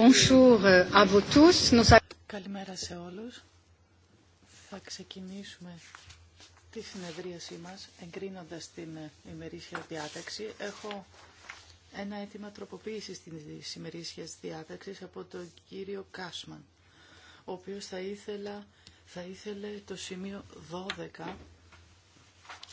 Euh, Καλημέρα σε όλους. Θα ξεκινήσουμε τη συνεδρίασή μας εγκρίνοντας την ε, ημερήσια διάταξη. Έχω ένα αίτημα τροποποίησης της ημερήσιας διάταξης από τον κύριο Κάσμαν, ο οποίος θα, ήθελα, θα ήθελε το σημείο 12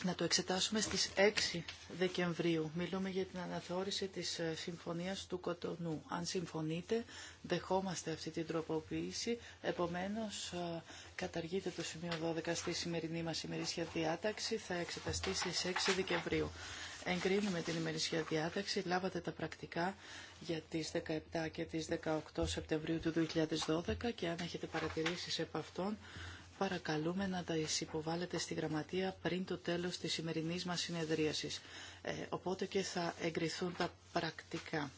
να το εξετάσουμε στις 6 Δεκεμβρίου. Μιλούμε για την αναθεώρηση της ε, Συμφωνίας του Κοτονού. Αν συμφωνείτε, δεχόμαστε αυτή την τροποποίηση. Επομένως, ε, καταργείται το σημείο 12 στη σημερινή μας ημερήσια διάταξη. Θα εξεταστεί στις 6 Δεκεμβρίου. Εγκρίνουμε την ημερήσια διάταξη. Λάβατε τα πρακτικά για τις 17 και τις 18 Σεπτεμβρίου του 2012 και αν έχετε παρατηρήσεις επ' αυτών, παρακαλούμε να τα υποβάλλετε στη γραμματεία πριν το τέλος της σημερινής μας συνεδρίασης. Ε, οπότε και θα εγκριθούν τα πρακτικά.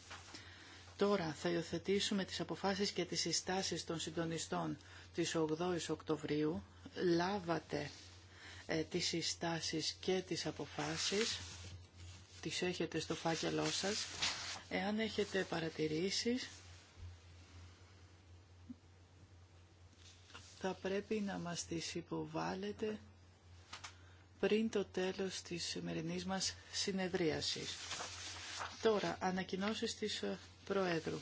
Τώρα θα υιοθετήσουμε τις αποφάσεις και τις συστάσεις των συντονιστών της 8 η Οκτωβρίου. Λάβατε ε, τις συστάσεις και τις αποφάσεις. Τις έχετε στο φάκελό σας. Εάν έχετε παρατηρήσεις, θα πρέπει να μας τις υποβάλλετε πριν το τέλος της σημερινής μας συνεδρίασης. Τώρα, ανακοινώσεις της ε, Προέδρου.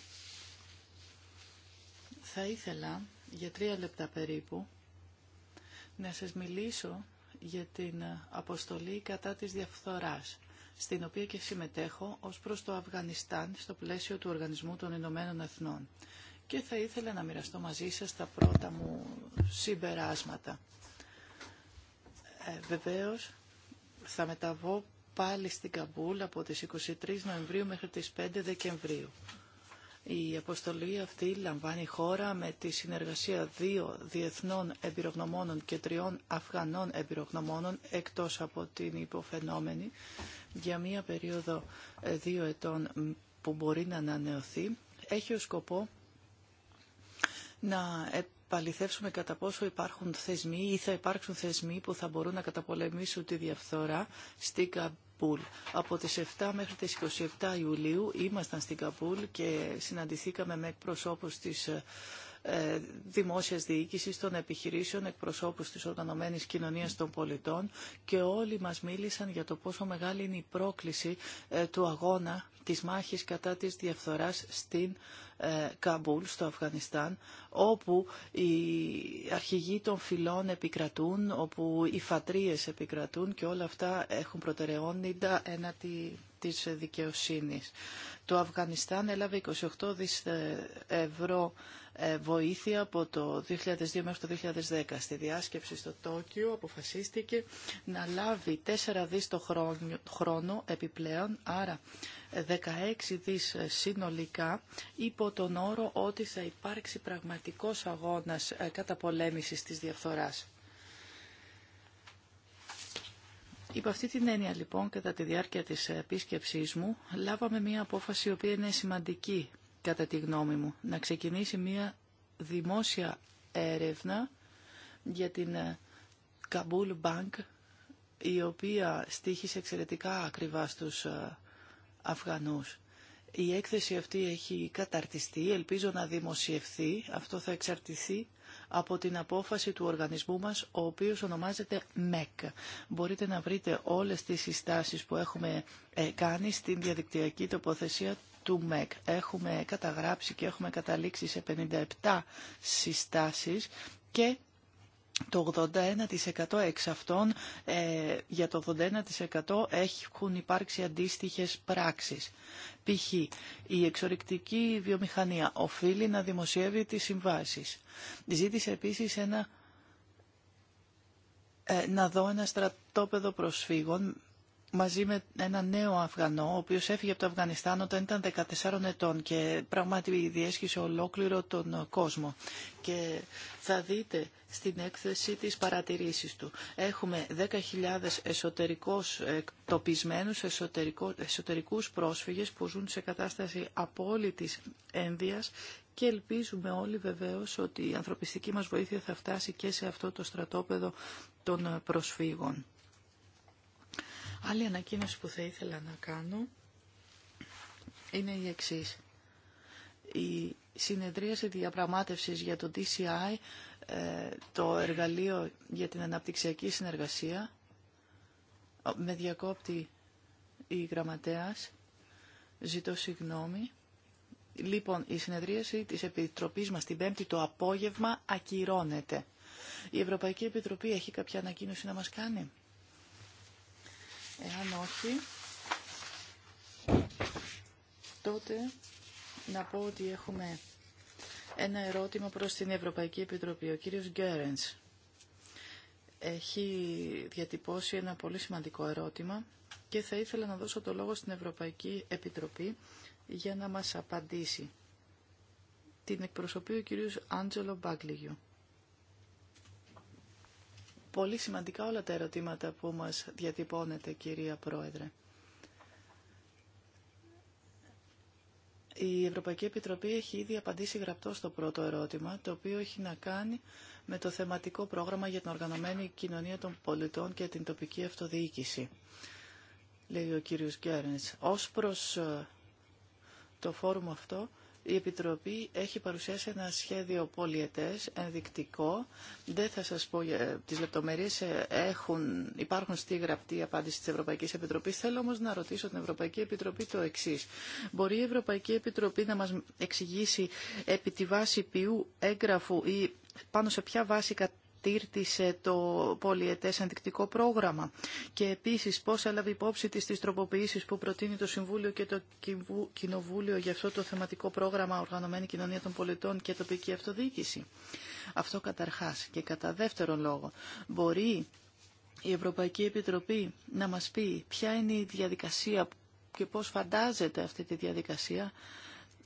Θα ήθελα για τρία λεπτά περίπου να σας μιλήσω για την ε, αποστολή κατά της διαφθοράς, στην οποία και συμμετέχω ως προς το Αφγανιστάν στο πλαίσιο του Οργανισμού των Ηνωμένων Εθνών και θα ήθελα να μοιραστώ μαζί σας τα πρώτα μου συμπεράσματα. Ε, βεβαίως, θα μεταβώ πάλι στην Καμπούλ από τις 23 Νοεμβρίου μέχρι τις 5 Δεκεμβρίου. Η αποστολή αυτή λαμβάνει χώρα με τη συνεργασία δύο διεθνών εμπειρογνωμόνων και τριών Αφγανών εμπειρογνωμόνων εκτός από την υποφαινόμενη για μία περίοδο ε, δύο ετών που μπορεί να ανανεωθεί. Έχει ως σκοπό να επαληθεύσουμε κατά πόσο υπάρχουν θεσμοί ή θα υπάρξουν θεσμοί που θα μπορούν να καταπολεμήσουν τη διαφθορά στην Καμπούλ. Από τις 7 μέχρι τις 27 Ιουλίου ήμασταν στην Καμπούλ και συναντηθήκαμε με εκπροσώπους της ε, δημόσιας διοίκησης των επιχειρήσεων, εκπροσώπους της οργανωμένης κοινωνίας των πολιτών και όλοι μας μίλησαν για το πόσο μεγάλη είναι η πρόκληση ε, του αγώνα της μάχης κατά της διαφθοράς στην ε, Καμπούλ, στο Αφγανιστάν, όπου οι αρχηγοί των φυλών επικρατούν, όπου οι φατρίες επικρατούν και όλα αυτά έχουν προτεραιόνιντα έναντι της δικαιοσύνης. Το Αφγανιστάν έλαβε 28 δις ε, ευρώ ε, βοήθεια από το 2002 μέχρι το 2010. Στη διάσκεψη στο Τόκιο αποφασίστηκε να λάβει 4 δις το χρόνο επιπλέον, άρα 16 δις συνολικά υπό τον όρο ότι θα υπάρξει πραγματικός αγώνας ε, καταπολέμησης της διαφθοράς. Υπό αυτή την έννοια λοιπόν κατά τη διάρκεια της επίσκεψής μου λάβαμε μια απόφαση η οποία είναι σημαντική κατά τη γνώμη μου να ξεκινήσει μια δημόσια έρευνα για την Καμπούλ ε, Bank η οποία στήχησε εξαιρετικά ακριβά στους ε, Αφγανούς. Η έκθεση αυτή έχει καταρτιστεί, ελπίζω να δημοσιευθεί. Αυτό θα εξαρτηθεί από την απόφαση του οργανισμού μας, ο οποίος ονομάζεται ΜΕΚ. Μπορείτε να βρείτε όλες τις συστάσεις που έχουμε ε, κάνει στην διαδικτυακή τοποθεσία του ΜΕΚ. Έχουμε καταγράψει και έχουμε καταλήξει σε 57 συστάσεις και το 81% εξ αυτών, ε, για το 81% έχουν υπάρξει αντίστοιχες πράξεις. Π.χ. η εξορρυκτική βιομηχανία οφείλει να δημοσιεύει τις συμβάσεις. Ζήτησε επίσης ένα, ε, να δω ένα στρατόπεδο προσφύγων μαζί με ένα νέο Αφγανό, ο οποίος έφυγε από το Αφγανιστάν όταν ήταν 14 ετών και πράγματι διέσχισε ολόκληρο τον κόσμο. Και θα δείτε στην έκθεση της παρατηρήσεις του. Έχουμε 10.000 εσωτερικούς εκτοπισμένους, εσωτερικού εσωτερικούς πρόσφυγες που ζουν σε κατάσταση απόλυτης ένδυας και ελπίζουμε όλοι βεβαίως ότι η ανθρωπιστική μας βοήθεια θα φτάσει και σε αυτό το στρατόπεδο των προσφύγων. Άλλη ανακοίνωση που θα ήθελα να κάνω είναι η εξή. Η συνεδρίαση διαπραγμάτευσης για το DCI, ε, το εργαλείο για την αναπτυξιακή συνεργασία, με διακόπτη η γραμματέας, ζητώ συγγνώμη. Λοιπόν, η συνεδρίαση της Επιτροπής μας την Πέμπτη το απόγευμα ακυρώνεται. Η Ευρωπαϊκή Επιτροπή έχει κάποια ανακοίνωση να μας κάνει. Εάν όχι, τότε να πω ότι έχουμε ένα ερώτημα προς την Ευρωπαϊκή Επιτροπή. Ο κύριος Γκέρενς έχει διατυπώσει ένα πολύ σημαντικό ερώτημα και θα ήθελα να δώσω το λόγο στην Ευρωπαϊκή Επιτροπή για να μας απαντήσει. Την εκπροσωπεί ο κύριος Άντζελο Μπάγκλιγιου. Πολύ σημαντικά όλα τα ερωτήματα που μας διατυπώνεται, κυρία Πρόεδρε. Η Ευρωπαϊκή Επιτροπή έχει ήδη απαντήσει γραπτό στο πρώτο ερώτημα, το οποίο έχει να κάνει με το θεματικό πρόγραμμα για την οργανωμένη κοινωνία των πολιτών και την τοπική αυτοδιοίκηση, λέει ο κύριος Γκέρνης. Ως προς ε, το φόρουμ αυτό, η Επιτροπή έχει παρουσιάσει ένα σχέδιο πολιετές, ενδεικτικό. Δεν θα σας πω τις λεπτομερίες ε, έχουν, υπάρχουν στη γραπτή απάντηση της Ευρωπαϊκής Επιτροπής. Θέλω όμως να ρωτήσω την Ευρωπαϊκή Επιτροπή το εξής. Μπορεί η Ευρωπαϊκή Επιτροπή να μας εξηγήσει επί τη βάση ποιού έγγραφου ή πάνω σε ποια βάση τύρτισε το πολιετές ενδεικτικό πρόγραμμα και επίσης πώς έλαβε υπόψη της τις τροποποιήσεις που προτείνει το Συμβούλιο και το Κοινοβούλιο για αυτό το θεματικό πρόγραμμα Οργανωμένη Κοινωνία των Πολιτών και Τοπική Αυτοδιοίκηση. Αυτό καταρχάς και κατά δεύτερον λόγο μπορεί η Ευρωπαϊκή Επιτροπή να μας πει ποια είναι η διαδικασία και πώς φαντάζεται αυτή τη διαδικασία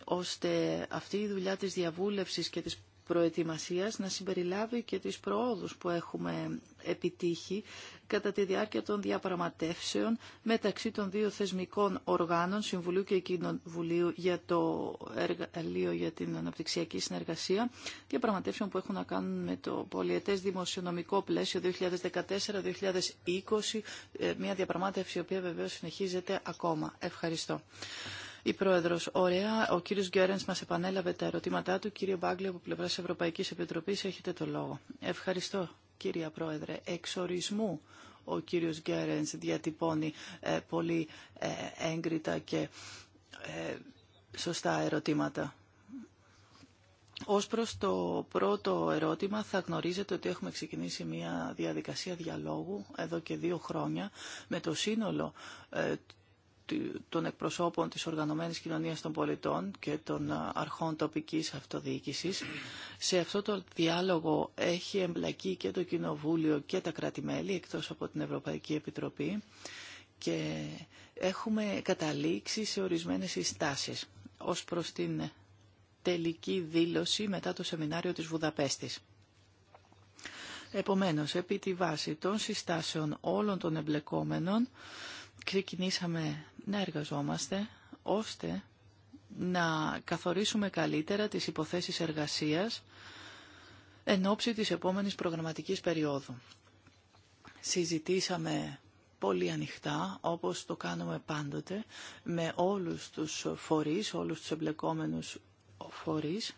ώστε αυτή η δουλειά της διαβούλευσης και της προετοιμασίας να συμπεριλάβει και τις προόδους που έχουμε επιτύχει κατά τη διάρκεια των διαπραγματεύσεων μεταξύ των δύο θεσμικών οργάνων Συμβουλίου και Κοινοβουλίου για το εργαλείο για την αναπτυξιακή συνεργασία διαπραγματεύσεων που έχουν να κάνουν με το πολιετές δημοσιονομικό πλαίσιο 2014-2020 ε, μια διαπραγμάτευση η οποία βεβαίως συνεχίζεται ακόμα. Ευχαριστώ. Η Πρόεδρος, ωραία. Ο κύριος Γκέρενς μας επανέλαβε τα ερωτήματά του. Κύριε Μπάγκλη, από πλευρά Ευρωπαϊκής Επιτροπής, έχετε το λόγο. Ευχαριστώ, κύριε Πρόεδρε. Εξορισμού ο κύριος Γκέρενς διατυπώνει ε, πολύ ε, έγκριτα και ε, σωστά ερωτήματα. Ως προς το πρώτο ερώτημα θα γνωρίζετε ότι έχουμε ξεκινήσει μια διαδικασία διαλόγου εδώ και δύο χρόνια με το σύνολο ε, των εκπροσώπων της οργανωμένης κοινωνίας των πολιτών και των αρχών τοπικής αυτοδιοίκησης. Σε αυτό το διάλογο έχει εμπλακεί και το Κοινοβούλιο και τα κράτη-μέλη, εκτός από την Ευρωπαϊκή Επιτροπή και έχουμε καταλήξει σε ορισμένες συστάσεις ως προς την τελική δήλωση μετά το σεμινάριο της Βουδαπέστης. Επομένως, επί τη βάση των συστάσεων όλων των εμπλεκόμενων, ξεκινήσαμε να εργαζόμαστε ώστε να καθορίσουμε καλύτερα τις υποθέσεις εργασίας εν ώψη της επόμενης προγραμματικής περίοδου. Συζητήσαμε πολύ ανοιχτά, όπως το κάνουμε πάντοτε, με όλους τους φορείς, όλους τους εμπλεκόμενους φορείς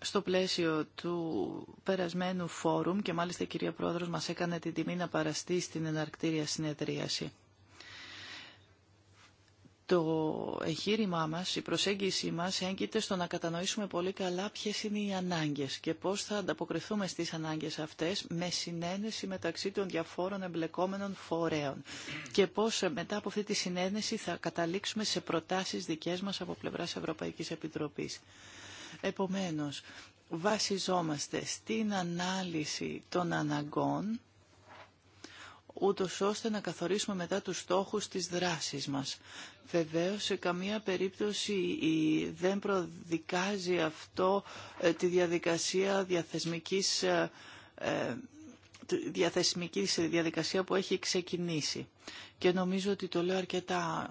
στο πλαίσιο του περασμένου φόρουμ και μάλιστα η κυρία Πρόεδρος μας έκανε την τιμή να παραστεί στην εναρκτήρια συνεδρίαση. Το εγχείρημά μας, η προσέγγιση μας έγκυται στο να κατανοήσουμε πολύ καλά ποιες είναι οι ανάγκες και πώς θα ανταποκριθούμε στις ανάγκες αυτές με συνένεση μεταξύ των διαφόρων εμπλεκόμενων φορέων και πώς ε, μετά από αυτή τη συνένεση θα καταλήξουμε σε προτάσεις δικές μας από πλευράς Ευρωπαϊκής Επιτροπής. Επομένως, βασιζόμαστε στην ανάλυση των αναγκών, ούτως ώστε να καθορίσουμε μετά τους στόχους της δράσης μας. Βεβαίως, σε καμία περίπτωση δεν προδικάζει αυτό ε, τη διαδικασία ε, ε, διαθεσμικής, διαδικασία που έχει ξεκινήσει. Και νομίζω ότι το λέω αρκετά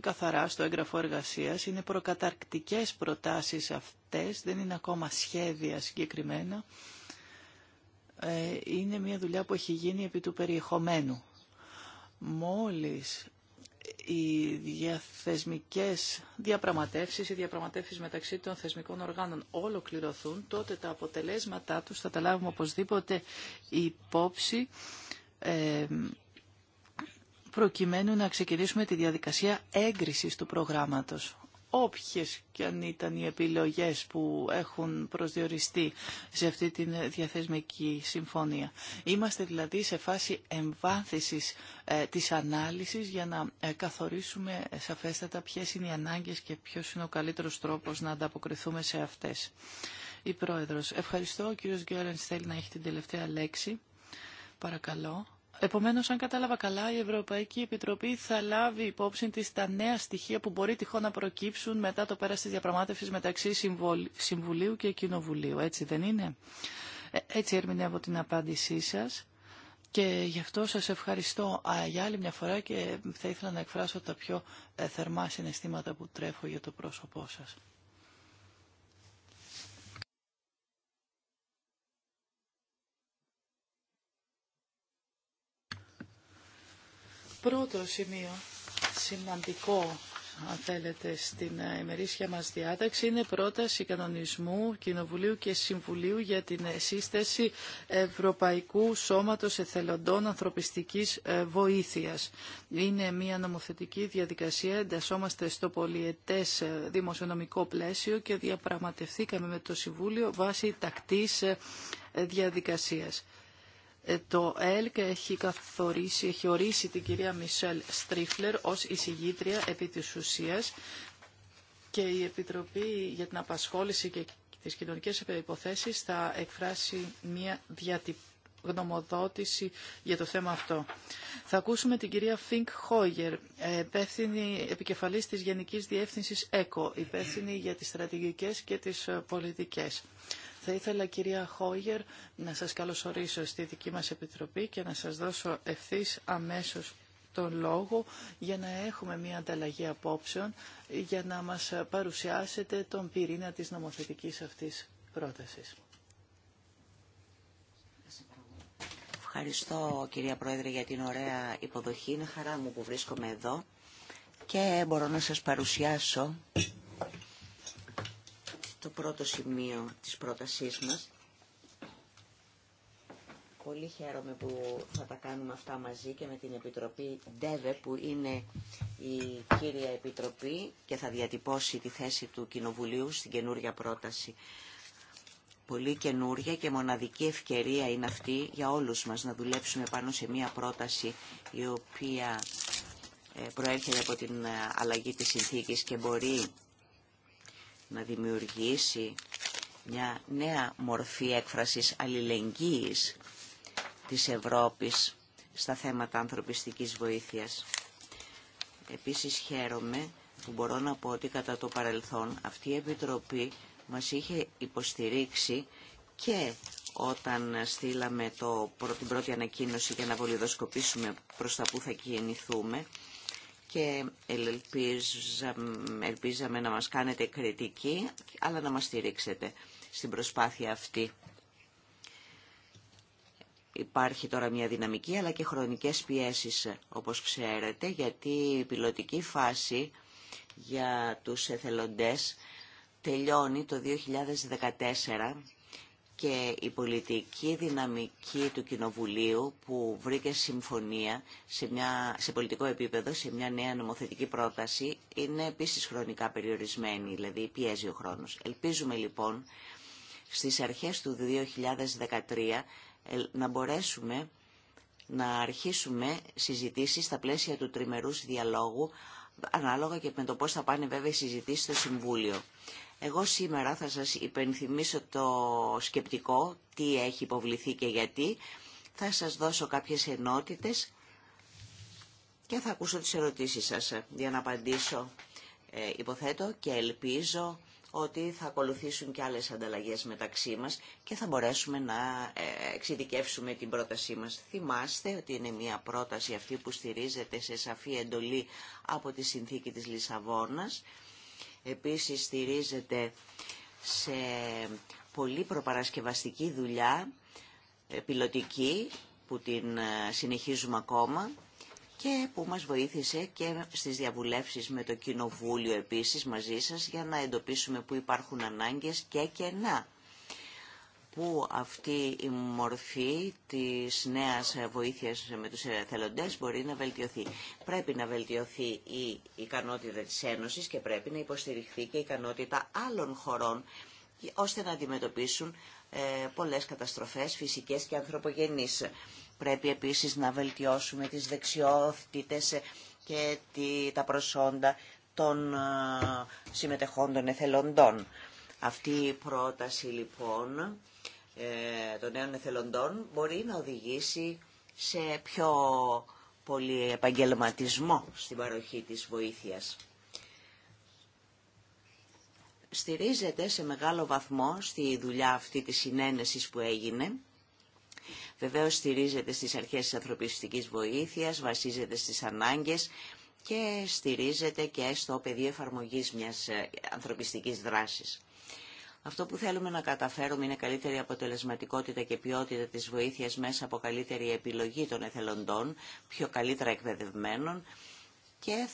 καθαρά στο έγγραφο εργασίας. Είναι προκαταρκτικές προτάσεις αυτές, δεν είναι ακόμα σχέδια συγκεκριμένα. Ε, είναι μια δουλειά που έχει γίνει επί του περιεχομένου. Μόλις οι διαθεσμικές διαπραγματεύσεις, οι διαπραγματεύσεις μεταξύ των θεσμικών οργάνων ολοκληρωθούν, τότε τα αποτελέσματά τους θα τα λάβουμε οπωσδήποτε υπόψη ε, προκειμένου να ξεκινήσουμε τη διαδικασία έγκρισης του προγράμματος. Όποιες και αν ήταν οι επιλογές που έχουν προσδιοριστεί σε αυτή τη διαθεσμική συμφωνία. Είμαστε δηλαδή σε φάση εμβάθυνσης ε, της ανάλυσης για να ε, καθορίσουμε σαφέστατα ποιες είναι οι ανάγκες και ποιος είναι ο καλύτερος τρόπος να ανταποκριθούμε σε αυτές. Η Πρόεδρος. Ευχαριστώ. Ο κύριος Γκέρενς θέλει να έχει την τελευταία λέξη. Παρακαλώ. Επομένως, αν κατάλαβα καλά, η Ευρωπαϊκή Επιτροπή θα λάβει υπόψη της τα νέα στοιχεία που μπορεί τυχόν να προκύψουν μετά το πέρας της διαπραγμάτευσης μεταξύ Συμβουλίου και Κοινοβουλίου. Έτσι δεν είναι. Ε, έτσι ερμηνεύω την απάντησή σας. Και γι' αυτό σας ευχαριστώ Α, για άλλη μια φορά και θα ήθελα να εκφράσω τα πιο ε, θερμά συναισθήματα που τρέφω για το πρόσωπό σας. πρώτο σημείο σημαντικό αν θέλετε, στην ε, ημερήσια μας διάταξη είναι πρόταση κανονισμού Κοινοβουλίου και Συμβουλίου για την ε, σύσταση Ευρωπαϊκού Σώματος Εθελοντών Ανθρωπιστικής ε, Βοήθειας. Είναι μια νομοθετική διαδικασία, εντασσόμαστε στο πολιετές δημοσιονομικό πλαίσιο και διαπραγματευθήκαμε με το Συμβούλιο βάσει τακτής διαδικασίας. Ε, το ΕΛΚ έχει καθορίσει, έχει ορίσει την κυρία Μισελ Στρίφλερ ως εισηγήτρια επί της ουσίας και η Επιτροπή για την Απασχόληση και τις Κοινωνικές Υποθέσεις θα εκφράσει μια διατυπώση για το θέμα αυτό. Θα ακούσουμε την κυρία Φίνκ Χόγερ, ε, υπεύθυνη επικεφαλής της Γενικής Διεύθυνσης ΕΚΟ, υπεύθυνη για τις στρατηγικές και τις ε, πολιτικές. Θα ήθελα κυρία Χόγερ να σας καλωσορίσω στη δική μας επιτροπή και να σας δώσω ευθύς αμέσως τον λόγο για να έχουμε μια ανταλλαγή απόψεων για να μας παρουσιάσετε τον πυρήνα της νομοθετικής αυτής πρότασης. Ευχαριστώ κυρία Πρόεδρε για την ωραία υποδοχή. Είναι χαρά μου που βρίσκομαι εδώ και μπορώ να σας παρουσιάσω το πρώτο σημείο της πρότασής μας. Πολύ χαίρομαι που θα τα κάνουμε αυτά μαζί και με την Επιτροπή ΔΕΒΕ που είναι η κύρια Επιτροπή και θα διατυπώσει τη θέση του Κοινοβουλίου στην καινούρια πρόταση. Πολύ καινούρια και μοναδική ευκαιρία είναι αυτή για όλους μας να δουλέψουμε πάνω σε μια πρόταση η οποία ε, προέρχεται από την ε, αλλαγή της συνθήκης και μπορεί να δημιουργήσει μια νέα μορφή έκφρασης αλληλεγγύης της Ευρώπης στα θέματα ανθρωπιστικής βοήθειας. Επίσης χαίρομαι που μπορώ να πω ότι κατά το παρελθόν αυτή η Επιτροπή μας είχε υποστηρίξει και όταν στείλαμε το, την πρώτη ανακοίνωση για να βολιδοσκοπήσουμε προς τα που θα κινηθούμε και ελπίζαμε, ελπίζαμε να μας κάνετε κριτική, αλλά να μας στηρίξετε στην προσπάθεια αυτή. Υπάρχει τώρα μια δυναμική αλλά και χρονικές πιέσεις όπως ξέρετε γιατί η πιλωτική φάση για τους εθελοντές τελειώνει το 2014 και η πολιτική δυναμική του Κοινοβουλίου που βρήκε συμφωνία σε, μια, σε πολιτικό επίπεδο σε μια νέα νομοθετική πρόταση είναι επίσης χρονικά περιορισμένη, δηλαδή πιέζει ο χρόνος. Ελπίζουμε λοιπόν στις αρχές του 2013 να μπορέσουμε να αρχίσουμε συζητήσεις στα πλαίσια του τριμερούς διαλόγου ανάλογα και με το πώς θα πάνε βέβαια οι συζητήσεις στο Συμβούλιο. Εγώ σήμερα θα σας υπενθυμίσω το σκεπτικό, τι έχει υποβληθεί και γιατί. Θα σας δώσω κάποιες ενότητες και θα ακούσω τις ερωτήσεις σας για να απαντήσω. Ε, υποθέτω και ελπίζω ότι θα ακολουθήσουν και άλλες ανταλλαγές μεταξύ μας και θα μπορέσουμε να ε, εξειδικεύσουμε την πρότασή μας. Θυμάστε ότι είναι μια πρόταση αυτή που στηρίζεται σε σαφή εντολή από τη συνθήκη της Λισαβόνας Επίσης στηρίζεται σε πολύ προπαρασκευαστική δουλειά, ε, πιλωτική, που την ε, συνεχίζουμε ακόμα και που μας βοήθησε και στις διαβουλεύσεις με το Κοινοβούλιο επίσης μαζί σας για να εντοπίσουμε που υπάρχουν ανάγκες και κενά που αυτή η μορφή της νέας βοήθειας με τους θελοντές μπορεί να βελτιωθεί. Πρέπει να βελτιωθεί η ικανότητα της Ένωσης και πρέπει να υποστηριχθεί και η ικανότητα άλλων χωρών ώστε να αντιμετωπίσουν ε, πολλές καταστροφές φυσικές και ανθρωπογενείς. Πρέπει επίσης να βελτιώσουμε τις δεξιότητες και τα προσόντα των ε, συμμετεχόντων εθελοντών. Αυτή η πρόταση λοιπόν ε, των νέων εθελοντών μπορεί να οδηγήσει σε πιο πολύ επαγγελματισμό στην παροχή της βοήθειας. Στηρίζεται σε μεγάλο βαθμό στη δουλειά αυτή της συνένεσης που έγινε. Βεβαίως στηρίζεται στις αρχές της ανθρωπιστικής βοήθειας, βασίζεται στις ανάγκες και στηρίζεται και στο πεδίο εφαρμογής μιας ε, ανθρωπιστικής δράσης. Αυτό που θέλουμε να καταφέρουμε είναι καλύτερη αποτελεσματικότητα και ποιότητα της βοήθειας μέσα από καλύτερη επιλογή των εθελοντών, πιο καλύτερα εκπαιδευμένων και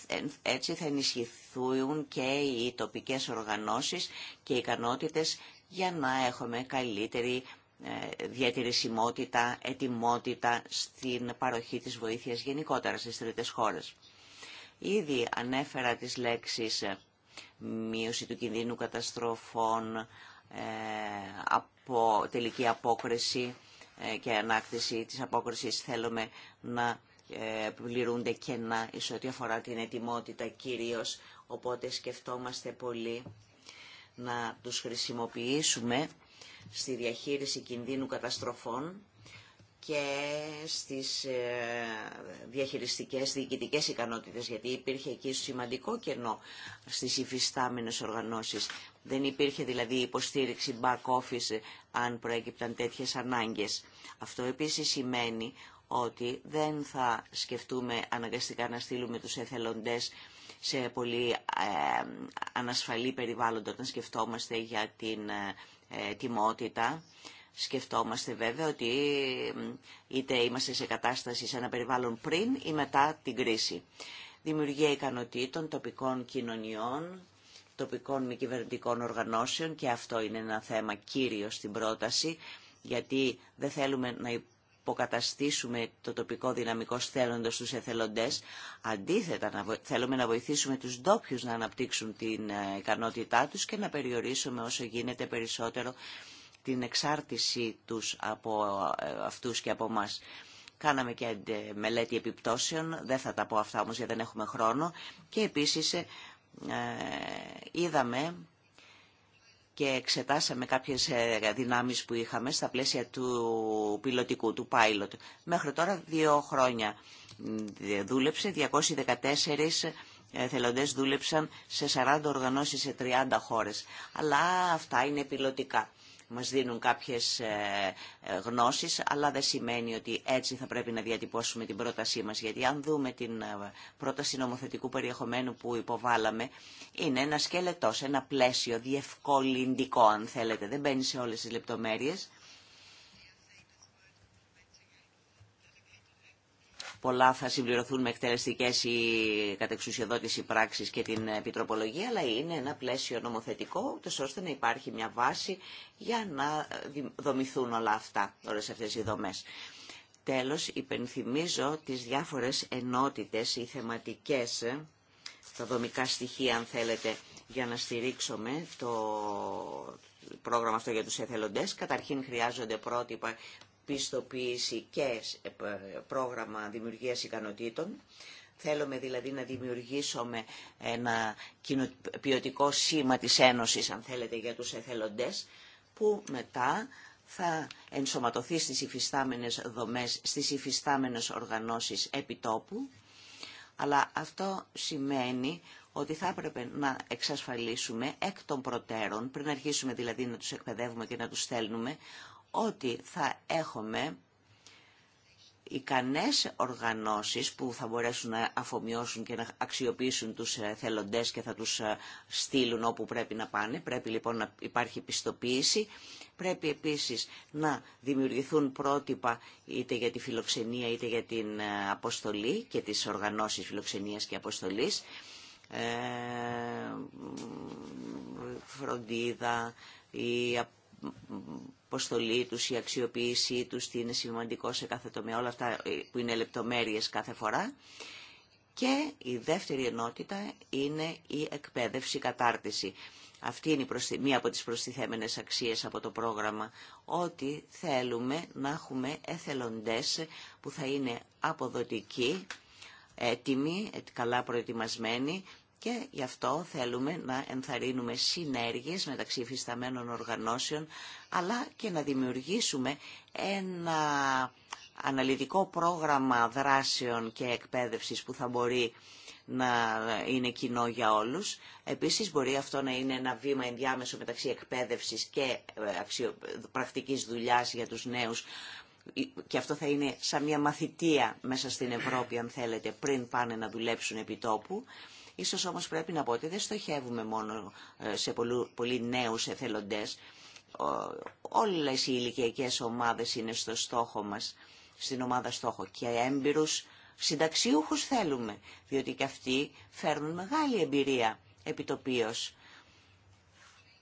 έτσι θα ενισχυθούν και οι τοπικές οργανώσεις και οι ικανότητες για να έχουμε καλύτερη ε, διατηρησιμότητα, ετοιμότητα στην παροχή της βοήθειας γενικότερα στις τρίτες χώρες. Ήδη ανέφερα τις λέξεις ε, μείωση του κινδύνου καταστροφών, ε, από τελική απόκριση ε, και ανάκτηση της απόκρισης θέλουμε να ε, πληρούνται κενά σε ό,τι αφορά την ετοιμότητα κυρίως, οπότε σκεφτόμαστε πολύ να τους χρησιμοποιήσουμε στη διαχείριση κινδύνου καταστροφών και στις ε, διαχειριστικές διοικητικές ικανότητες, γιατί υπήρχε εκεί σημαντικό κενό στις υφιστάμενες οργανώσεις. Δεν υπήρχε δηλαδή υποστήριξη back office ε, αν προέκυπταν τέτοιες ανάγκες. Αυτό επίσης σημαίνει ότι δεν θα σκεφτούμε αναγκαστικά να στείλουμε τους εθελοντές σε πολύ ε, ανασφαλή περιβάλλοντα όταν σκεφτόμαστε για την τιμότητα. Σκεφτόμαστε βέβαια ότι είτε είμαστε σε κατάσταση σε ένα περιβάλλον πριν ή μετά την κρίση. Δημιουργία ικανοτήτων τοπικών κοινωνιών, τοπικών μη κυβερνητικών οργανώσεων και αυτό είναι ένα θέμα κύριο στην πρόταση γιατί δεν θέλουμε να υποκαταστήσουμε το τοπικό δυναμικό στέλνοντας τους εθελοντές. Αντίθετα, θέλουμε να βοηθήσουμε τους ντόπιου να αναπτύξουν την ε, ικανότητά τους και να περιορίσουμε όσο γίνεται περισσότερο την εξάρτησή τους από ε, αυτούς και από μας. Κάναμε και μελέτη επιπτώσεων, δεν θα τα πω αυτά όμως γιατί δεν έχουμε χρόνο. Και επίσης ε, είδαμε και εξετάσαμε κάποιες ε, δυνάμεις που είχαμε στα πλαίσια του πιλωτικού, του pilot. Μέχρι τώρα δύο χρόνια δούλεψε, 214 θελοντές δούλεψαν σε 40 οργανώσεις σε 30 χώρες. Αλλά αυτά είναι πιλωτικά μας δίνουν κάποιες ε, ε, γνώσεις, αλλά δεν σημαίνει ότι έτσι θα πρέπει να διατυπώσουμε την πρότασή μας, γιατί αν δούμε την ε, πρόταση νομοθετικού περιεχομένου που υποβάλαμε, είναι ένα σκελετός, ένα πλαίσιο διευκολυντικό αν θέλετε, δεν μπαίνει σε όλες τις λεπτομέρειες. πολλά θα συμπληρωθούν με εκτελεστικές ή κατεξουσιοδότηση πράξη και την επιτροπολογία, αλλά είναι ένα πλαίσιο νομοθετικό, τόσο ώστε να υπάρχει μια βάση για να δομηθούν όλα αυτά, όλε αυτέ οι δομέ. Τέλος, υπενθυμίζω τις διάφορες ενότητες ή θεματικέ. τα δομικά στοιχεία αν θέλετε, για να στηρίξουμε το πρόγραμμα αυτό για τους εθελοντές. Καταρχήν χρειάζονται πρότυπα πιστοποίηση και ε, πρόγραμμα δημιουργίας ικανοτήτων. Θέλουμε δηλαδή να δημιουργήσουμε ένα ποιοτικό σήμα της Ένωσης, αν θέλετε, για τους εθελοντές, που μετά θα ενσωματωθεί στις υφιστάμενες δομές, στις υφιστάμενες οργανώσεις επιτόπου, αλλά αυτό σημαίνει ότι θα έπρεπε να εξασφαλίσουμε εκ των προτέρων, πριν αρχίσουμε δηλαδή να τους εκπαιδεύουμε και να τους στέλνουμε, ότι θα έχουμε ικανές οργανώσεις που θα μπορέσουν να αφομοιώσουν και να αξιοποιήσουν τους ε, θελοντές και θα τους ε, στείλουν όπου πρέπει να πάνε. Πρέπει λοιπόν να υπάρχει πιστοποίηση. Πρέπει επίσης να δημιουργηθούν πρότυπα είτε για τη φιλοξενία είτε για την ε, αποστολή και τις οργανώσεις φιλοξενίας και αποστολής. Ε, φροντίδα, η η αξιοποίησή τους, τι είναι σημαντικό σε κάθε τομέα, όλα αυτά ε, που είναι λεπτομέρειες κάθε φορά. Και η δεύτερη ενότητα είναι η εκπαίδευση, κατάρτιση. Αυτή είναι μία από τις προστιθέμενες αξίες από το πρόγραμμα, ότι θέλουμε να έχουμε εθελοντές που θα είναι αποδοτικοί, έτοιμοι, ε, καλά προετοιμασμένοι, και γι' αυτό θέλουμε να ενθαρρύνουμε συνέργειες μεταξύ υφισταμένων οργανώσεων αλλά και να δημιουργήσουμε ένα αναλυτικό πρόγραμμα δράσεων και εκπαίδευσης που θα μπορεί να είναι κοινό για όλους. Επίσης μπορεί αυτό να είναι ένα βήμα ενδιάμεσο μεταξύ εκπαίδευσης και ε, πρακτικής δουλειάς για τους νέους ε, και αυτό θα είναι σαν μια μαθητεία μέσα στην Ευρώπη αν θέλετε πριν πάνε να δουλέψουν επί Ίσως όμως πρέπει να πω ότι δεν στοχεύουμε μόνο ε, σε πολύ νέους εθελοντές. Όλες οι ηλικιακέ ομάδες είναι στο στόχο μας, στην ομάδα στόχο και έμπειρους συνταξιούχους θέλουμε, διότι και αυτοί φέρνουν μεγάλη εμπειρία επιτοπίως.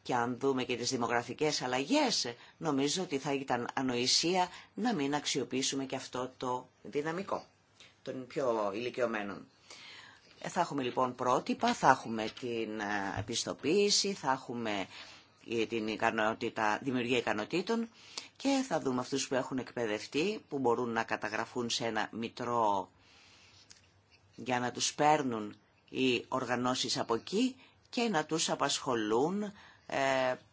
Και αν δούμε και τις δημογραφικές αλλαγές, νομίζω ότι θα ήταν ανοησία να μην αξιοποιήσουμε και αυτό το δυναμικό των πιο ηλικιωμένων. Ε, θα έχουμε λοιπόν πρότυπα, θα έχουμε την ε, επιστοποίηση, θα έχουμε ε, την δημιουργία ικανοτήτων και θα δούμε αυτούς που έχουν εκπαιδευτεί, που μπορούν να καταγραφούν σε ένα μητρό για να τους παίρνουν οι οργανώσεις από εκεί και να τους απασχολούν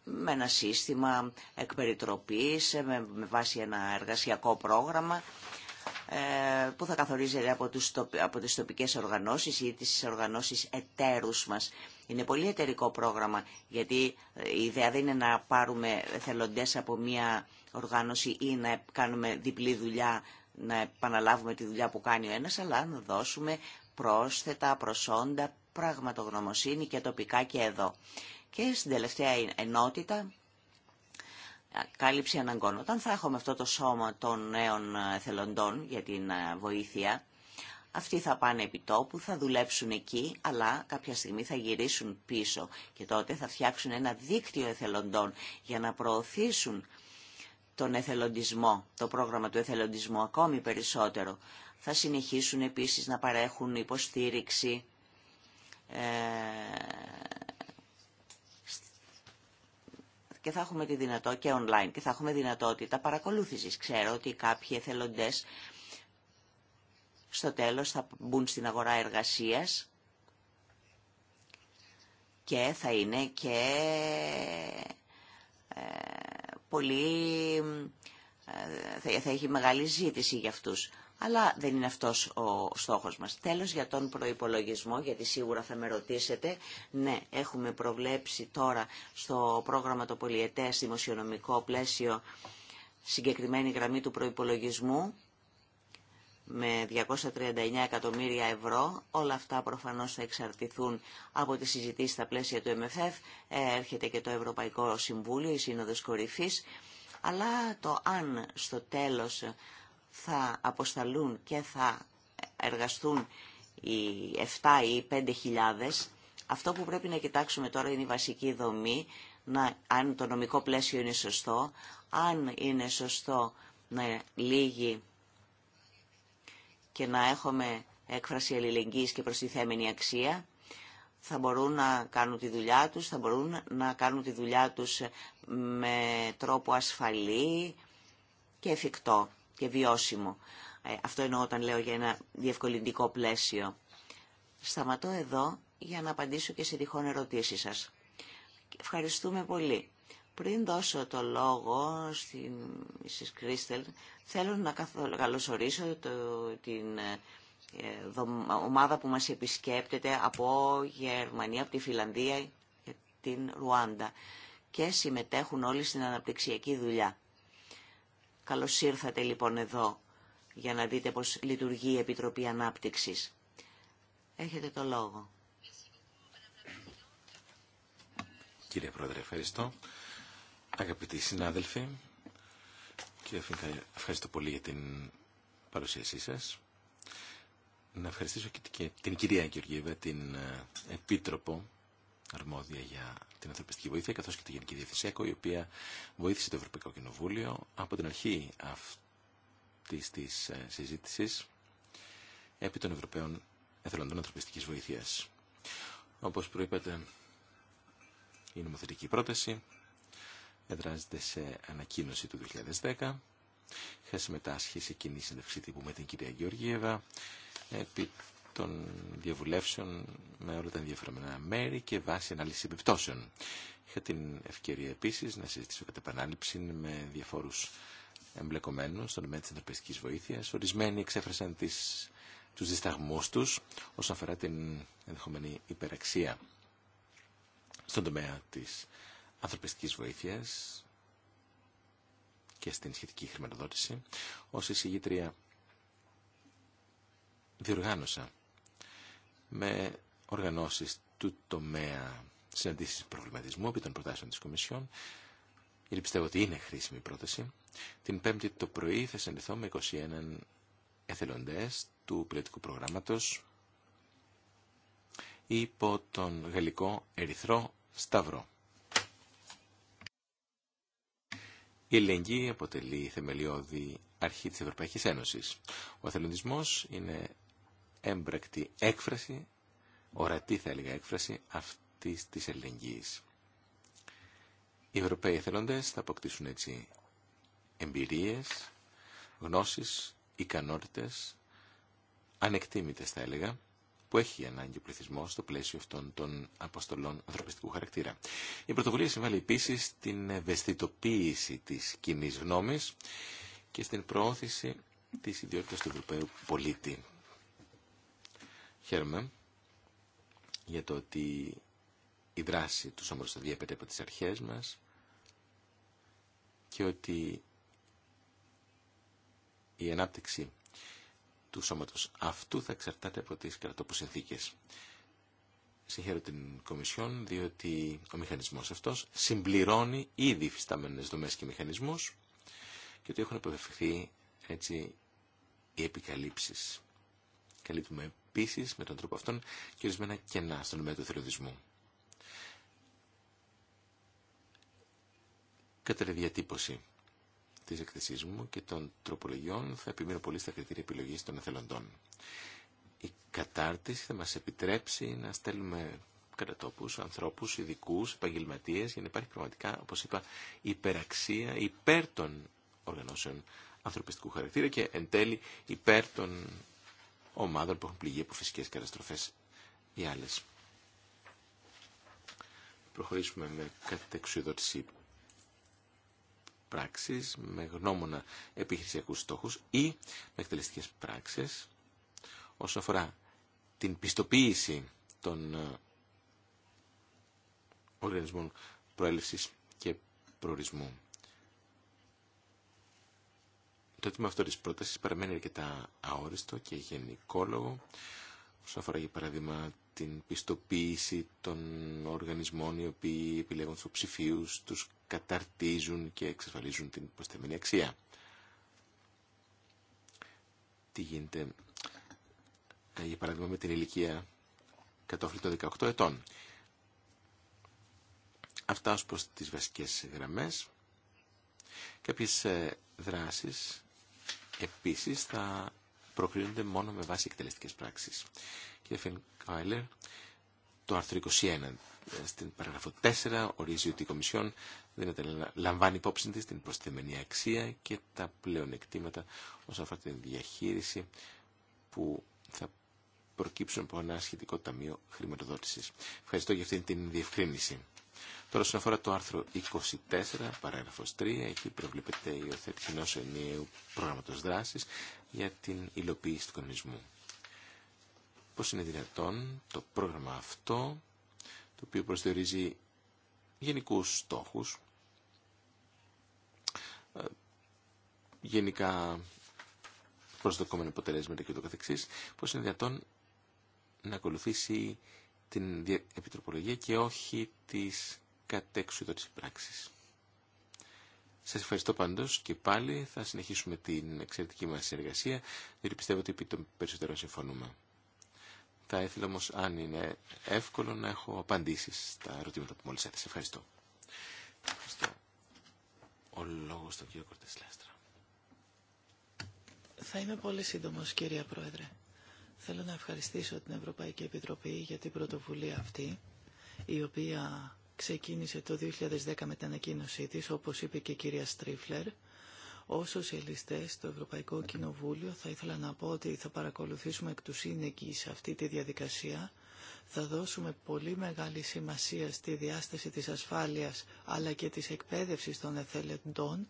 με ένα σύστημα εκπεριτροπής, με βάση ένα εργασιακό πρόγραμμα ε, που θα καθορίζεται από, τους, από τις τοπικές οργανώσεις ή τις οργανώσεις εταίρους μας. Είναι πολύ εταιρικό πρόγραμμα, γιατί ε, η ιδέα δεν είναι να πάρουμε θελοντές από μία οργάνωση ή να κάνουμε διπλή δουλειά, να επαναλάβουμε τη δουλειά που κάνει ο ένας, αλλά να δώσουμε πρόσθετα, προσόντα, πραγματογνωμοσύνη και τοπικά και εδώ. Και στην τελευταία ενότητα κάλυψη αναγκών. Όταν θα έχουμε αυτό το σώμα των νέων εθελοντών για την ε, βοήθεια, αυτοί θα πάνε επί τόπου, θα δουλέψουν εκεί, αλλά κάποια στιγμή θα γυρίσουν πίσω και τότε θα φτιάξουν ένα δίκτυο εθελοντών για να προωθήσουν τον εθελοντισμό, το πρόγραμμα του εθελοντισμού ακόμη περισσότερο. Θα συνεχίσουν επίσης να παρέχουν υποστήριξη ε, και θα έχουμε τη δυνατότητα και online και θα έχουμε δυνατότητα παρακολούθησης. Ξέρω ότι κάποιοι εθελοντές στο τέλος θα μπουν στην αγορά εργασίας και θα είναι και ε, πολύ ε, θα έχει μεγάλη ζήτηση για αυτούς. Αλλά δεν είναι αυτός ο στόχος μας. Τέλος για τον προϋπολογισμό, γιατί σίγουρα θα με ρωτήσετε. Ναι, έχουμε προβλέψει τώρα στο πρόγραμμα το πολιετές δημοσιονομικό πλαίσιο συγκεκριμένη γραμμή του προϋπολογισμού με 239 εκατομμύρια ευρώ. Όλα αυτά προφανώς θα εξαρτηθούν από τις συζητήσεις στα πλαίσια του MFF. Ε, έρχεται και το Ευρωπαϊκό Συμβούλιο, η Σύνοδος Κορυφής. Αλλά το αν στο τέλος θα αποσταλούν και θα εργαστούν οι 7 ή 5 χιλιάδες. Αυτό που πρέπει να κοιτάξουμε τώρα είναι η 5000 αυτο που πρεπει να δομή, να, αν το νομικό πλαίσιο είναι σωστό, αν είναι σωστό να λύγει και να έχουμε έκφραση αλληλεγγύης και προστιθέμενη αξία, θα μπορούν να κάνουν τη δουλειά τους, θα μπορούν να κάνουν τη δουλειά τους με τρόπο ασφαλή και εφικτό και βιώσιμο. Ε, αυτό εννοώ όταν λέω για ένα διευκολυντικό πλαίσιο. Σταματώ εδώ για να απαντήσω και σε τυχόν ερωτήσεις σας. Ευχαριστούμε πολύ. Πριν δώσω το λόγο στην Mrs. Κρίστελ, θέλω να καλωσορίσω το, την ε, ομάδα που μας επισκέπτεται από Γερμανία, από τη Φιλανδία και την Ρουάντα και συμμετέχουν όλοι στην αναπτυξιακή δουλειά. Καλώς ήρθατε λοιπόν εδώ για να δείτε πώς λειτουργεί η Επιτροπή Ανάπτυξης. Έχετε το λόγο. Κύριε Πρόεδρε, ευχαριστώ. Αγαπητοί συνάδελφοι, κύριε ευχαριστώ πολύ για την παρουσίασή σας. Να ευχαριστήσω και την κυρία Γεωργίβα, την ε, Επίτροπο, αρμόδια για την ανθρωπιστική βοήθεια, καθώ και τη Γενική Διευθυνσία, η οποία βοήθησε το Ευρωπαϊκό Κοινοβούλιο από την αρχή αυτή τη ε, συζήτηση επί των Ευρωπαίων Εθελοντών Ανθρωπιστική Βοήθειας. Όπω προείπατε, η νομοθετική πρόταση εδράζεται σε ανακοίνωση του 2010. Είχα συμμετάσχει σε κοινή συνέντευξη τύπου με την κυρία Γεωργίευα επί των διαβουλεύσεων με όλα τα ενδιαφερομένα μέρη και βάση ανάλυση επιπτώσεων. Είχα την ευκαιρία επίσης να συζητήσω κατά επανάληψη με διαφόρους εμπλεκομένους στον τομέα της ανθρωπιστικής βοήθειας. Ορισμένοι εξέφρασαν του τους δισταγμούς όσον αφορά την ενδεχομένη υπεραξία στον τομέα της ανθρωπιστικής βοήθειας και στην σχετική χρηματοδότηση. Ως εισηγήτρια διοργάνωσα με οργανώσεις του τομέα συναντήσεις προβληματισμού επί των προτάσεων της Κομισιόν. Γιατί ότι είναι χρήσιμη η πρόταση. Την Πέμπτη το πρωί θα συναντηθώ με 21 εθελοντές του πιλωτικού προγράμματος υπό τον γαλλικό Ερυθρό Σταυρό. Η ελληνική αποτελεί θεμελιώδη αρχή της Ευρωπαϊκής Ένωσης. Ο εθελοντισμός είναι έμπρακτη έκφραση, ορατή θα έλεγα έκφραση, αυτής της ελληνικής. Οι Ευρωπαίοι εθελοντές θα αποκτήσουν έτσι εμπειρίες, γνώσεις, ικανότητες, ανεκτήμητες θα έλεγα, που έχει ανάγκη ο πληθυσμό στο πλαίσιο αυτών των αποστολών ανθρωπιστικού χαρακτήρα. Η πρωτοβουλία συμβάλλει επίση στην ευαισθητοποίηση τη κοινή γνώμη και στην προώθηση τη ιδιότητα του Ευρωπαίου πολίτη. Χαίρομαι για το ότι η δράση του σώματος θα διέπεται από τις αρχές μας και ότι η ανάπτυξη του σώματος αυτού θα εξαρτάται από τις συνθήκες. Συγχαίρω την Κομισιόν διότι ο μηχανισμός αυτός συμπληρώνει ήδη φυστάμενες δομές και μηχανισμούς και ότι έχουν αποφευχθεί έτσι οι επικαλύψεις. Καλύπτουμε επίση με τον τρόπο αυτόν και ορισμένα κενά στον τομέα του θελοντισμού. Κατά τη διατύπωση τη εκθεσή μου και των τροπολογιών θα επιμείνω πολύ στα κριτήρια επιλογή των εθελοντών. Η κατάρτιση θα μα επιτρέψει να στέλνουμε κατά τόπου ανθρώπους, ειδικού, επαγγελματίε, για να υπάρχει πραγματικά, όπω είπα, υπεραξία υπέρ των οργανώσεων ανθρωπιστικού χαρακτήρα και εν τέλει υπέρ των ομάδων που έχουν πληγεί από φυσικέ καταστροφέ ή άλλες. Προχωρήσουμε με κατεξουδότηση πράξεις, με γνώμονα επιχειρησιακού στόχου ή με εκτελεστικέ πράξεις όσον αφορά την πιστοποίηση των ε, οργανισμών προέλευσης και προορισμού. Το έτοιμο αυτό τη πρόταση παραμένει αρκετά αόριστο και γενικόλογο όσον αφορά για παράδειγμα την πιστοποίηση των οργανισμών οι οποίοι επιλέγουν του ψηφίου, του καταρτίζουν και εξασφαλίζουν την υποστεμένη αξία. Τι γίνεται ε, για παράδειγμα με την ηλικία κατόφλι των 18 ετών. Αυτά ως προς τις βασικές γραμμές. Κάποιες ε, δράσεις Επίσης θα προκρίνονται μόνο με βάση εκτελεστικές πράξεις. Κύριε Φενκάιλερ, το άρθρο 21 ε, στην παραγραφό 4 ορίζει ότι η Κομισιόν δεν λαμβάνει υπόψη της την προσθεμένη αξία και τα πλέον εκτήματα όσον αφορά την διαχείριση που θα προκύψουν από ένα σχετικό ταμείο χρηματοδότησης. Ευχαριστώ για αυτή την διευκρίνηση. Τώρα, όσον αφορά το άρθρο 24, παράγραφος 3, εκεί προβλέπεται η οθέτηση ενό ενιαίου προγράμματος δράσης για την υλοποίηση του κανονισμού. Πώ είναι δυνατόν το πρόγραμμα αυτό, το οποίο προσδιορίζει γενικούς στόχου, ε, γενικά προσδοκόμενα αποτελέσματα και το καθεξής, πώς είναι δυνατόν να ακολουθήσει την επιτροπολογία και όχι τις της πράξης. Σας ευχαριστώ πάντως και πάλι θα συνεχίσουμε την εξαιρετική μας συνεργασία, διότι πιστεύω ότι επί των περισσότερων συμφωνούμε. Θα ήθελα όμω αν είναι εύκολο, να έχω απαντήσεις στα ερωτήματα που μόλις έθεσα. Ευχαριστώ. Ευχαριστώ. Ο λόγος στον κύριο Κορτές Θα είμαι πολύ σύντομος, κυρία Πρόεδρε. Θέλω να ευχαριστήσω την Ευρωπαϊκή Επιτροπή για την πρωτοβουλία αυτή, η οποία ξεκίνησε το 2010 με την ανακοίνωσή της, όπως είπε και η κυρία Στρίφλερ. Ως σοσιαλιστές στο Ευρωπαϊκό Κοινοβούλιο θα ήθελα να πω ότι θα παρακολουθήσουμε εκ του σε αυτή τη διαδικασία. Θα δώσουμε πολύ μεγάλη σημασία στη διάσταση της ασφάλειας αλλά και της εκπαίδευσης των εθελοντών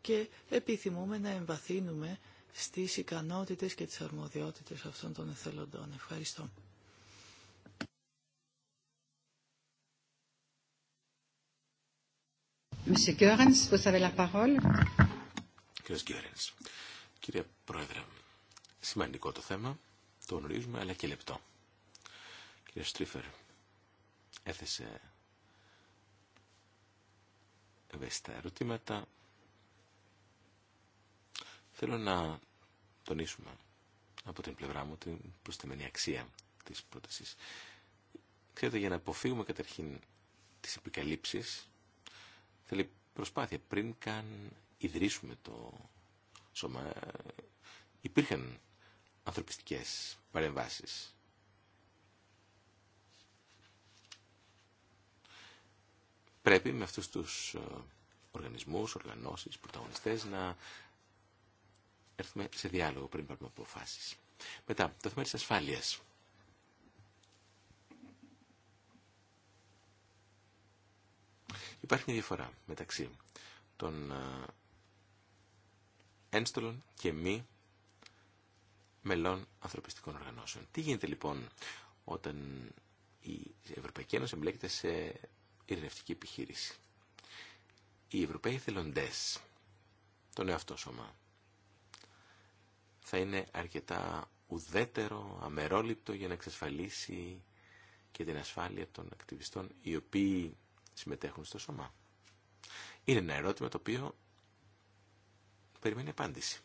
και επιθυμούμε να εμβαθύνουμε στις ικανότητες και τις αρμοδιότητες αυτών των εθελοντών. Ευχαριστώ. Κύριε Πρόεδρε, σημαντικό το θέμα, το γνωρίζουμε, αλλά και λεπτό. Κύριε Στρίφερ, έθεσε ευαίσθητα ερωτήματα. Θέλω να τονίσουμε από την πλευρά μου την προσθεμένη αξία της πρότασης. Ξέρετε, για να αποφύγουμε καταρχήν τις επικαλύψεις, Θέλει προσπάθεια. Πριν καν ιδρύσουμε το σώμα, ε, υπήρχαν ανθρωπιστικές παρεμβάσεις. Πρέπει με αυτούς τους ε, οργανισμούς, οργανώσεις, πρωταγωνιστές να έρθουμε σε διάλογο πριν πάρουμε αποφάσεις. Μετά, το θέμα τη ασφάλειας. Υπάρχει μια διαφορά μεταξύ των ε, ένστολων και μη μελών ανθρωπιστικών οργανώσεων. Τι γίνεται λοιπόν όταν η Ευρωπαϊκή Ένωση εμπλέκεται σε ειρηνευτική επιχείρηση. Οι Ευρωπαίοι θελοντές, το νέο αυτό σώμα, θα είναι αρκετά ουδέτερο, αμερόληπτο για να εξασφαλίσει και την ασφάλεια των ακτιβιστών οι οποίοι συμμετέχουν στο σώμα. Είναι ένα ερώτημα το οποίο περιμένει απάντηση.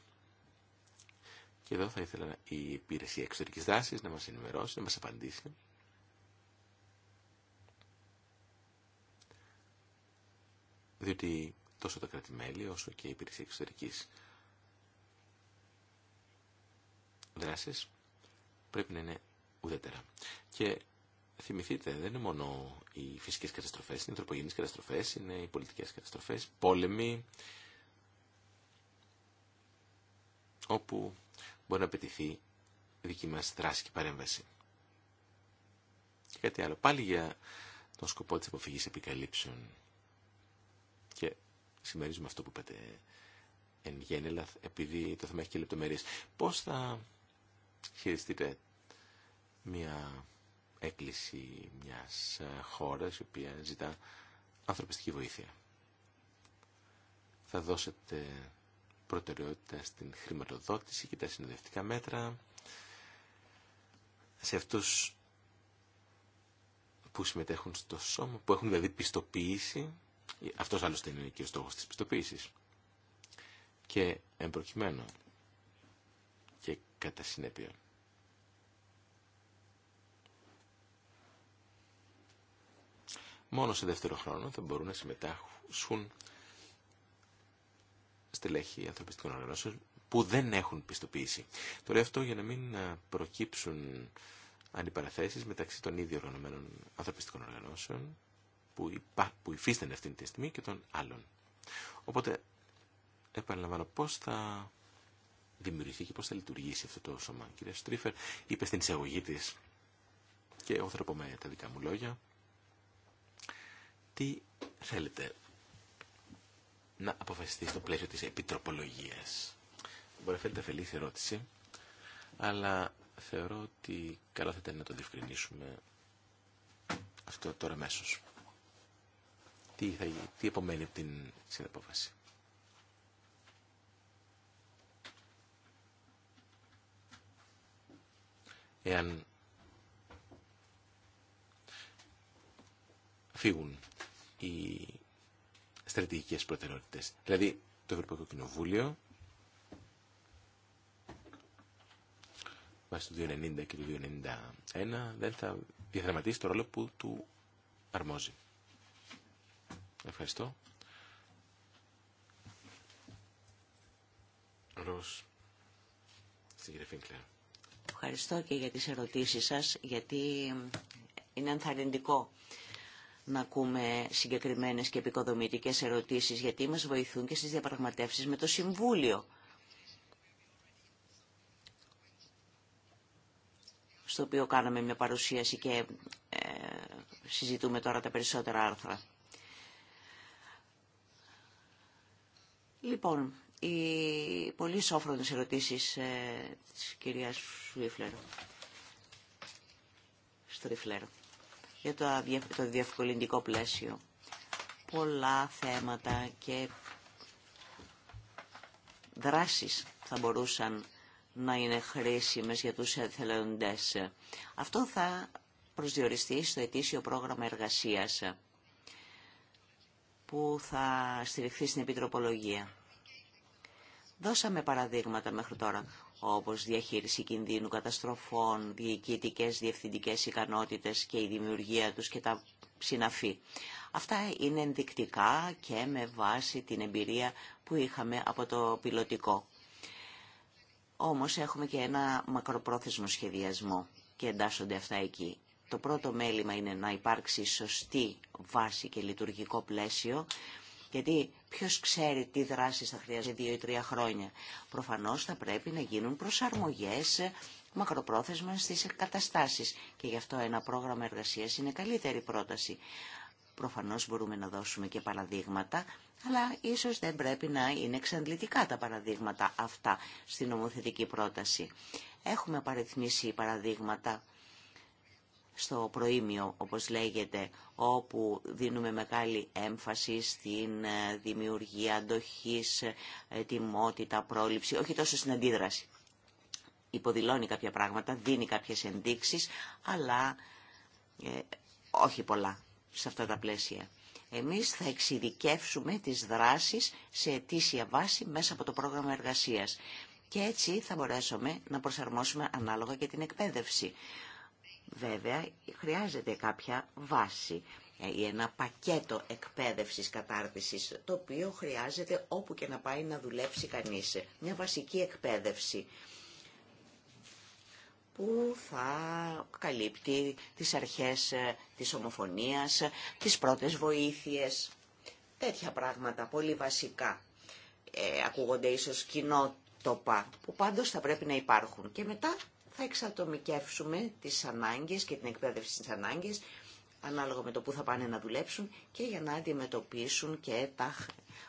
Και εδώ θα ήθελα η υπηρεσία εξωτερική δράση να μας ενημερώσει, να μας απαντήσει. Διότι τόσο τα κρατημέλη όσο και η υπηρεσία εξωτερική δράσης πρέπει να είναι ουδέτερα. Και θυμηθείτε, δεν είναι μόνο οι φυσικέ καταστροφέ, είναι οι τροπογενείς καταστροφέ, είναι οι πολιτικές καταστροφές, πόλεμοι, όπου μπορεί να απαιτηθεί δική μα δράση και παρέμβαση. Και κάτι άλλο, πάλι για τον σκοπό τη αποφυγή επικαλύψεων. Και συμμερίζουμε αυτό που είπατε εν γέννη, επειδή το θέμα έχει και λεπτομέρειε. Πώ θα χειριστείτε μια έκκληση μιας χώρας η οποία ζητά ανθρωπιστική βοήθεια. Θα δώσετε προτεραιότητα στην χρηματοδότηση και τα συνοδευτικά μέτρα σε αυτούς που συμμετέχουν στο σώμα, που έχουν δηλαδή πιστοποίηση, αυτός άλλωστε είναι και ο στόχος της πιστοποίησης, και εμπροκειμένο και κατά συνέπεια μόνο σε δεύτερο χρόνο θα μπορούν να συμμετάσχουν στελέχη ανθρωπιστικών οργανώσεων που δεν έχουν πιστοποίηση. Το λέω αυτό για να μην προκύψουν αντιπαραθέσεις μεταξύ των ίδιων οργανωμένων ανθρωπιστικών οργανώσεων που, υπά, που υφίστανται αυτή τη στιγμή και των άλλων. Οπότε, επαναλαμβάνω, πώς θα δημιουργηθεί και πώς θα λειτουργήσει αυτό το σώμα. Κυρία Στρίφερ είπε στην εισαγωγή της και εγώ θα πω με τα δικά μου λόγια τι θέλετε να αποφασιστεί στο πλαίσιο της επιτροπολογίας. Μπορεί να φαίνεται η ερώτηση, αλλά θεωρώ ότι καλό θα ήταν να το διευκρινίσουμε αυτό τώρα μέσως. Τι, θα, τι από την συνεπόφαση. Εάν φύγουν οι στρατηγικές προτεραιότητες. Δηλαδή, το Ευρωπαϊκό Κοινοβούλιο, βάσει του 290 και του 291, δεν θα διαδραματίσει το ρόλο που του αρμόζει. Ευχαριστώ. Ρος, στην Ευχαριστώ και για τις ερωτήσεις σας, γιατί είναι ενθαρρυντικό να ακούμε συγκεκριμένες και επικοδομητικές ερωτήσεις, γιατί μας βοηθούν και στις διαπραγματεύσεις με το Συμβούλιο. στο οποίο κάναμε μια παρουσίαση και ε, συζητούμε τώρα τα περισσότερα άρθρα. Λοιπόν, οι πολύ σόφρονες ερωτήσεις ε, της κυρίας Στρίφλερ για το διευκολυντικό πλαίσιο. Πολλά θέματα και δράσεις θα μπορούσαν να είναι χρήσιμες για τους εθελοντές. Αυτό θα προσδιοριστεί στο ετήσιο πρόγραμμα εργασίας που θα στηριχθεί στην Επιτροπολογία. Δώσαμε παραδείγματα μέχρι τώρα όπως διαχείριση κινδύνου, καταστροφών, διοικητικές, διευθυντικές ικανότητες και η δημιουργία τους και τα συναφή. Αυτά είναι ενδεικτικά και με βάση την εμπειρία που είχαμε από το πιλωτικό. Όμως έχουμε και ένα μακροπρόθεσμο σχεδιασμό και εντάσσονται αυτά εκεί. Το πρώτο μέλημα είναι να υπάρξει σωστή βάση και λειτουργικό πλαίσιο, γιατί Ποιο ξέρει τι δράσεις θα χρειάζεται δύο ή τρία χρόνια. Προφανώς θα πρέπει να γίνουν προσαρμογές μακροπρόθεσμα στις καταστάσει. και γι' αυτό ένα πρόγραμμα εργασία είναι καλύτερη πρόταση. Προφανώς μπορούμε να δώσουμε και παραδείγματα, αλλά ίσως δεν πρέπει να είναι εξαντλητικά τα παραδείγματα αυτά στην νομοθετική πρόταση. Έχουμε απαριθμίσει παραδείγματα στο προήμιο, όπως λέγεται, όπου δίνουμε μεγάλη έμφαση στην ε, δημιουργία αντοχής, ε, ετοιμότητα πρόληψη, όχι τόσο στην αντίδραση. Υποδηλώνει κάποια πράγματα, δίνει κάποιες ενδείξεις, αλλά ε, όχι πολλά σε αυτά τα πλαίσια. Εμείς θα εξειδικεύσουμε τις δράσεις σε αιτήσια βάση μέσα από το πρόγραμμα εργασίας. Και έτσι θα μπορέσουμε να προσαρμόσουμε ανάλογα και την εκπαίδευση. Βέβαια, χρειάζεται κάποια βάση ε, ή ένα πακέτο εκπαίδευσης κατάρτισης, το οποίο χρειάζεται όπου και να πάει να δουλέψει κανείς. Μια βασική εκπαίδευση που θα καλύπτει τις αρχές ε, της ομοφωνίας, τις πρώτες βοήθειες, τέτοια πράγματα πολύ βασικά. Ε, ακούγονται ίσως κοινότοπα που πάντως θα πρέπει να υπάρχουν. Και μετά θα εξατομικεύσουμε τις ανάγκες και την εκπαίδευση στις ανάγκες ανάλογα με το που θα πάνε να δουλέψουν και για να αντιμετωπίσουν και τα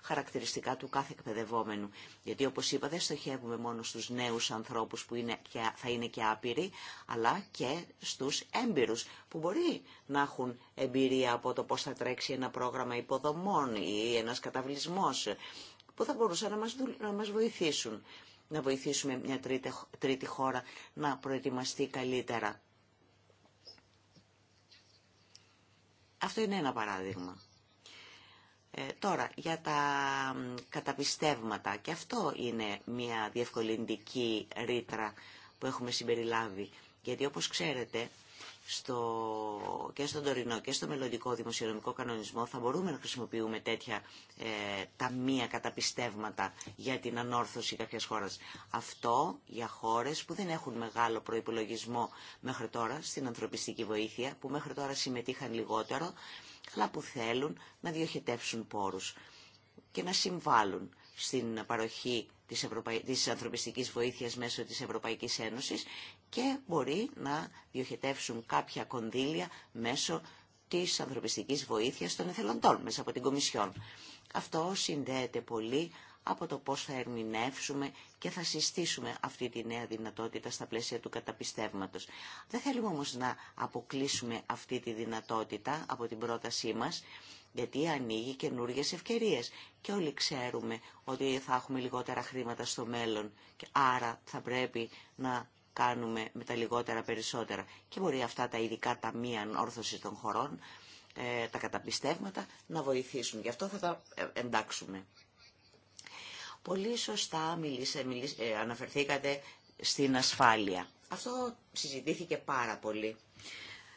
χαρακτηριστικά του κάθε εκπαιδευόμενου. Γιατί όπως είπα δεν στοχεύουμε μόνο στους νέους ανθρώπους που είναι και, θα είναι και άπειροι, αλλά και στους έμπειρους που μπορεί να έχουν εμπειρία από το πώς θα τρέξει ένα πρόγραμμα υποδομών ή ένας καταβλισμός που θα μπορούσαν να να μας βοηθήσουν να βοηθήσουμε μια τρίτη, χώρα να προετοιμαστεί καλύτερα. Αυτό είναι ένα παράδειγμα. Ε, τώρα, για τα καταπιστεύματα. Και αυτό είναι μια διευκολυντική ρήτρα που έχουμε συμπεριλάβει. Γιατί όπως ξέρετε, στο, και στον τωρινό και στο μελλοντικό δημοσιονομικό κανονισμό θα μπορούμε να χρησιμοποιούμε τέτοια ε, ταμεία καταπιστεύματα για την ανόρθωση κάποια χώρα. Αυτό για χώρες που δεν έχουν μεγάλο προϋπολογισμό μέχρι τώρα στην ανθρωπιστική βοήθεια, που μέχρι τώρα συμμετείχαν λιγότερο, αλλά που θέλουν να διοχετεύσουν πόρους και να συμβάλλουν στην παροχή της, Ευρωπαϊ... της ανθρωπιστικής βοήθειας μέσω της Ευρωπαϊκής Ένωσης και μπορεί να διοχετεύσουν κάποια κονδύλια μέσω της ανθρωπιστικής βοήθειας των εθελοντών μέσα από την Κομισιόν. Αυτό συνδέεται πολύ από το πώς θα ερμηνεύσουμε και θα συστήσουμε αυτή τη νέα δυνατότητα στα πλαίσια του καταπιστεύματος. Δεν θέλουμε όμως να αποκλείσουμε αυτή τη δυνατότητα από την πρότασή μας, γιατί ανοίγει καινούργιες ευκαιρίες. Και όλοι ξέρουμε ότι θα έχουμε λιγότερα χρήματα στο μέλλον, και άρα θα πρέπει να κάνουμε με τα λιγότερα περισσότερα. Και μπορεί αυτά τα ειδικά ταμεία όρθωση των χωρών, ε, τα καταπιστεύματα, να βοηθήσουν. Γι' αυτό θα τα ε, εντάξουμε. Πολύ σωστά μιλήσε, αναφερθήκατε στην ασφάλεια. Αυτό συζητήθηκε πάρα πολύ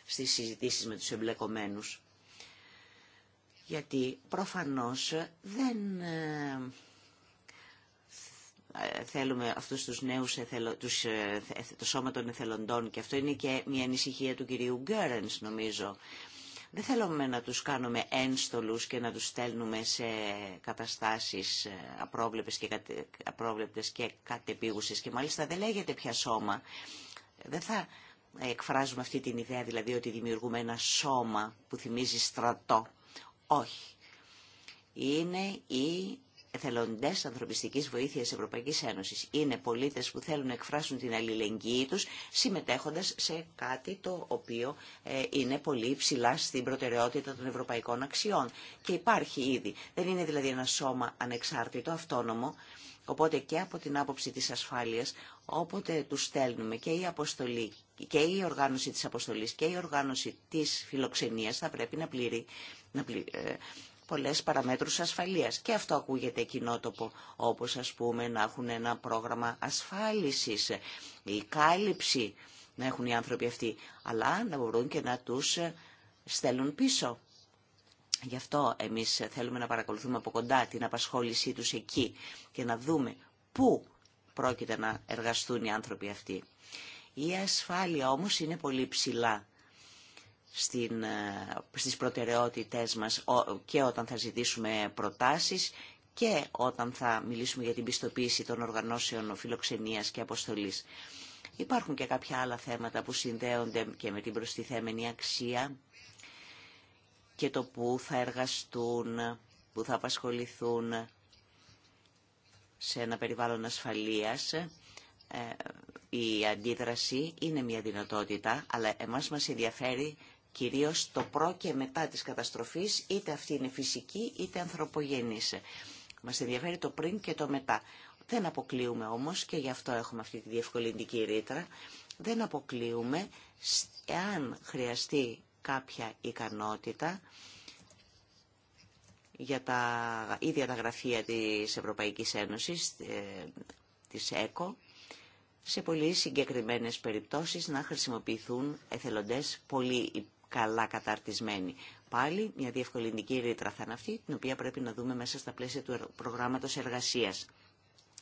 στις συζητήσεις με τους εμπλεκομένους. Γιατί προφανώς δεν ε, ε, θέλουμε αυτούς τους νέους εθελο, τους, ε, το σώμα των εθελοντών και αυτό είναι και μια ανησυχία του κυρίου Γκέρενς νομίζω. Δεν θέλουμε να τους κάνουμε ένστολους και να τους στέλνουμε σε καταστάσεις ε, απρόβλεπτες και, κατε, και κατεπίγουσες και μάλιστα δεν λέγεται πια σώμα. Δεν θα εκφράζουμε αυτή την ιδέα δηλαδή ότι δημιουργούμε ένα σώμα που θυμίζει στρατό. Όχι. Είναι η εθελοντές ανθρωπιστικής βοήθειας Ευρωπαϊκής Ένωσης. Είναι πολίτες που θέλουν να εκφράσουν την αλληλεγγύη τους συμμετέχοντας σε κάτι το οποίο ε, είναι πολύ ψηλά στην προτεραιότητα των ευρωπαϊκών αξιών. Και υπάρχει ήδη. Δεν είναι δηλαδή ένα σώμα ανεξάρτητο, αυτόνομο. Οπότε και από την άποψη της ασφάλειας, όποτε τους στέλνουμε και η και η οργάνωση της αποστολής και η οργάνωση της φιλοξενίας θα πρέπει να, πληρεί, να ε, πολλές παραμέτρους ασφαλείας. Και αυτό ακούγεται κοινότοπο, όπως ας πούμε να έχουν ένα πρόγραμμα ασφάλισης, η κάλυψη να έχουν οι άνθρωποι αυτοί, αλλά να μπορούν και να τους ε, στέλνουν πίσω. Γι' αυτό εμείς θέλουμε να παρακολουθούμε από κοντά την απασχόλησή τους εκεί και να δούμε πού πρόκειται να εργαστούν οι άνθρωποι αυτοί. Η ασφάλεια όμως είναι πολύ ψηλά στην, ε, στις προτεραιότητές μας και όταν θα ζητήσουμε προτάσεις και όταν θα μιλήσουμε για την πιστοποίηση των οργανώσεων φιλοξενίας και αποστολής. Υπάρχουν και κάποια άλλα θέματα που συνδέονται και με την προστιθέμενη αξία και το που θα εργαστούν, που θα απασχοληθούν σε ένα περιβάλλον ασφαλείας. Ε, η αντίδραση είναι μια δυνατότητα, αλλά εμάς μας ενδιαφέρει κυρίως το προ και μετά της καταστροφής, είτε αυτή είναι φυσική είτε ανθρωπογενής. Μας ενδιαφέρει το πριν και το μετά. Δεν αποκλείουμε όμως, και γι' αυτό έχουμε αυτή τη διευκολυντική ρήτρα, δεν αποκλείουμε, εάν χρειαστεί κάποια ικανότητα, για τα ίδια τα γραφεία της Ευρωπαϊκής Ένωσης, ε, της ΕΚΟ, σε πολύ συγκεκριμένες περιπτώσεις να χρησιμοποιηθούν εθελοντές πολύ καλά καταρτισμένη. Πάλι μια διευκολυντική ρήτρα θα είναι αυτή, την οποία πρέπει να δούμε μέσα στα πλαίσια του προγράμματος εργασίας.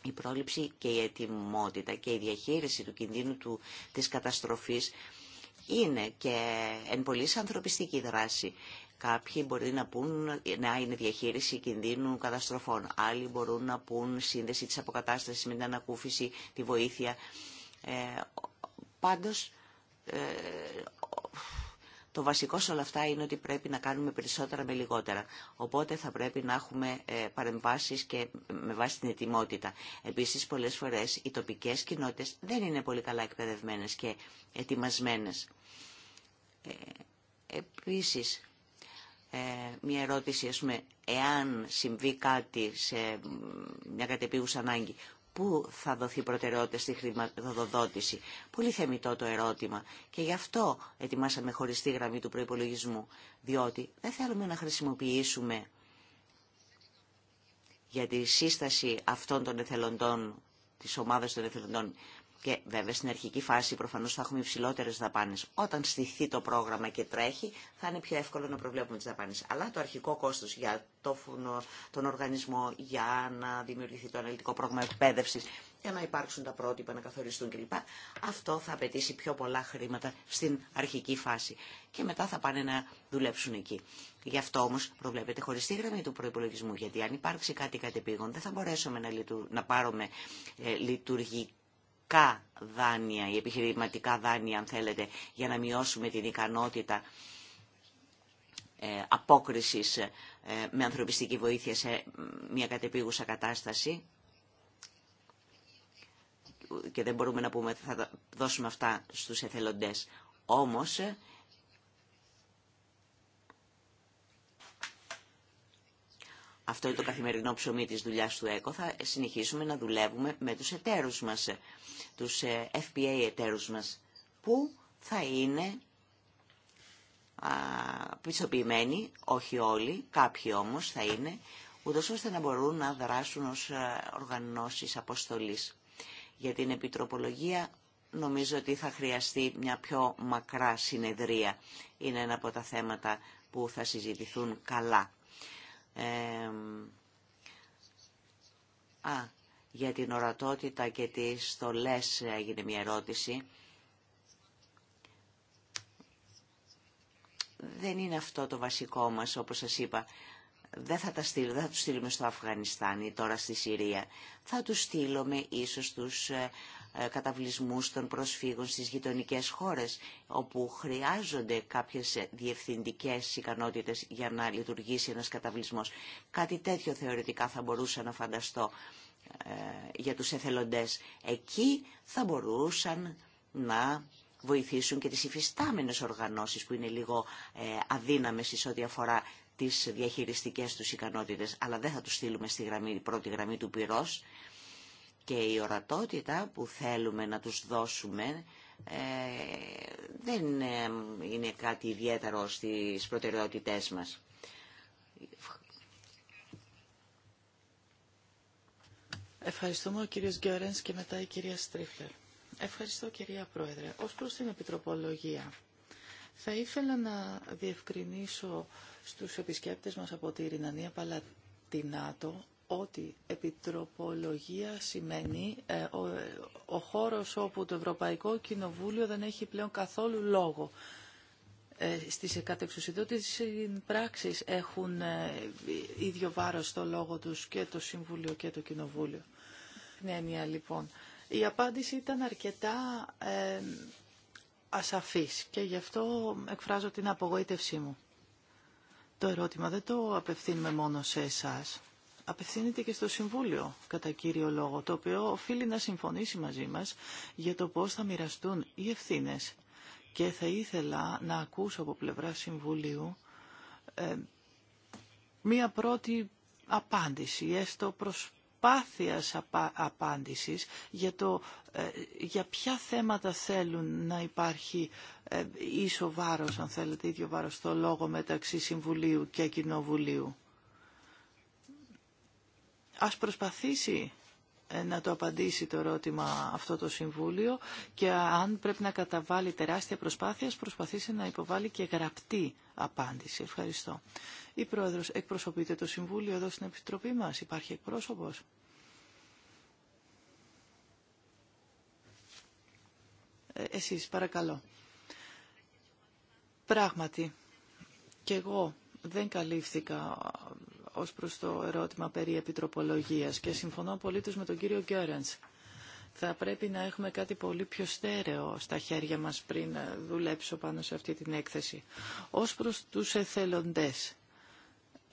Η πρόληψη και η ετοιμότητα και η διαχείριση του κινδύνου του, της καταστροφής είναι και εν πολλής ανθρωπιστική δράση. Κάποιοι μπορεί να πούν να είναι διαχείριση κινδύνου καταστροφών. Άλλοι μπορούν να πούν σύνδεση της αποκατάστασης με την ανακούφιση, τη βοήθεια. Ε, πάντως, ε, το βασικό σε όλα αυτά είναι ότι πρέπει να κάνουμε περισσότερα με λιγότερα. Οπότε θα πρέπει να έχουμε ε, παρεμβάσει και με βάση την ετοιμότητα. Επίσης, πολλές φορές οι τοπικές κοινότητες δεν είναι πολύ καλά εκπαιδευμένε και ετοιμασμένες. Ε, επίσης, ε, μια ερώτηση, ας πούμε, εάν συμβεί κάτι σε μια κατεπίγουσα ανάγκη, Πού θα δοθεί προτεραιότητα στη χρηματοδότηση. Πολύ θεμητό το ερώτημα. Και γι' αυτό ετοιμάσαμε χωριστή γραμμή του προϋπολογισμού. Διότι δεν θέλουμε να χρησιμοποιήσουμε για τη σύσταση αυτών των εθελοντών, της ομάδας των εθελοντών, και βέβαια στην αρχική φάση προφανώ θα έχουμε υψηλότερε δαπάνε. Όταν στηθεί το πρόγραμμα και τρέχει θα είναι πιο εύκολο να προβλέπουμε τι δαπάνε. Αλλά το αρχικό κόστο για το, τον οργανισμό, για να δημιουργηθεί το αναλυτικό πρόγραμμα εκπαίδευση, για να υπάρξουν τα πρότυπα, να καθοριστούν κλπ. Αυτό θα απαιτήσει πιο πολλά χρήματα στην αρχική φάση. Και μετά θα πάνε να δουλέψουν εκεί. Γι' αυτό όμω προβλέπεται χωριστή γραμμή του προπολογισμού. Γιατί αν υπάρξει κάτι κατεπήγον, δεν θα μπορέσουμε να, λειτου... να πάρουμε ε, δάνεια, η επιχειρηματικά δάνεια αν θέλετε, για να μειώσουμε την ικανότητα ε, απόκρισης ε, με ανθρωπιστική βοήθεια σε μια κατεπίγουσα κατάσταση και δεν μπορούμε να πούμε ότι θα δώσουμε αυτά στους εθελοντές. Όμως ε, Αυτό είναι το καθημερινό ψωμί της δουλειάς του ΕΚΟ. Θα συνεχίσουμε να δουλεύουμε με τους εταίρους μας, τους ε, FPA εταίρους μας, που θα είναι πιστοποιημένοι, όχι όλοι, κάποιοι όμως θα είναι, ούτως ώστε να μπορούν να δράσουν ως ε, οργανώσεις αποστολής. Για την επιτροπολογία νομίζω ότι θα χρειαστεί μια πιο μακρά συνεδρία. Είναι ένα από τα θέματα που θα συζητηθούν καλά. Ε, α, για την ορατότητα και τις στολές έγινε μια ερώτηση. Δεν είναι αυτό το βασικό μας, όπως σας είπα. Δεν θα, τα τους στείλουμε στο Αφγανιστάν ή τώρα στη Συρία. Θα τους στείλουμε ίσως τους ε, ε, καταβλισμούς των προσφύγων στις γειτονικές χώρες, όπου χρειάζονται κάποιες διευθυντικές ικανότητες για να λειτουργήσει ένας καταβλισμός. Κάτι τέτοιο θεωρητικά θα μπορούσα να φανταστώ ε, για τους εθελοντές. Εκεί θα μπορούσαν να βοηθήσουν και τις υφιστάμενες οργανώσεις που είναι λίγο ε, αδύναμες σε ό,τι αφορά τις διαχειριστικές τους ικανότητες, αλλά δεν θα τους στείλουμε στη, πρώτη γραμμή του πυρός και η ορατότητα που θέλουμε να τους δώσουμε ε, δεν ε, είναι κάτι ιδιαίτερο στις προτεραιότητές μας. Ευχαριστούμε ο κύριος Γκιόρενς και μετά η κυρία Στρίφλερ. Ευχαριστώ κυρία Πρόεδρε. Ως προς την Επιτροπολογία, θα ήθελα να διευκρινίσω στους επισκέπτες μας από τη Ρινανία Παλατινάτο ότι επιτροπολογία σημαίνει ε, ο, χώρος όπου το Ευρωπαϊκό Κοινοβούλιο δεν έχει πλέον καθόλου λόγο. Ε, στις κατεξουσιδότητες πράξεις έχουν ε, ίδιο βάρος το λόγο τους και το Συμβούλιο και το Κοινοβούλιο. Ναι, λοιπόν. Η απάντηση ήταν αρκετά ε, ασαφής και γι' αυτό εκφράζω την απογοήτευσή μου. Το ερώτημα δεν το απευθύνουμε μόνο σε εσάς απευθύνεται και στο Συμβούλιο κατά κύριο λόγο, το οποίο οφείλει να συμφωνήσει μαζί μας για το πώς θα μοιραστούν οι ευθύνε. Και θα ήθελα να ακούσω από πλευρά Συμβουλίου ε, μία πρώτη απάντηση, έστω προσπάθειας απα, απάντησης για το ε, για ποια θέματα θέλουν να υπάρχει ε, ίσο βάρος, αν θέλετε, ίδιο βάρος στο λόγο μεταξύ Συμβουλίου και Κοινοβουλίου. Ας προσπαθήσει ε, να το απαντήσει το ερώτημα αυτό το Συμβούλιο και αν πρέπει να καταβάλει τεράστια προσπάθεια, προσπαθήσει να υποβάλει και γραπτή απάντηση. Ευχαριστώ. Η Πρόεδρος, εκπροσωπείται το Συμβούλιο εδώ στην Επιτροπή μας. Υπάρχει εκπρόσωπος. Ε, εσείς, παρακαλώ. Πράγματι, και εγώ δεν καλύφθηκα ως προς το ερώτημα περί επιτροπολογίας και συμφωνώ απολύτως με τον κύριο Γκέρενς. Θα πρέπει να έχουμε κάτι πολύ πιο στέρεο στα χέρια μας πριν δουλέψω πάνω σε αυτή την έκθεση. Ως προς τους εθελοντές,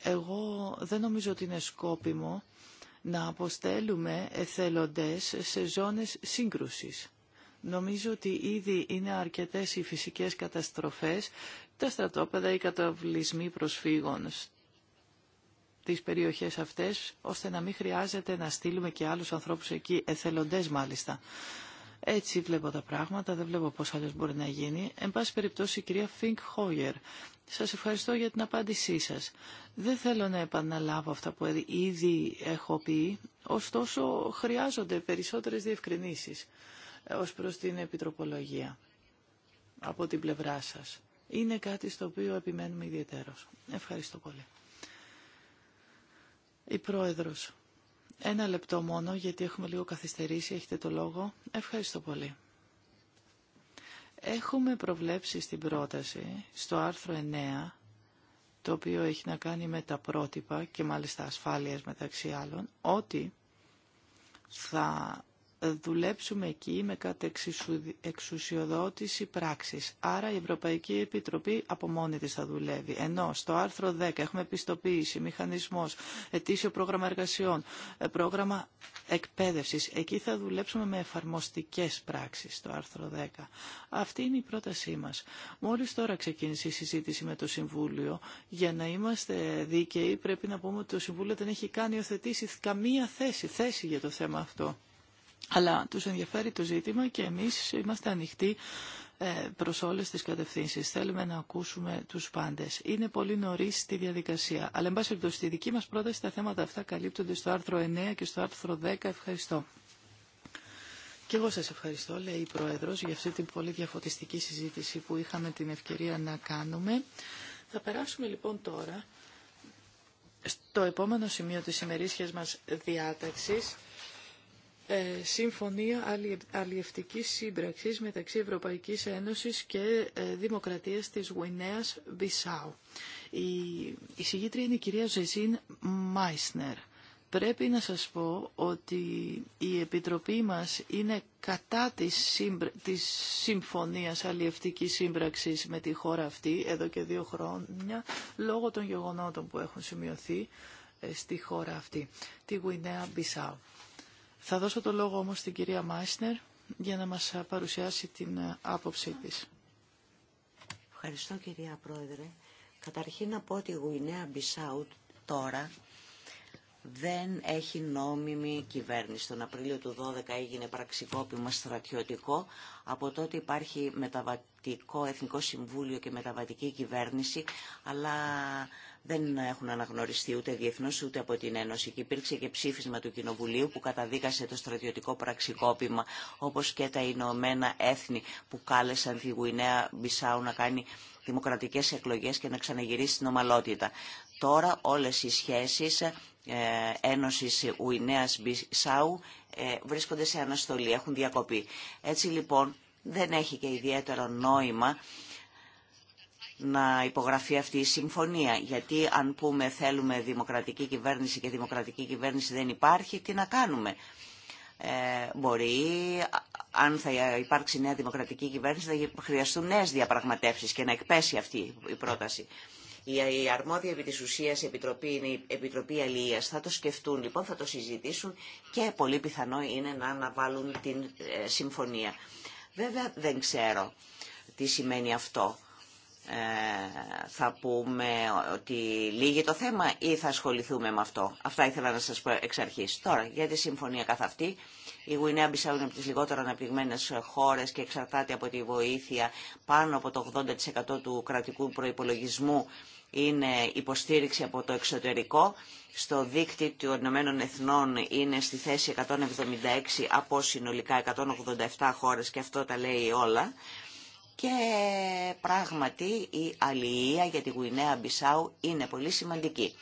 εγώ δεν νομίζω ότι είναι σκόπιμο να αποστέλουμε εθελοντές σε ζώνες σύγκρουσης. Νομίζω ότι ήδη είναι αρκετές οι φυσικές καταστροφές, τα στρατόπεδα, οι καταβλισμοί προσφύγων τις περιοχές αυτές, ώστε να μην χρειάζεται να στείλουμε και άλλους ανθρώπους εκεί, εθελοντές μάλιστα. Έτσι βλέπω τα πράγματα, δεν βλέπω πώς άλλος μπορεί να γίνει. Εν πάση περιπτώσει, η κυρία Φινκ Χόγερ, σας ευχαριστώ για την απάντησή σας. Δεν θέλω να επαναλάβω αυτά που ήδη έχω πει, ωστόσο χρειάζονται περισσότερες διευκρινήσεις ε, ως προς την επιτροπολογία από την πλευρά σας. Είναι κάτι στο οποίο επιμένουμε ιδιαίτερως. Ευχαριστώ πολύ. Η Πρόεδρος. Ένα λεπτό μόνο, γιατί έχουμε λίγο καθυστερήσει, έχετε το λόγο. Ευχαριστώ πολύ. Έχουμε προβλέψει στην πρόταση, στο άρθρο 9, το οποίο έχει να κάνει με τα πρότυπα και μάλιστα ασφάλειας μεταξύ άλλων, ότι θα δουλέψουμε εκεί με εξουσιοδότηση πράξης. Άρα η Ευρωπαϊκή Επιτροπή από μόνη της θα δουλεύει. Ενώ στο άρθρο 10 έχουμε επιστοποίηση, μηχανισμός, ετήσιο πρόγραμμα εργασιών, ε, πρόγραμμα εκπαίδευσης. Εκεί θα δουλέψουμε με εφαρμοστικές πράξεις στο άρθρο 10. Αυτή είναι η πρότασή μας. Μόλις τώρα ξεκίνησε η συζήτηση με το Συμβούλιο. Για να είμαστε δίκαιοι πρέπει να πούμε ότι το Συμβούλιο δεν έχει καν υιοθετήσει καμία θέση, θέση για το θέμα αυτό. Αλλά τους ενδιαφέρει το ζήτημα και εμείς είμαστε ανοιχτοί ε, προς όλες τις κατευθύνσεις. Θέλουμε να ακούσουμε τους πάντες. Είναι πολύ νωρίς στη διαδικασία. Αλλά, εν πάση περιπτώσει, στη δική μας πρόταση τα θέματα αυτά καλύπτονται στο άρθρο 9 και στο άρθρο 10. Ευχαριστώ. Και εγώ σας ευχαριστώ, λέει η Πρόεδρος, για αυτή την πολύ διαφωτιστική συζήτηση που είχαμε την ευκαιρία να κάνουμε. Θα περάσουμε λοιπόν τώρα στο επόμενο σημείο της ημερήσιας μας διάταξης ε, συμφωνία Αλλιευτικής Σύμπραξης μεταξύ Ευρωπαϊκής Ένωσης και ε, Δημοκρατίας της Γουινέας Μπισάου. Η συγγήτρια είναι η κυρία Ζεζίν Μάισνερ. Πρέπει να σας πω ότι η Επιτροπή μας είναι κατά της, της συμφωνίας αλλιευτικής σύμπραξης με τη χώρα αυτή εδώ και δύο χρόνια λόγω των γεγονότων που έχουν σημειωθεί ε, στη χώρα αυτή, τη Γουινέα Μπισάου. Θα δώσω το λόγο όμως στην κυρία Μάισνερ για να μας παρουσιάσει την άποψή της. Ευχαριστώ κυρία Πρόεδρε. Καταρχήν να πω ότι η Γουινέα Μπισάου τώρα δεν έχει νόμιμη κυβέρνηση. Τον Απρίλιο του 2012 έγινε πραξικόπημα στρατιωτικό. Από τότε υπάρχει μεταβατικό Εθνικό Συμβούλιο και μεταβατική κυβέρνηση, αλλά δεν έχουν αναγνωριστεί ούτε διεθνώς ούτε από την Ένωση. Και υπήρξε και ψήφισμα του Κοινοβουλίου που καταδίκασε το στρατιωτικό πραξικόπημα, όπως και τα Ηνωμένα Έθνη που κάλεσαν τη Γουινέα Μπισάου να κάνει δημοκρατικές εκλογές και να ξαναγυρίσει την ομαλότητα. Τώρα όλες οι σχέσεις ε, Ένωση Ουινέα Μπισάου ε, βρίσκονται σε αναστολή, έχουν διακοπή. Έτσι λοιπόν δεν έχει και ιδιαίτερο νόημα να υπογραφεί αυτή η συμφωνία. Γιατί αν πούμε θέλουμε δημοκρατική κυβέρνηση και δημοκρατική κυβέρνηση δεν υπάρχει, τι να κάνουμε. Ε, μπορεί, αν θα υπάρξει νέα δημοκρατική κυβέρνηση, θα χρειαστούν νέες διαπραγματεύσεις και να εκπέσει αυτή η πρόταση. Η αρμόδια επί της ουσίας επιτροπή είναι η Επιτροπή Αλληλείας. Θα το σκεφτούν λοιπόν, θα το συζητήσουν και πολύ πιθανό είναι να αναβάλουν την ε, συμφωνία. Βέβαια δεν ξέρω τι σημαίνει αυτό ε, θα πούμε ότι λύγει το θέμα ή θα ασχοληθούμε με αυτό. Αυτά ήθελα να σας πω εξ αρχής. Τώρα, για τη συμφωνία καθ' αυτή, η Γουινέα Μπισάου είναι από τις λιγότερο αναπτυγμένες χώρες και εξαρτάται από τη βοήθεια πάνω από το 80% του κρατικού προϋπολογισμού είναι υποστήριξη από το εξωτερικό. Στο δίκτυο των Ηνωμένων Εθνών είναι στη θέση 176 από συνολικά 187 χώρες και αυτό τα λέει όλα. Και πράγματι η αλληλεία για τη Γουινέα Μπισάου είναι πολύ σημαντική.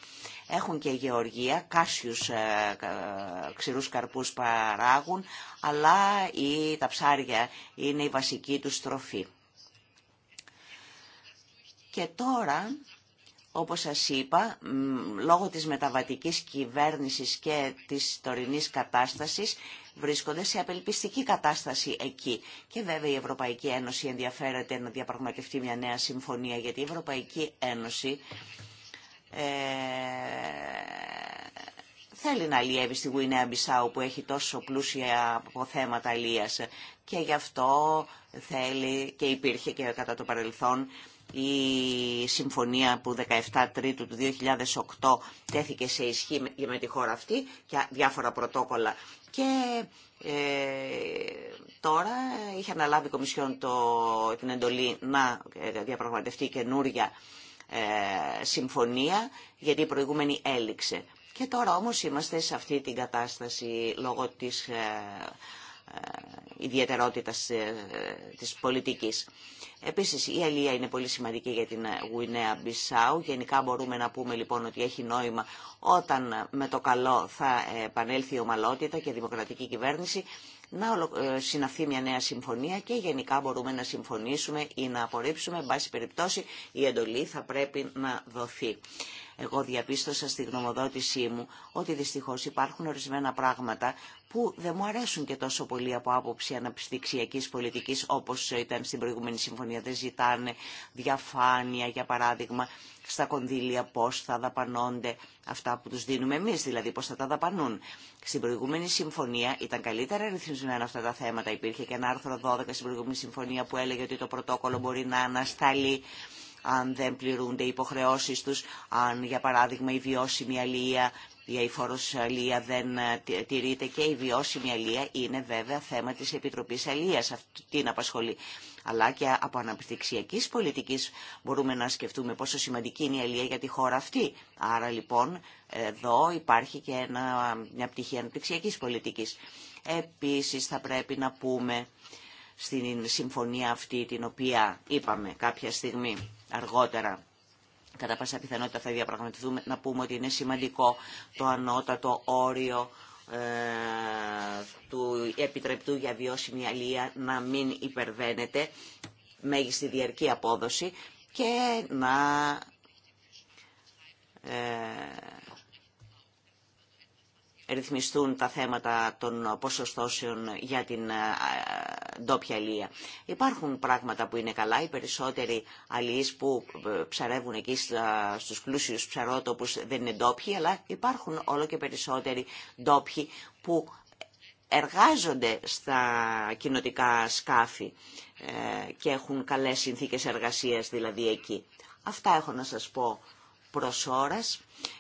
Έχουν και γεωργία, κάσιους ε, ε, ξηρούς καρπούς παράγουν, αλλά η, τα ψάρια είναι η βασική του στροφή. Και τώρα, όπως σας είπα, λόγω της μεταβατικής κυβέρνησης και της τωρινής κατάστασης, βρίσκονται σε απελπιστική κατάσταση εκεί. Και βέβαια η Ευρωπαϊκή Ένωση ενδιαφέρεται να διαπραγματευτεί μια νέα συμφωνία, γιατί η Ευρωπαϊκή Ένωση ε, θέλει να αλλιεύει στη Γουινέα Μπισάου που έχει τόσο πλούσια αποθέματα αλλίας και γι' αυτό θέλει και υπήρχε και κατά το παρελθόν η συμφωνία που 17 Τρίτου του 2008 τέθηκε σε ισχύ με τη χώρα αυτή και διάφορα πρωτόκολλα και ε, τώρα είχε αναλάβει η Κομισιόν το, την εντολή να ε, διαπραγματευτεί καινούρια ε, συμφωνία, γιατί η προηγούμενη έληξε. Και τώρα όμως είμαστε σε αυτή την κατάσταση λόγω της ε, ε, ιδιαιτερότητα ε, της πολιτικής. Επίσης η αλία είναι πολύ σημαντική για την Γουινέα Μπισάου. Γενικά μπορούμε να πούμε λοιπόν ότι έχει νόημα όταν ε, με το καλό θα επανέλθει η ομαλότητα και η δημοκρατική κυβέρνηση να συναυθεί μια νέα συμφωνία και γενικά μπορούμε να συμφωνήσουμε ή να απορρίψουμε. Εν πάση περιπτώσει η εντολή θα πρέπει να δοθεί. Εγώ διαπίστωσα στη γνωμοδότησή μου ότι δυστυχώς υπάρχουν ορισμένα πράγματα που δεν μου αρέσουν και τόσο πολύ από άποψη αναπτυξιακής πολιτικής όπως ήταν στην προηγούμενη συμφωνία. Δεν ζητάνε διαφάνεια για παράδειγμα στα κονδύλια πώς θα δαπανώνται αυτά που τους δίνουμε εμείς, δηλαδή πώς θα τα δαπανούν. Στην προηγούμενη συμφωνία ήταν καλύτερα ρυθμισμένα αυτά τα θέματα. Υπήρχε και ένα άρθρο 12 στην προηγούμενη συμφωνία που έλεγε ότι το πρωτόκολλο μπορεί να ανασταλεί αν δεν πληρούνται οι υποχρεώσεις τους, αν για παράδειγμα η βιώσιμη αλληλεία, η αηφόρος δεν ε, τηρείται και η βιώσιμη αλληλεία είναι βέβαια θέμα της Επιτροπής αυτή την απασχολεί. Αλλά και από αναπτυξιακής πολιτικής μπορούμε να σκεφτούμε πόσο σημαντική είναι η αλληλεία για τη χώρα αυτή. Άρα λοιπόν εδώ υπάρχει και μια πτυχή αναπτυξιακής πολιτικής. Επίσης θα πρέπει να πούμε στην συμφωνία αυτή την οποία είπαμε κάποια στιγμή αργότερα. Κατά πάσα πιθανότητα θα διαπραγματευτούμε να πούμε ότι είναι σημαντικό το ανώτατο όριο ε, του επιτρεπτού για βιώσιμη αλία να μην υπερβαίνεται μέγιστη διαρκή απόδοση και να ε, ρυθμιστούν τα θέματα των ποσοστώσεων για την ε, ε, ντόπια αλληλεία. Υπάρχουν πράγματα που είναι καλά. Οι περισσότεροι που ε, ψαρεύουν εκεί στους πλούσιους ψαρότοπους δεν είναι ντόπιοι, αλλά υπάρχουν όλο και περισσότεροι ντόπιοι που εργάζονται στα κοινοτικά σκάφη και έχουν καλές συνθήκες εργασίας δηλαδή εκεί. Αυτά έχω να σας πω προς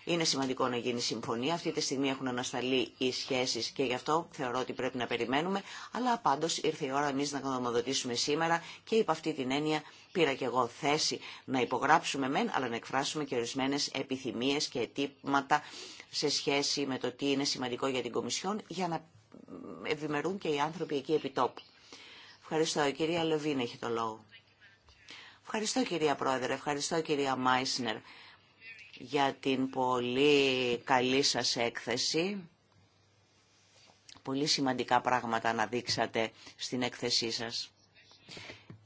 Είναι σημαντικό να γίνει συμφωνία. Αυτή τη στιγμή έχουν ανασταλεί οι σχέσει, και γι' αυτό θεωρώ ότι πρέπει να περιμένουμε. Αλλά πάντω ήρθε η ώρα εμεί να γνωμοδοτήσουμε σήμερα και υπ' αυτή την έννοια πήρα και εγώ θέση να υπογράψουμε μεν, αλλά να εκφράσουμε και ορισμένε επιθυμίε και αιτήματα σε σχέση με το τι είναι σημαντικό για την Κομισιόν για να ευημερούν και οι άνθρωποι εκεί επιτόπου. Ευχαριστώ. Η κυρία Λεβίν έχει το λόγο. Ευχαριστώ κυρία Πρόεδρε, ευχαριστώ κυρία Μάισνερ για την πολύ καλή σας έκθεση. Πολύ σημαντικά πράγματα να στην έκθεσή σας.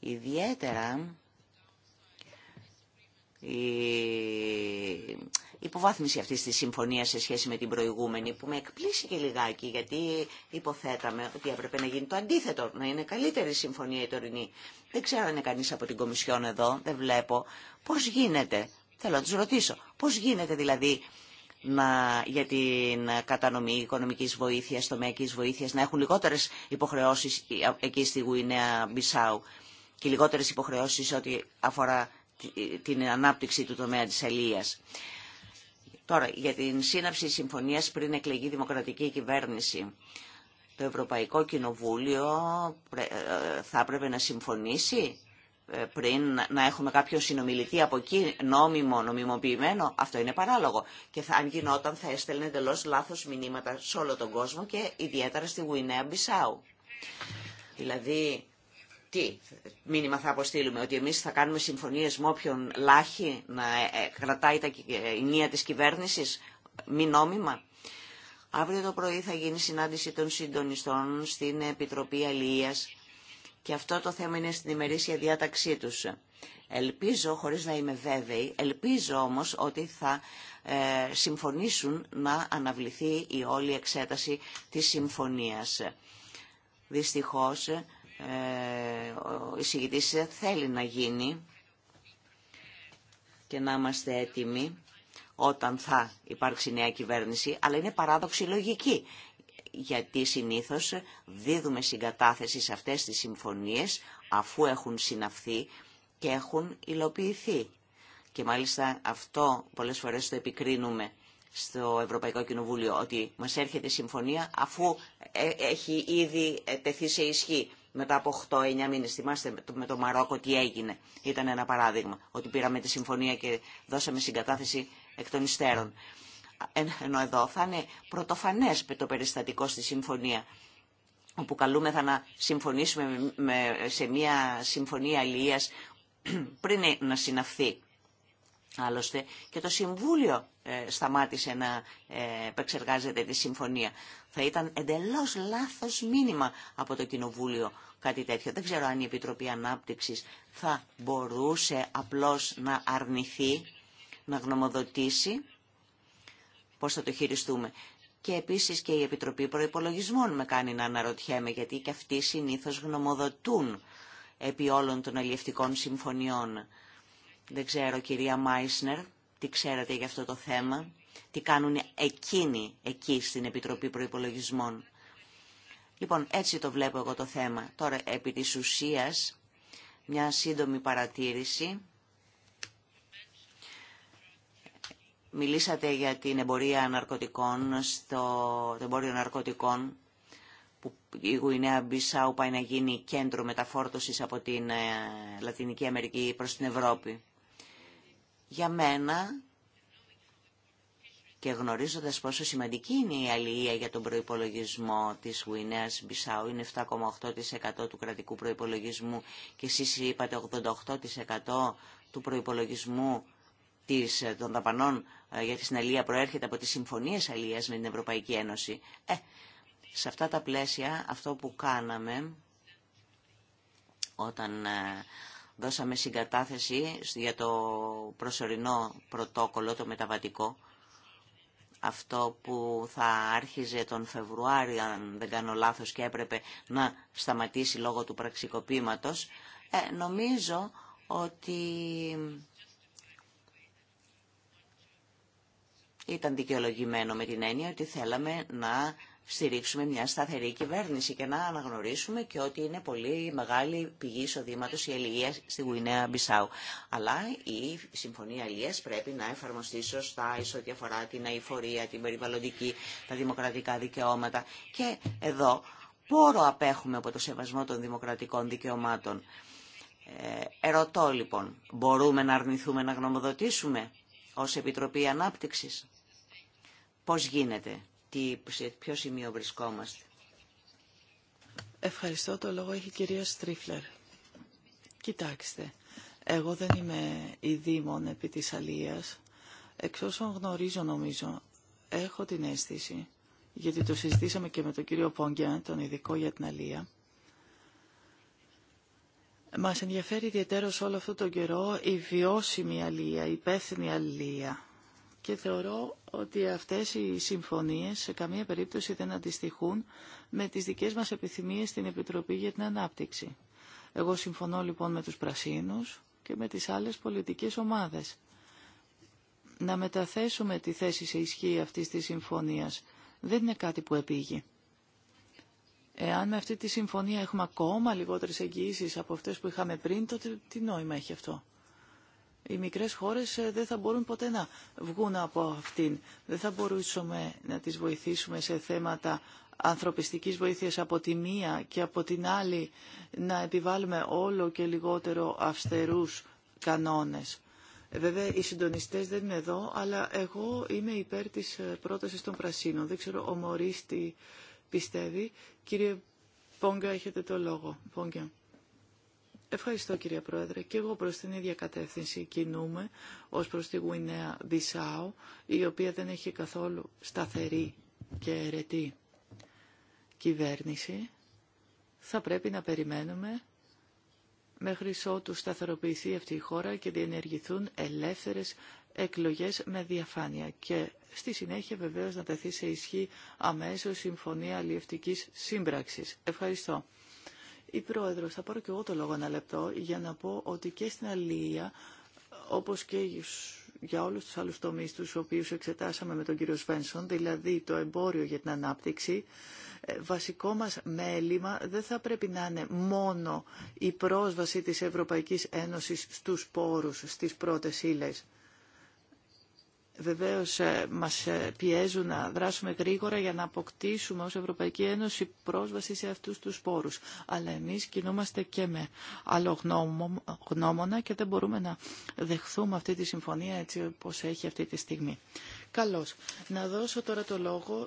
Ιδιαίτερα η υποβάθμιση αυτής της συμφωνίας σε σχέση με την προηγούμενη που με εκπλήσει και λιγάκι γιατί υποθέταμε ότι έπρεπε να γίνει το αντίθετο, να είναι καλύτερη συμφωνία η τωρινή. Δεν ξέρω αν είναι κανείς από την Κομισιόν εδώ, δεν βλέπω. Πώς γίνεται Θέλω να του ρωτήσω, πώς γίνεται δηλαδή να, για την κατανομή οικονομική βοήθεια, τομεακή βοήθεια, να έχουν λιγότερε υποχρεώσει εκεί στη Γουινέα Μπισάου και λιγότερε υποχρεώσει ό,τι αφορά την ανάπτυξη του τομέα τη Αλία. Τώρα, για την σύναψη συμφωνία πριν εκλεγεί δημοκρατική κυβέρνηση. Το Ευρωπαϊκό Κοινοβούλιο ε, θα έπρεπε να συμφωνήσει πριν να έχουμε κάποιο συνομιλητή από εκεί νόμιμο, νομιμοποιημένο, αυτό είναι παράλογο. Και θα, αν γινόταν θα έστελνε εντελώ λάθος μηνύματα σε όλο τον κόσμο και ιδιαίτερα στη Γουινέα Μπισάου. Δηλαδή, τι μήνυμα θα αποστείλουμε, ότι εμείς θα κάνουμε συμφωνίες με όποιον λάχη να ε, ε, κρατάει τα ε, νία της κυβέρνησης, μη νόμιμα. Αύριο το πρωί θα γίνει συνάντηση των συντονιστών στην Επιτροπή Αλίας και αυτό το θέμα είναι στην ημερήσια διάταξή τους. Ελπίζω, χωρίς να είμαι βέβαιη, ελπίζω όμως ότι θα ε, συμφωνήσουν να αναβληθεί η όλη εξέταση της συμφωνίας. Δυστυχώς, ε, ο θέλει να γίνει και να είμαστε έτοιμοι όταν θα υπάρξει νέα κυβέρνηση, αλλά είναι παράδοξη λογική, γιατί συνήθως δίδουμε συγκατάθεση σε αυτές τις συμφωνίες αφού έχουν συναυθεί και έχουν υλοποιηθεί. Και μάλιστα αυτό πολλές φορές το επικρίνουμε στο Ευρωπαϊκό Κοινοβούλιο, ότι μας έρχεται συμφωνία αφού ε, έχει ήδη ε, τεθεί σε ισχύ μετά από 8-9 μήνες. Θυμάστε με το Μαρόκο τι έγινε. Ήταν ένα παράδειγμα, ότι πήραμε τη συμφωνία και δώσαμε συγκατάθεση εκ των υστέρων ενώ εδώ θα είναι πρωτοφανές το περιστατικό στη συμφωνία όπου καλούμεθα να συμφωνήσουμε σε μια συμφωνία αλληλείας πριν να συναυθεί. Άλλωστε και το Συμβούλιο ε, σταμάτησε να ε, επεξεργάζεται τη συμφωνία. Θα ήταν εντελώς λάθος μήνυμα από το Κοινοβούλιο κάτι τέτοιο. Δεν ξέρω αν η Επιτροπή Ανάπτυξης θα μπορούσε απλώς να αρνηθεί, να γνωμοδοτήσει πώς θα το χειριστούμε. Και επίσης και η Επιτροπή Προϋπολογισμών με κάνει να αναρωτιέμαι, γιατί και αυτοί συνήθως γνωμοδοτούν επί όλων των αλλιευτικών συμφωνιών. Δεν ξέρω, κυρία Μάισνερ, τι ξέρετε για αυτό το θέμα, τι κάνουν εκείνοι εκεί στην Επιτροπή Προϋπολογισμών. Λοιπόν, έτσι το βλέπω εγώ το θέμα. Τώρα, επί της ουσίας, μια σύντομη παρατήρηση Μιλήσατε για την εμπορία ναρκωτικών, στο το εμπόριο ναρκωτικών που η Γουινέα Μπισάου πάει να γίνει κέντρο μεταφόρτωσης από την ε, Λατινική Αμερική προς την Ευρώπη. Για μένα και γνωρίζοντας πόσο σημαντική είναι η αλληλεία για τον προϋπολογισμό της Γουινέας Μπισάου, είναι 7,8% του κρατικού προϋπολογισμού και εσείς είπατε 88% του προϋπολογισμού της, ε, των δαπανών ε, για τη συναλλία προέρχεται από τις συμφωνίες Αλίας με την Ευρωπαϊκή Ένωση. Ε, σε αυτά τα πλαίσια αυτό που κάναμε όταν ε, δώσαμε συγκατάθεση για το προσωρινό πρωτόκολλο, το μεταβατικό, αυτό που θα άρχιζε τον Φεβρουάριο, αν δεν κάνω λάθος, και έπρεπε να σταματήσει λόγω του πραξικοπήματος, νομίζω ότι ήταν δικαιολογημένο με την έννοια ότι θέλαμε να στηρίξουμε μια σταθερή κυβέρνηση και να αναγνωρίσουμε και ότι είναι πολύ μεγάλη πηγή εισοδήματο η αλληλεία στη Γουινέα Μπισάου. Αλλά η Συμφωνία Αλληλεία πρέπει να εφαρμοστεί σωστά ει ό,τι αφορά την αηφορία, την περιβαλλοντική, τα δημοκρατικά δικαιώματα. Και εδώ πόρο απέχουμε από το σεβασμό των δημοκρατικών δικαιωμάτων. Ε, ερωτώ λοιπόν, μπορούμε να αρνηθούμε να γνωμοδοτήσουμε ως Επιτροπή Ανάπτυξης πώς γίνεται, τι, σε ποιο σημείο βρισκόμαστε. Ευχαριστώ. Το λόγο έχει η κυρία Στρίφλερ. Κοιτάξτε, εγώ δεν είμαι η δήμον επί της Αλίας. Εξ όσων γνωρίζω νομίζω, έχω την αίσθηση, γιατί το συζητήσαμε και με τον κύριο Πόγκια, τον ειδικό για την Αλία, μας ενδιαφέρει ιδιαίτερο όλο αυτό τον καιρό η βιώσιμη αλία, η υπεύθυνη αλία και θεωρώ ότι αυτές οι συμφωνίες σε καμία περίπτωση δεν αντιστοιχούν με τις δικές μας επιθυμίες στην Επιτροπή για την Ανάπτυξη. Εγώ συμφωνώ λοιπόν με τους Πρασίνους και με τις άλλες πολιτικές ομάδες. Να μεταθέσουμε τη θέση σε ισχύ αυτής της συμφωνίας δεν είναι κάτι που επήγει. Εάν με αυτή τη συμφωνία έχουμε ακόμα λιγότερες εγγυήσεις από αυτές που είχαμε πριν, τότε τι νόημα έχει αυτό οι μικρές χώρες ε, δεν θα μπορούν ποτέ να βγουν από αυτήν. Δεν θα μπορούσαμε να τις βοηθήσουμε σε θέματα ανθρωπιστικής βοήθειας από τη μία και από την άλλη να επιβάλλουμε όλο και λιγότερο αυστερούς κανόνες. Βέβαια, οι συντονιστές δεν είναι εδώ, αλλά εγώ είμαι υπέρ της ε, πρότασης των πρασίνων. Δεν ξέρω, ο Μωρίς τι πιστεύει. Κύριε Πόγκα, έχετε το λόγο. Πόγκα. Ευχαριστώ κυρία Πρόεδρε. Και εγώ προς την ίδια κατεύθυνση κινούμε ως προς τη Γουινέα Μπισάου, η οποία δεν έχει καθόλου σταθερή και αιρετή κυβέρνηση. Θα πρέπει να περιμένουμε μέχρι ότου σταθεροποιηθεί αυτή η χώρα και διενεργηθούν ελεύθερες εκλογές με διαφάνεια και στη συνέχεια βεβαίως να τεθεί σε ισχύ αμέσως συμφωνία αλλιευτικής σύμπραξης. Ευχαριστώ. Η πρόεδρο. θα πάρω και εγώ το λόγο ένα λεπτό για να πω ότι και στην Αλία, όπως και για όλους τους άλλου τομεί του οποίου εξετάσαμε με τον κύριο Σβένσον, δηλαδή το εμπόριο για την ανάπτυξη, ε, βασικό μας μέλημα δεν θα πρέπει να είναι μόνο η πρόσβαση της Ευρωπαϊκή Ένωσης στους πόρους, στις πρώτες ύλε. Βεβαίως ε, μας ε, πιέζουν να δράσουμε γρήγορα για να αποκτήσουμε ως Ευρωπαϊκή Ένωση πρόσβαση σε αυτούς τους πόρους. Αλλά εμείς κινούμαστε και με άλλο γνώμονα και δεν μπορούμε να δεχθούμε αυτή τη συμφωνία έτσι όπως έχει αυτή τη στιγμή. Καλώς. Να δώσω τώρα το λόγο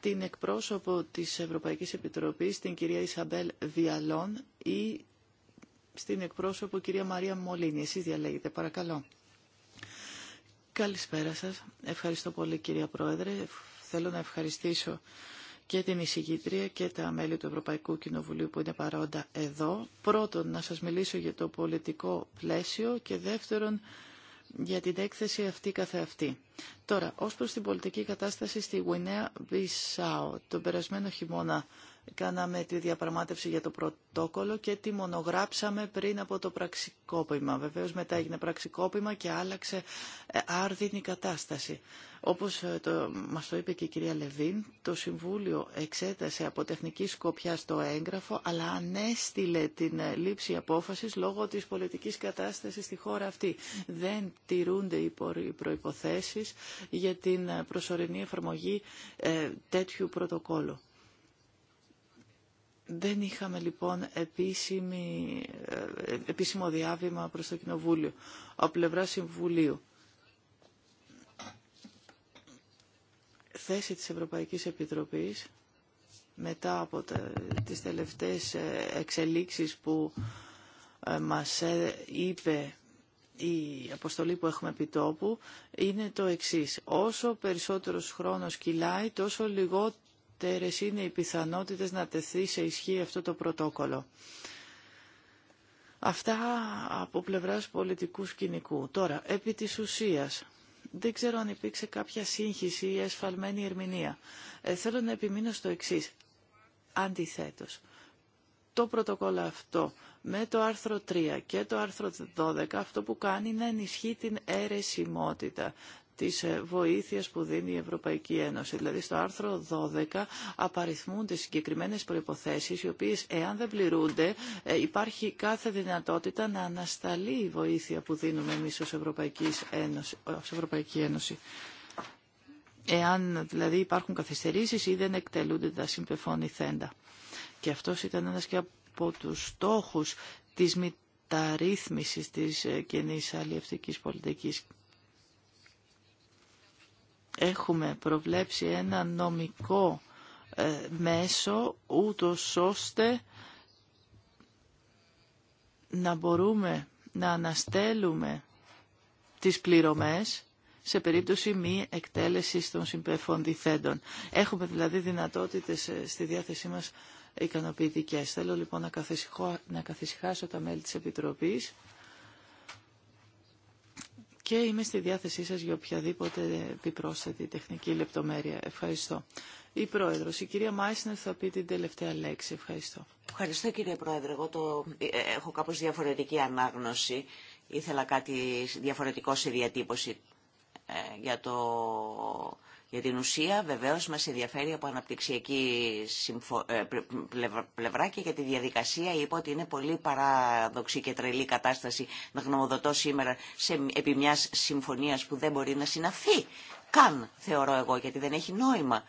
την εκπρόσωπο της Ευρωπαϊκής Επιτροπής, την κυρία Ισαμπέλ Βιαλόν ή στην εκπρόσωπο κυρία Μαρία Μολίνη. Εσείς διαλέγετε, παρακαλώ. Καλησπέρα σας. Ευχαριστώ πολύ κυρία Πρόεδρε. Θέλω να ευχαριστήσω και την εισηγήτρια και τα μέλη του Ευρωπαϊκού Κοινοβουλίου που είναι παρόντα εδώ. Πρώτον, να σας μιλήσω για το πολιτικό πλαίσιο και δεύτερον, για την έκθεση αυτή καθεαυτή. Τώρα, ως προς την πολιτική κατάσταση στη Γουινέα Μπισάο, τον περασμένο χειμώνα κάναμε τη διαπραγμάτευση για το πρωτόκολλο και τη μονογράψαμε πριν από το πραξικόπημα. Βεβαίως μετά έγινε πραξικόπημα και άλλαξε ε, άρδινη κατάσταση. Όπως ε, το, μας το είπε και η κυρία Λεβίν, το Συμβούλιο εξέτασε από τεχνική σκοπιά στο έγγραφο, αλλά ανέστηλε την ε, λήψη απόφασης λόγω της πολιτικής κατάστασης στη χώρα αυτή. Δεν τηρούνται οι προϋποθέσεις για την προσωρινή εφαρμογή τέτοιου πρωτοκόλλου. Δεν είχαμε λοιπόν επίσημη, ε, επίσημο διάβημα προς το Κοινοβούλιο από πλευρά Συμβουλίου. Θέση της Ευρωπαϊκής Επιτροπής μετά από τα, τις τελευταίες ε, εξελίξεις που ε, μας είπε η αποστολή που έχουμε επιτόπου είναι το εξής. Όσο περισσότερος χρόνος κυλάει, τόσο λιγότερο είναι οι πιθανότητες να τεθεί σε ισχύ αυτό το πρωτόκολλο. Αυτά από πλευράς πολιτικού σκηνικού. Τώρα, επί της ουσίας, δεν ξέρω αν υπήρξε κάποια σύγχυση ή ασφαλμένη ερμηνεία. Ε, θέλω να επιμείνω στο εξή. Αντιθέτως, το πρωτοκόλλο αυτό με το άρθρο 3 και το άρθρο 12 αυτό που κάνει είναι να ενισχύει την αιρεσιμότητα, της ε, βοήθειας που δίνει η Ευρωπαϊκή Ένωση. Δηλαδή στο άρθρο 12 απαριθμούνται συγκεκριμένες προϋποθέσεις οι οποίες εάν δεν πληρούνται ε, υπάρχει κάθε δυνατότητα να ανασταλεί η βοήθεια που δίνουμε εμείς ως Ευρωπαϊκή Ένωση. Ευρωπαϊκή Ένωση. Εάν δηλαδή υπάρχουν καθυστερήσεις ή δεν εκτελούνται τα συμπεφώνηθέντα. Και αυτός ήταν ένας και από τους στόχους της μεταρρύθμισης της ε, κοινή αλληλευτικής πολιτικής έχουμε προβλέψει ένα νομικό ε, μέσο ούτως ώστε να μπορούμε να αναστέλουμε τις πληρωμές σε περίπτωση μη εκτέλεσης των συμπεφωνδιθέντων. Έχουμε δηλαδή δυνατότητες ε, στη διάθεσή μας ικανοποιητικές. Θέλω λοιπόν να καθησυχάσω τα μέλη της Επιτροπής και είμαι στη διάθεσή σας για οποιαδήποτε επιπρόσθετη τεχνική λεπτομέρεια. Ευχαριστώ. Η Πρόεδρος, η κυρία Μάισνερ θα πει την τελευταία λέξη. Ευχαριστώ. Ευχαριστώ κύριε Πρόεδρε. Εγώ ε, ε, έχω κάπως διαφορετική ανάγνωση. Ήθελα κάτι διαφορετικό σε διατύπωση ε, για το για την ουσία βεβαίως μας ενδιαφέρει από αναπτυξιακή ε, πλευρά και για τη διαδικασία είπα ότι είναι πολύ παράδοξη και τρελή κατάσταση να γνωμοδοτώ σήμερα σε, επί μιας συμφωνίας που δεν μπορεί να συναφεί. Καν θεωρώ εγώ γιατί δεν έχει νόημα.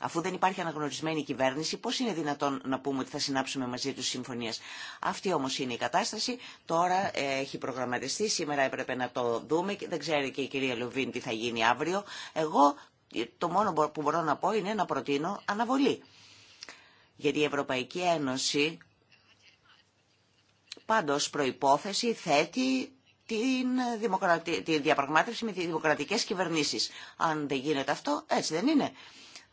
Αφού δεν υπάρχει αναγνωρισμένη κυβέρνηση, πώς είναι δυνατόν να πούμε ότι θα συνάψουμε μαζί τους συμφωνίες. Αυτή όμως είναι η κατάσταση. Τώρα ε, έχει προγραμματιστεί, σήμερα έπρεπε να το δούμε. Δεν ξέρει και η κυρία Λουβίν τι θα γίνει αύριο. Εγώ ε, το μόνο που μπορώ να πω είναι να προτείνω αναβολή. Γιατί η Ευρωπαϊκή Ένωση πάντως προϋπόθεση θέτει την τη διαπραγμάτευση με τις δημοκρατικές κυβερνήσεις. Αν δεν γίνεται αυτό, έτσι δεν είναι.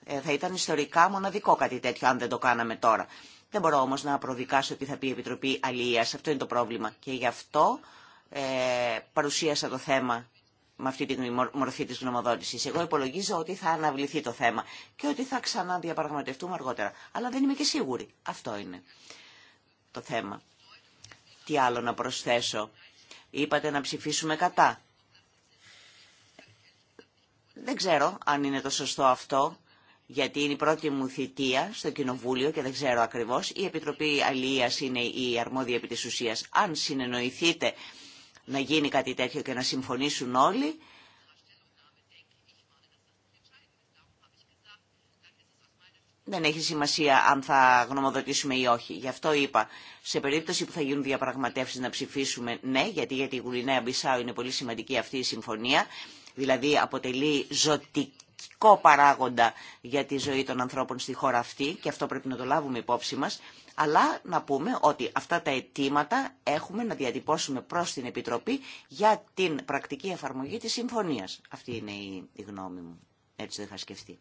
Ε, θα ήταν ιστορικά μοναδικό κάτι τέτοιο αν δεν το κάναμε τώρα. Δεν μπορώ όμως να προδικάσω τι θα πει η Επιτροπή Αλίας. Αυτό είναι το πρόβλημα. Και γι' αυτό ε, παρουσίασα το θέμα με αυτή τη μορφή της γνωμοδότησης. Εγώ υπολογίζω ότι θα αναβληθεί το θέμα και ότι θα ξανά αργότερα. Αλλά δεν είμαι και σίγουρη. Αυτό είναι το θέμα. Τι άλλο να προσθέσω. Είπατε να ψηφίσουμε κατά. Δεν ξέρω αν είναι το σωστό αυτό, γιατί είναι η πρώτη μου θητεία στο Κοινοβούλιο και δεν ξέρω ακριβώς. Η Επιτροπή Αλληλείας είναι η αρμόδια επί της ουσίας. Αν συνεννοηθείτε να γίνει κάτι τέτοιο και να συμφωνήσουν όλοι. Δεν έχει σημασία αν θα γνωμοδοτήσουμε ή όχι. Γι' αυτό είπα, σε περίπτωση που θα γίνουν διαπραγματεύσεις να ψηφίσουμε ναι, γιατί για τη Γουλινέα Μπισάου είναι πολύ σημαντική αυτή η συμφωνία, δηλαδή αποτελεί ζωτική κριτικό παράγοντα για τη ζωή των ανθρώπων στη χώρα αυτή και αυτό πρέπει να το λάβουμε υπόψη μας, αλλά να πούμε ότι αυτά τα αιτήματα έχουμε να διατυπώσουμε προς την Επιτροπή για την πρακτική εφαρμογή της συμφωνίας. Αυτή είναι η γνώμη μου. Έτσι δεν θα σκεφτεί.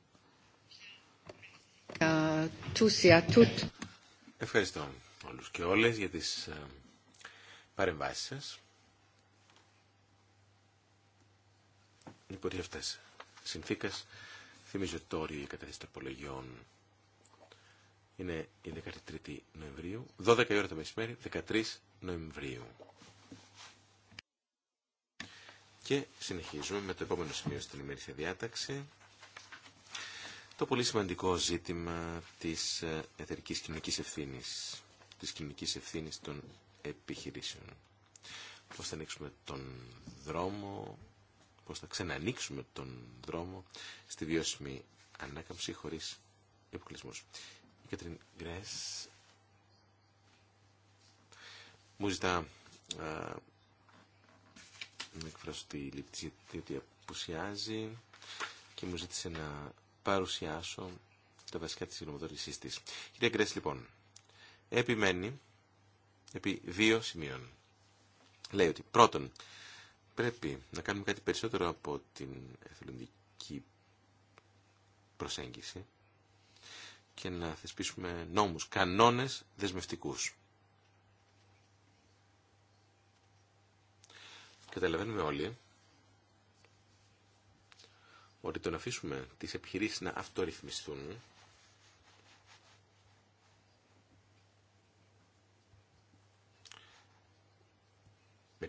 Ε, Ευχαριστώ όλους και όλες για τις ε, παρεμβάσεις σας συνθήκας. Θυμίζω τώρα η καταθέση τροπολογιών είναι η 13η Νοεμβρίου, 12 η ώρα το μεσημέρι, 13 Νοεμβρίου. Και συνεχίζουμε με το επόμενο σημείο στην ημερήσια διάταξη. Το πολύ σημαντικό ζήτημα της εταιρικής κοινωνικής ευθύνης, της κοινωνικής ευθύνης των επιχειρήσεων. Πώς θα ανοίξουμε τον δρόμο πώς θα ξανανοίξουμε τον δρόμο στη βιώσιμη ανάκαμψη χωρίς υποκλεισμούς. Η Κατρίν Γκρέσ μου ζητά να εκφράσω τη λήψη γιατί απουσιάζει και μου ζήτησε να παρουσιάσω τα βασικά της γνωμοδότησής της. Κυρία Γκρέσ, λοιπόν, επιμένει επί δύο σημείων. Λέει ότι πρώτον, πρέπει να κάνουμε κάτι περισσότερο από την εθελοντική προσέγγιση και να θεσπίσουμε νόμους, κανόνες δεσμευτικούς. Καταλαβαίνουμε όλοι ότι το να αφήσουμε τις επιχειρήσεις να αυτορυθμιστούν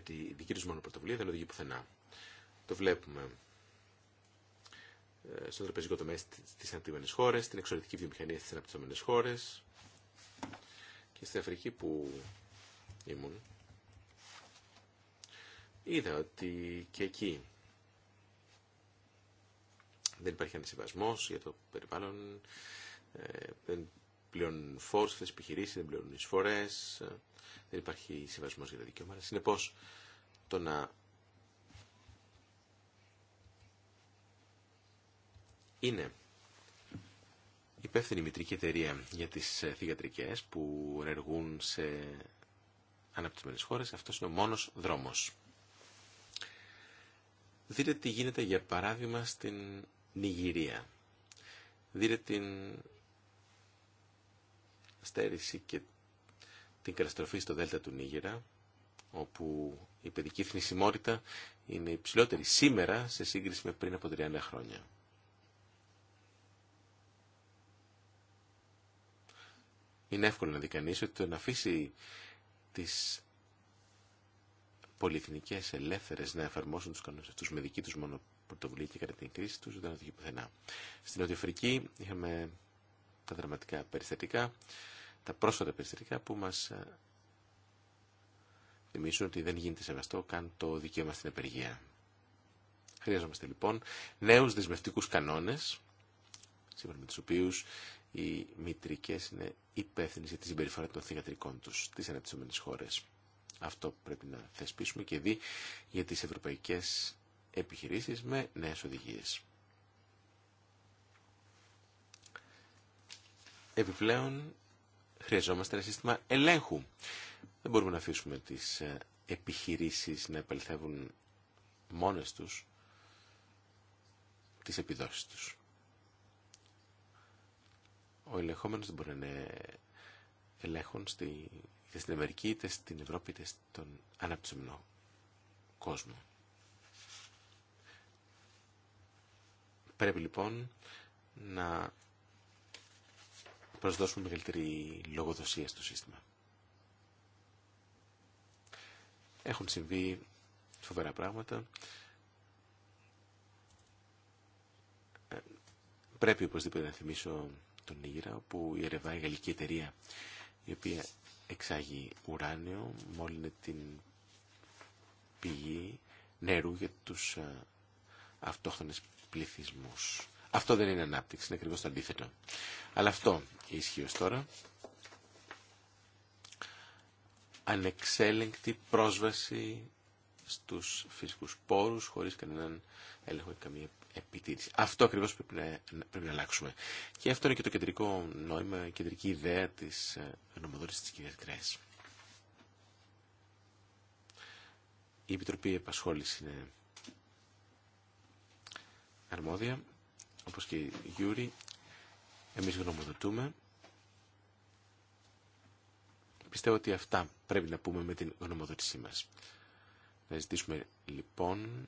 τη δική του μόνο πρωτοβουλία δεν οδηγεί πουθενά. Το βλέπουμε ε, στο τραπεζικό τομέα στι αναπτυγμένε χώρε, στην εξωτερική βιομηχανία στι αναπτυσσόμενε χώρε και στην Αφρική που ήμουν. Είδα ότι και εκεί δεν υπάρχει αντισυμβασμό για το περιβάλλον, ε, δεν πλέον φόρου αυτέ τι επιχειρήσει, δεν πληρώνουν εισφορέ, ε, δεν υπάρχει συμβασμό για τα δικαιώματα. Συνεπώ, το να είναι υπεύθυνη μητρική εταιρεία για τις ε, θηγατρικέ που ενεργούν σε αναπτυσμένες χώρες, αυτός είναι ο μόνος δρόμος. Δείτε τι γίνεται για παράδειγμα στην Νιγηρία. Δείτε την στέρηση και την καταστροφή στο Δέλτα του Νίγηρα, όπου η παιδική θνησιμότητα είναι υψηλότερη σήμερα σε σύγκριση με πριν από 30 χρόνια. Είναι εύκολο να δει κανείς ότι το να αφήσει τις πολυεθνικές ελεύθερες να εφαρμόσουν τους κανόνες αυτούς με δική τους μόνο πρωτοβουλία και κατά την κρίση τους δεν οδηγεί πουθενά. Στην Νότια είχαμε τα δραματικά περιστατικά τα πρόσφατα περιστατικά που μας ε, θυμίσουν ότι δεν γίνεται σεβαστό καν το δικαίωμα στην απεργία. Χρειαζόμαστε λοιπόν νέους δεσμευτικού κανόνες, σύμφωνα με τους οποίους οι μητρικές είναι υπεύθυνες για τη συμπεριφορά των θηγατρικών τους στις αναπτυσσόμενες χώρες. Αυτό πρέπει να θεσπίσουμε και δει για τις ευρωπαϊκές επιχειρήσεις με νέες οδηγίες. Επιπλέον, χρειαζόμαστε ένα σύστημα ελέγχου. Δεν μπορούμε να αφήσουμε τις ε, επιχειρήσεις να επελθεύουν μόνες τους τις επιδόσεις τους. Ο ελεγχόμενος δεν μπορεί να είναι στη, είτε στην Αμερική, είτε στην Ευρώπη, είτε στον αναπτυσσομενό κόσμο. Πρέπει λοιπόν να προσδώσουμε μεγαλύτερη λογοδοσία στο σύστημα. Έχουν συμβεί φοβερά πράγματα. Ε, πρέπει οπωσδήποτε να θυμίσω τον Ήγηρα, που η Ερεβά, η γαλλική εταιρεία, η οποία εξάγει ουράνιο, μόλυνε την πηγή νερού για τους ε, αυτόχθονες πληθυσμούς. Αυτό δεν είναι ανάπτυξη, είναι ακριβώς το αντίθετο. Αλλά αυτό ισχύει ως τώρα. Ανεξέλεγκτη πρόσβαση στους φυσικούς πόρους χωρίς κανέναν έλεγχο ή καμία επιτήρηση. Αυτό ακριβώς πρέπει να, αλλάξουμε. Και αυτό είναι και το κεντρικό νόημα, η κεντρική ιδέα της ε, νομοδότησης της κυρίας Γκρέσ. Η Επιτροπή Επασχόληση είναι αρμόδια όπως και η Γιούρη, εμείς γνωμοδοτούμε. Πιστεύω ότι αυτά πρέπει να πούμε με την γνωμοδότησή μας. Να ζητήσουμε λοιπόν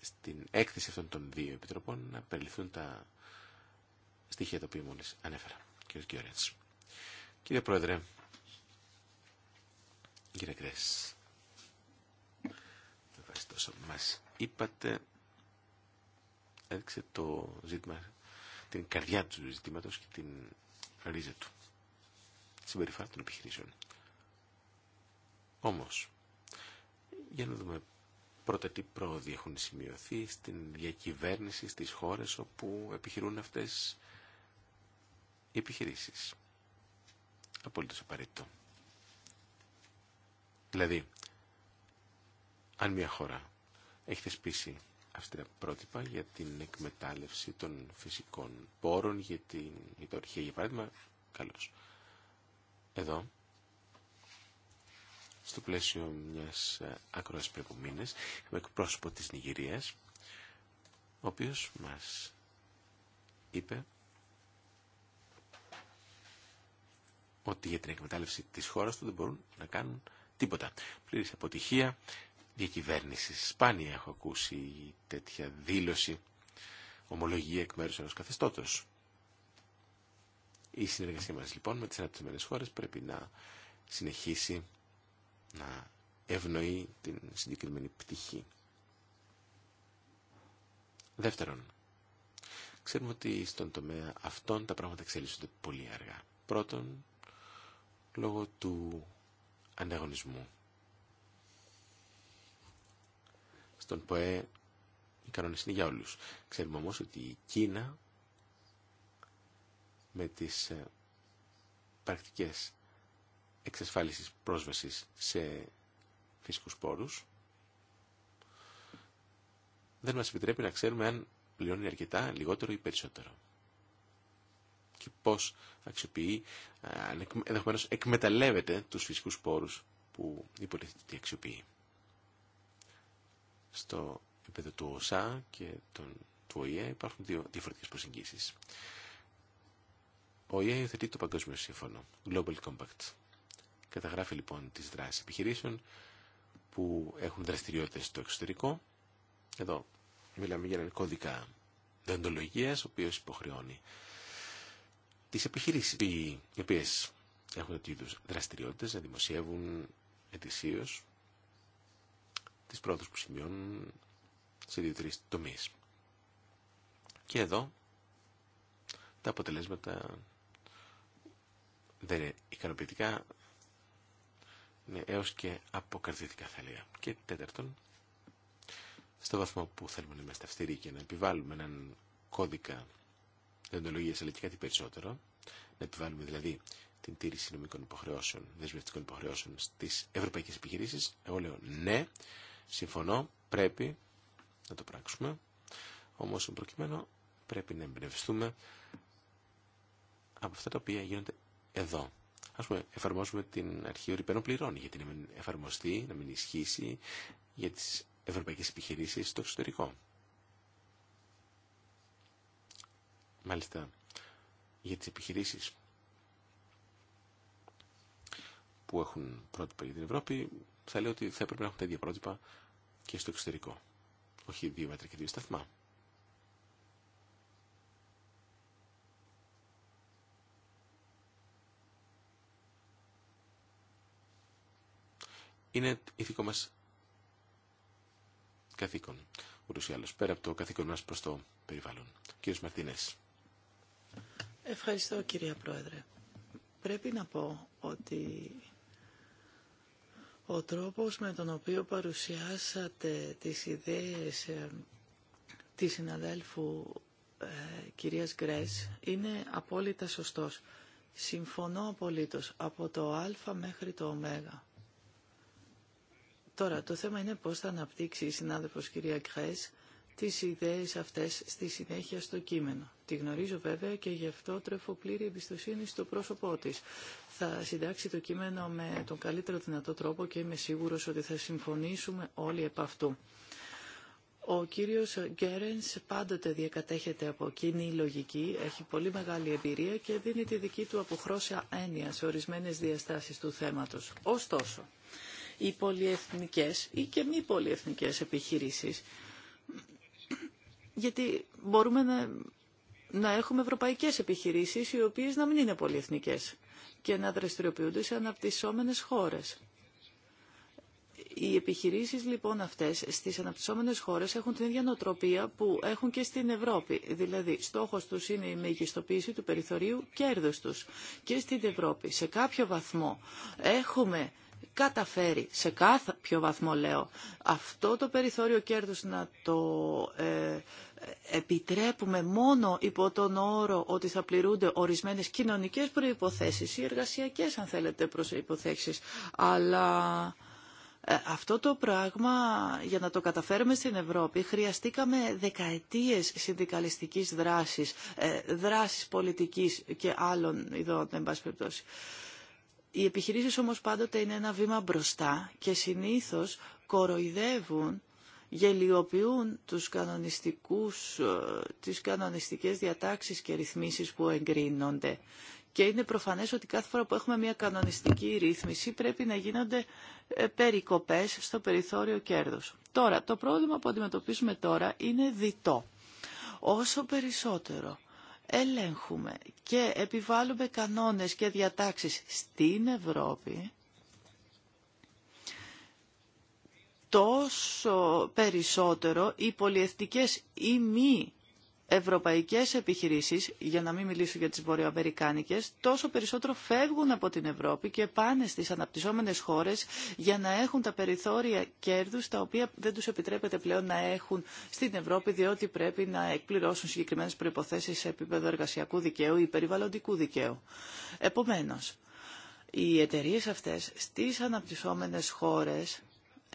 στην έκθεση αυτών των δύο επιτροπών να περιληφθούν τα στοιχεία τα οποία μόλις ανέφερα. Κύριε Κιόρεντς. Κύριε Πρόεδρε, κύριε Κρέσ, ευχαριστώ μας είπατε έδειξε το ζήτημα, την καρδιά του ζητήματο και την ρίζα του. Συμπεριφορά των επιχειρήσεων. Όμω, για να δούμε πρώτα τι πρόοδοι έχουν σημειωθεί στην διακυβέρνηση στις χώρες όπου επιχειρούν αυτές οι επιχειρήσεις. Απόλυτος απαραίτητο. Δηλαδή, αν μια χώρα έχει θεσπίσει αυστηρά πρότυπα για την εκμετάλλευση των φυσικών πόρων, για, την, για για παράδειγμα, καλώς. Εδώ, στο πλαίσιο μιας άκροας ε, πριν με εκπρόσωπο της Νιγηρίας, ο οποίος μας είπε ότι για την εκμετάλλευση της χώρας του δεν μπορούν να κάνουν τίποτα. Πλήρης αποτυχία, κυβέρνησης. Σπάνια έχω ακούσει τέτοια δήλωση, ομολογία εκ μέρους ενός καθεστώτος. Η συνεργασία μας λοιπόν με τις αναπτυσμένες χώρες πρέπει να συνεχίσει να ευνοεί την συγκεκριμένη πτυχή. Δεύτερον, ξέρουμε ότι στον τομέα αυτών τα πράγματα εξελίσσονται πολύ αργά. Πρώτον, λόγω του ανταγωνισμού. Στον ΠΟΕ οι κανόνες είναι για όλους. Ξέρουμε όμως ότι η Κίνα με τις ε, πρακτικές εξασφάλισης πρόσβασης σε φυσικούς πόρους δεν μας επιτρέπει να ξέρουμε αν πληρώνει αρκετά, λιγότερο ή περισσότερο. Και πώς αξιοποιεί, ε, ενδεχομένω εκμεταλλεύεται τους φυσικούς πόρους που υποτίθεται ότι αξιοποιεί στο επίπεδο του ΟΣΑ και των, του ΟΗΕ υπάρχουν δύο διαφορετικές προσεγγίσεις. Ο ΟΗΕ υιοθετεί το Παγκόσμιο Σύμφωνο, Global Compact. Καταγράφει λοιπόν τις δράσεις επιχειρήσεων που έχουν δραστηριότητες στο εξωτερικό. Εδώ μιλάμε για έναν κώδικα δαντολογίας, ο οποίος υποχρεώνει τις επιχειρήσεις οι οποίες έχουν τέτοιου δραστηριότητες να δημοσιεύουν ετησίως τις πρόοδους που σημειώνουν σε δύο-τρεις τομείς. Και εδώ τα αποτελέσματα δεν είναι ικανοποιητικά, είναι έως και αποκαρδιωτικά θα λέγα. Και τέταρτον, στο βαθμό που θέλουμε να είμαστε αυστηροί και να επιβάλλουμε έναν κώδικα δεντολογίας αλλά και κάτι περισσότερο, να επιβάλλουμε δηλαδή την τήρηση νομικών υποχρεώσεων, δεσμευτικών υποχρεώσεων στις ευρωπαϊκές επιχειρήσεις, εγώ λέω ναι, Συμφωνώ, πρέπει να το πράξουμε, όμως προκειμένου πρέπει να εμπνευστούμε από αυτά τα οποία γίνονται εδώ. Α πούμε, εφαρμόζουμε την αρχή ορυπαίνων πληρών, γιατί να μην εφαρμοστεί, να μην ισχύσει για τις ευρωπαϊκές επιχειρήσει στο εξωτερικό. Μάλιστα, για τις επιχειρήσει, που έχουν πρότυπα για την Ευρώπη, θα λέω ότι θα έπρεπε να έχουμε τα ίδια πρότυπα και στο εξωτερικό. Όχι δύο μέτρα και δύο σταθμά. Είναι ηθικό μας καθήκον, ούτως ή άλλως, πέρα από το καθήκον μας προς το περιβάλλον. Κύριος Μαρτίνες. Ευχαριστώ, κυρία Πρόεδρε. Πρέπει να πω ότι ο τρόπος με τον οποίο παρουσιάσατε τις ιδέες ε, της συναδέλφου ε, κυρίας Γκρές είναι απόλυτα σωστός. Συμφωνώ απολύτως από το α μέχρι το ω. Τώρα το θέμα είναι πώς θα αναπτύξει η συνάδελφος κυρία Γκρέτς τις ιδέες αυτές στη συνέχεια στο κείμενο. Τη γνωρίζω βέβαια και γι' αυτό τρέφω πλήρη εμπιστοσύνη στο πρόσωπό της. Θα συντάξει το κείμενο με τον καλύτερο δυνατό τρόπο και είμαι σίγουρος ότι θα συμφωνήσουμε όλοι επ' αυτού. Ο κύριος Γκέρενς πάντοτε διακατέχεται από κοινή λογική, έχει πολύ μεγάλη εμπειρία και δίνει τη δική του αποχρώσια έννοια σε ορισμένες διαστάσεις του θέματος. Ωστόσο, οι πολυεθνικές ή και μη πολυεθνικές επιχειρήσεις γιατί μπορούμε να, έχουμε ευρωπαϊκές επιχειρήσεις οι οποίες να μην είναι πολυεθνικές και να δραστηριοποιούνται σε αναπτυσσόμενες χώρες. Οι επιχειρήσεις λοιπόν αυτές στις αναπτυσσόμενες χώρες έχουν την ίδια νοοτροπία που έχουν και στην Ευρώπη. Δηλαδή στόχος τους είναι η μεγιστοποίηση του περιθωρίου κέρδους τους. Και στην Ευρώπη σε κάποιο βαθμό έχουμε καταφέρει, σε κάθε πιο βαθμό λέω, αυτό το περιθώριο κέρδους να το ε, επιτρέπουμε μόνο υπό τον όρο ότι θα πληρούνται ορισμένες κοινωνικές προϋποθέσεις ή εργασιακές αν θέλετε προς υποθέσεις. Αλλά ε, αυτό το πράγμα για να το καταφέρουμε στην Ευρώπη χρειαστήκαμε δεκαετίες συνδικαλιστικής δράσης, ε, δράσης πολιτικής και άλλων ειδών, εν πάση περιπτώσει. Οι επιχειρήσεις όμως πάντοτε είναι ένα βήμα μπροστά και συνήθως κοροϊδεύουν, γελιοποιούν τους κανονιστικούς, ε, τις κανονιστικές διατάξεις και ρυθμίσεις που εγκρίνονται. Και είναι προφανές ότι κάθε φορά που έχουμε μια κανονιστική ρύθμιση πρέπει να γίνονται ε, περικοπές στο περιθώριο κέρδους. Τώρα, το πρόβλημα που αντιμετωπίζουμε τώρα είναι διτό. Όσο περισσότερο ελέγχουμε και επιβάλλουμε κανόνες και διατάξεις στην Ευρώπη τόσο περισσότερο οι πολιεθνικές ή μη ευρωπαϊκές επιχειρήσεις, για να μην μιλήσω για τις βορειοαμερικάνικες, τόσο περισσότερο φεύγουν από την Ευρώπη και πάνε στις αναπτυσσόμενες χώρες για να έχουν τα περιθώρια κέρδους τα οποία δεν τους επιτρέπεται πλέον να έχουν στην Ευρώπη διότι πρέπει να εκπληρώσουν συγκεκριμένες προϋποθέσεις σε επίπεδο εργασιακού δικαίου ή περιβαλλοντικού δικαίου. Επομένως, οι εταιρείε αυτές στις αναπτυσσόμενες χώρες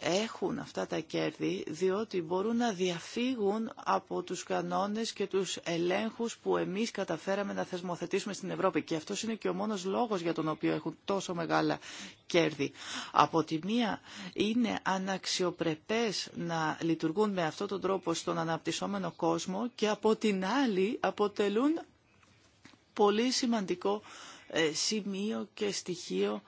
έχουν αυτά τα κέρδη διότι μπορούν να διαφύγουν από τους κανόνες και τους ελέγχους που εμείς καταφέραμε να θεσμοθετήσουμε στην Ευρώπη και αυτός είναι και ο μόνος λόγος για τον οποίο έχουν τόσο μεγάλα κέρδη. Από τη μία είναι αναξιοπρεπές να λειτουργούν με αυτόν τον τρόπο στον αναπτυσσόμενο κόσμο και από την άλλη αποτελούν πολύ σημαντικό ε, σημείο και στοιχείο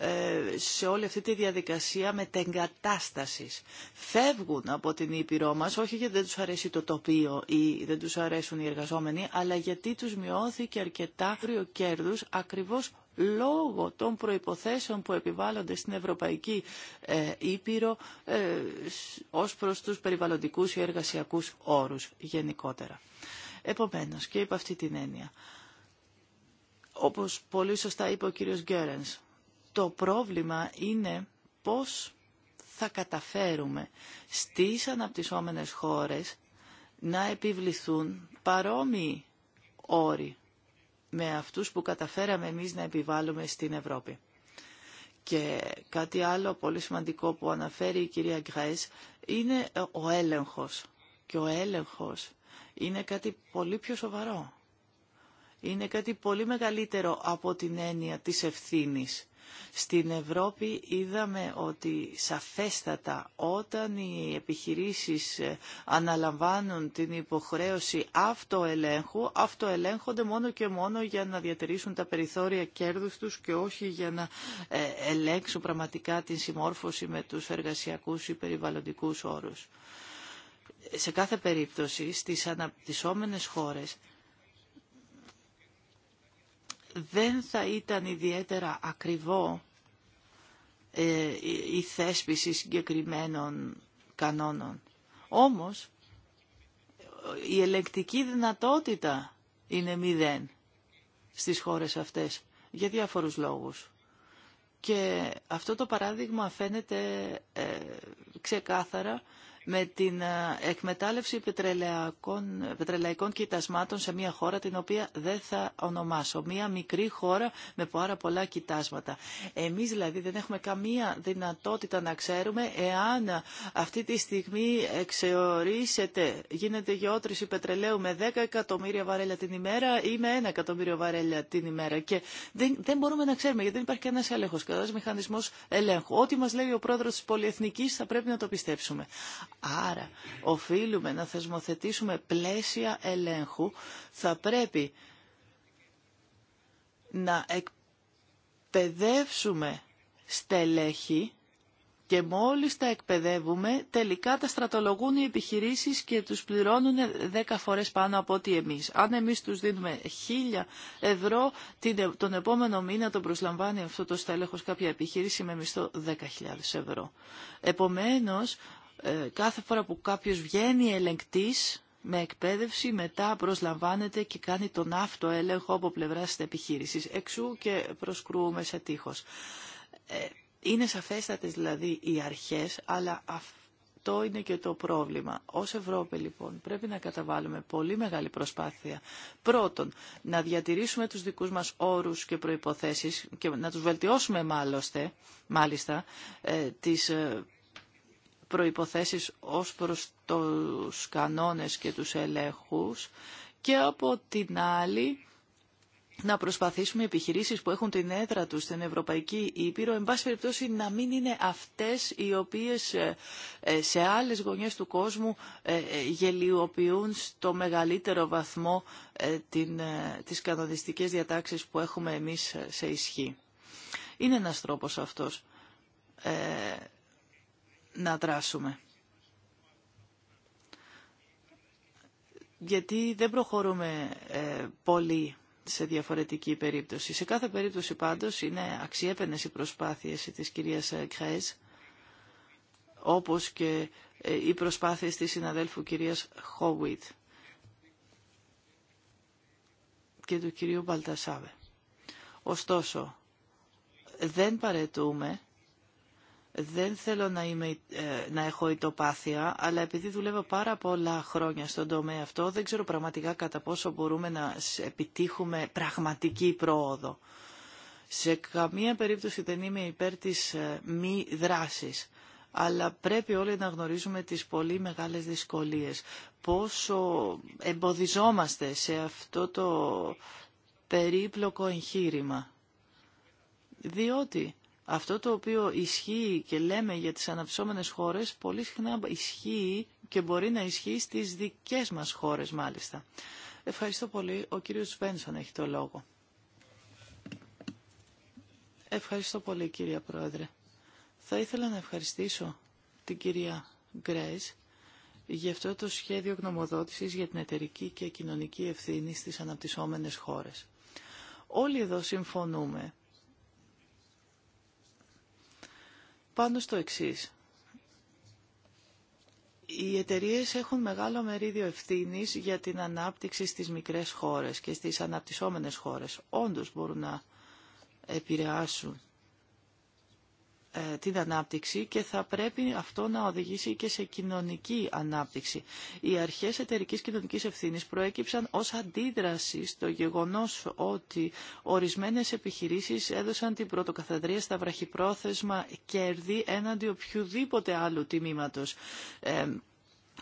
ε, σε όλη αυτή τη διαδικασία μετεγκατάστασης. Φεύγουν από την Ήπειρό μας, όχι γιατί δεν τους αρέσει το τοπίο ή δεν τους αρέσουν οι εργαζόμενοι, αλλά γιατί τους μειώθηκε αρκετά ο κέρδους ακριβώς λόγω των προϋποθέσεων που επιβάλλονται στην Ευρωπαϊκή ε, Ήπειρο ε, ως προς τους περιβαλλοντικούς ή εργασιακούς όρους γενικότερα. Επομένως, και υπ' αυτή την έννοια, όπως πολύ σωστά είπε ο κύριος Γκέρενς, το πρόβλημα είναι πώς θα καταφέρουμε στις αναπτυσσόμενες χώρες να επιβληθούν παρόμοιοι όροι με αυτούς που καταφέραμε εμείς να επιβάλλουμε στην Ευρώπη. Και κάτι άλλο πολύ σημαντικό που αναφέρει η κυρία Γκρές είναι ο έλεγχος. Και ο έλεγχος είναι κάτι πολύ πιο σοβαρό. Είναι κάτι πολύ μεγαλύτερο από την έννοια της ευθύνης στην Ευρώπη είδαμε ότι σαφέστατα όταν οι επιχειρήσεις ε, αναλαμβάνουν την υποχρέωση αυτοελέγχου, αυτοελέγχονται μόνο και μόνο για να διατηρήσουν τα περιθώρια κέρδους τους και όχι για να ε, ελέγξουν πραγματικά την συμμόρφωση με τους εργασιακούς ή περιβαλλοντικούς όρους. Σε κάθε περίπτωση, στις αναπτυσσόμενες χώρες δεν θα ήταν ιδιαίτερα ακριβό ε, η θέσπιση συγκεκριμένων κανόνων. Όμως, η ελεκτική δυνατότητα είναι μηδέν στις χώρες αυτές, για διάφορους λόγους. Και αυτό το παράδειγμα φαίνεται ε, ξεκάθαρα με την ε, εκμετάλλευση πετρελαϊκών, κοιτασμάτων σε μια χώρα την οποία δεν θα ονομάσω. Μια μικρή χώρα με πάρα πολλά κοιτάσματα. Εμείς δηλαδή δεν έχουμε καμία δυνατότητα να ξέρουμε εάν αυτή τη στιγμή εξεωρίσετε, γίνεται γεώτρηση πετρελαίου με 10 εκατομμύρια βαρέλια την ημέρα ή με 1 εκατομμύριο βαρέλια την ημέρα. Και δεν, δεν μπορούμε να ξέρουμε γιατί δεν υπάρχει κανένα έλεγχο, κανένα μηχανισμό ελέγχου. Ό,τι μα λέει ο πρόεδρο τη πολυεθνική θα πρέπει να το πιστέψουμε. Άρα, οφείλουμε να θεσμοθετήσουμε πλαίσια ελέγχου. Θα πρέπει να εκπαιδεύσουμε στελέχη και μόλις τα εκπαιδεύουμε, τελικά τα στρατολογούν οι επιχειρήσεις και τους πληρώνουν 10 φορές πάνω από ό,τι εμείς. Αν εμείς τους δίνουμε 1000 ευρώ, ε, τον επόμενο μήνα τον προσλαμβάνει αυτό το στέλεχος κάποια επιχείρηση με μισθό 10.000 ευρώ. Επομένως, ε, κάθε φορά που κάποιος βγαίνει ελεγκτής με εκπαίδευση μετά προσλαμβάνεται και κάνει τον αυτοέλεγχο από πλευρά της επιχείρησης. Εξού και προσκρούμε σε τείχος. Ε, είναι σαφέστατες δηλαδή οι αρχές, αλλά αυτό είναι και το πρόβλημα. Ως Ευρώπη λοιπόν πρέπει να καταβάλουμε πολύ μεγάλη προσπάθεια. Πρώτον, να διατηρήσουμε τους δικούς μας όρους και προϋποθέσεις και να τους βελτιώσουμε μάλιστα ε, τις προϋποθέσεις ως προς τους κανόνες και τους ελέγχους και από την άλλη να προσπαθήσουμε επιχειρήσεις που έχουν την έδρα τους στην Ευρωπαϊκή Ήπειρο, εν πάση περιπτώσει να μην είναι αυτές οι οποίες ε, ε, σε άλλες γωνιές του κόσμου ε, γελιοποιούν στο μεγαλύτερο βαθμό την, τις κανονιστικές διατάξεις που έχουμε εμείς σε ισχύ. Είναι ένας τρόπος αυτός να δράσουμε. Γιατί δεν προχωρούμε ε, πολύ σε διαφορετική περίπτωση. Σε κάθε περίπτωση πάντως είναι αξιέπαινες οι προσπάθειες της κυρίας Κρέζ, όπως και ε, οι προσπάθειες της συναδέλφου κυρίας Χόουιτ και του κυρίου Μπαλτασάβε. Ωστόσο, δεν παρετούμε δεν θέλω ε, να, έχω ητοπάθεια, αλλά επειδή δουλεύω πάρα πολλά χρόνια στον τομέα αυτό, δεν ξέρω πραγματικά κατά πόσο μπορούμε να επιτύχουμε πραγματική πρόοδο. Σε καμία περίπτωση δεν είμαι υπέρ της ε, μη δράσης αλλά πρέπει όλοι να γνωρίζουμε τις πολύ μεγάλες δυσκολίες. Πόσο εμποδιζόμαστε σε αυτό το περίπλοκο εγχείρημα. Διότι αυτό το οποίο ισχύει και λέμε για τις αναψώμενες χώρες, πολύ συχνά ισχύει και μπορεί να ισχύει στις δικές μας χώρες μάλιστα. Ευχαριστώ πολύ. Ο κύριος Βένσον έχει το λόγο. Ευχαριστώ πολύ κυρία Πρόεδρε. Θα ήθελα να ευχαριστήσω την κυρία Γκρέζ για αυτό το σχέδιο γνωμοδότησης για την εταιρική και κοινωνική ευθύνη στις αναπτυσσόμενες χώρες. Όλοι εδώ συμφωνούμε πάνω στο εξής. Οι εταιρείε έχουν μεγάλο μερίδιο ευθύνη για την ανάπτυξη στις μικρές χώρες και στις αναπτυσσόμενες χώρες. Όντως μπορούν να επηρεάσουν ε, την ανάπτυξη και θα πρέπει αυτό να οδηγήσει και σε κοινωνική ανάπτυξη. Οι αρχές εταιρικής κοινωνικής ευθύνης προέκυψαν ως αντίδραση στο γεγονός ότι ορισμένες επιχειρήσεις έδωσαν την πρωτοκαθεδρία στα βραχυπρόθεσμα κέρδη έναντι οποιοδήποτε άλλου τιμήματος ε,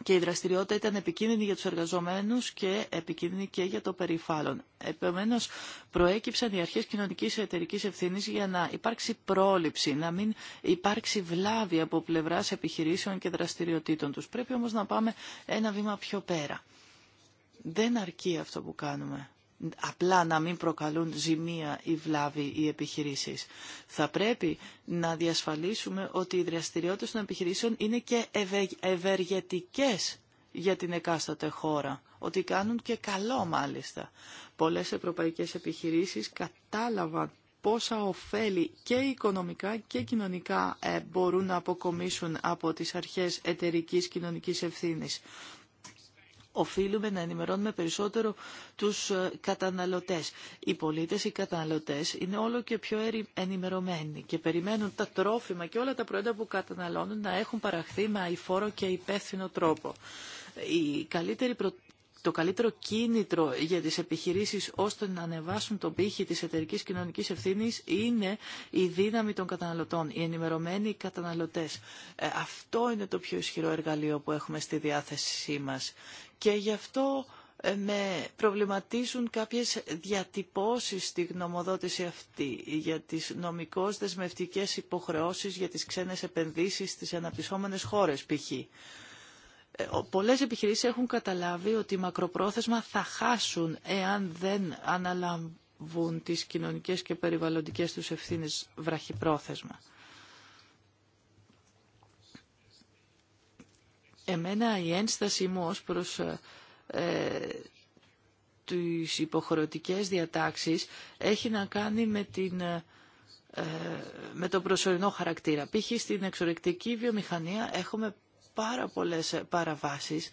και η δραστηριότητα ήταν επικίνδυνη για τους εργαζομένους και επικίνδυνη και για το περιβάλλον. Επομένως, προέκυψαν οι αρχές κοινωνικής εταιρικής ευθύνης για να υπάρξει πρόληψη, να μην υπάρξει βλάβη από πλευράς επιχειρήσεων και δραστηριοτήτων τους. Πρέπει όμως να πάμε ένα βήμα πιο πέρα. Δεν αρκεί αυτό που κάνουμε απλά να μην προκαλούν ζημία ή βλάβη οι επιχειρήσεις. Θα πρέπει να διασφαλίσουμε ότι οι δραστηριότητες των επιχειρήσεων είναι και ευεργετικές για την εκάστοτε χώρα, ότι κάνουν και καλό μάλιστα. Πολλές ευρωπαϊκές επιχειρήσεις κατάλαβαν πόσα ωφέλη και οικονομικά και κοινωνικά ε, μπορούν να αποκομίσουν από τις αρχές εταιρικής κοινωνικής ευθύνης οφείλουμε να ενημερώνουμε περισσότερο τους ε, καταναλωτές. Οι πολίτες, οι καταναλωτές είναι όλο και πιο ενημερωμένοι και περιμένουν τα τρόφιμα και όλα τα προϊόντα που καταναλώνουν να έχουν παραχθεί με αηφόρο και υπεύθυνο τρόπο. Η καλύτερη το καλύτερο κίνητρο για τις επιχειρήσεις ώστε να ανεβάσουν τον πύχη της εταιρικής κοινωνικής ευθύνης είναι η δύναμη των καταναλωτών, οι ενημερωμένοι καταναλωτές. Ε, αυτό είναι το πιο ισχυρό εργαλείο που έχουμε στη διάθεσή μας. Και γι' αυτό ε, με προβληματίζουν κάποιες διατυπώσεις στη γνωμοδότηση αυτή για τις νομικώς δεσμευτικές υποχρεώσεις για τις ξένες επενδύσεις στις αναπτυσσόμενες χώρες π.χ. Ε, πολλές επιχειρήσεις έχουν καταλάβει ότι μακροπρόθεσμα θα χάσουν εάν δεν αναλαμβούν τις κοινωνικές και περιβαλλοντικές τους ευθύνες βραχυπρόθεσμα. Εμένα η ένσταση μου ως προς ε, ε, τις υποχρεωτικές διατάξεις έχει να κάνει με, την, ε, το προσωρινό χαρακτήρα. Π.χ. στην εξορεκτική βιομηχανία έχουμε πάρα πολλές ε, παραβάσεις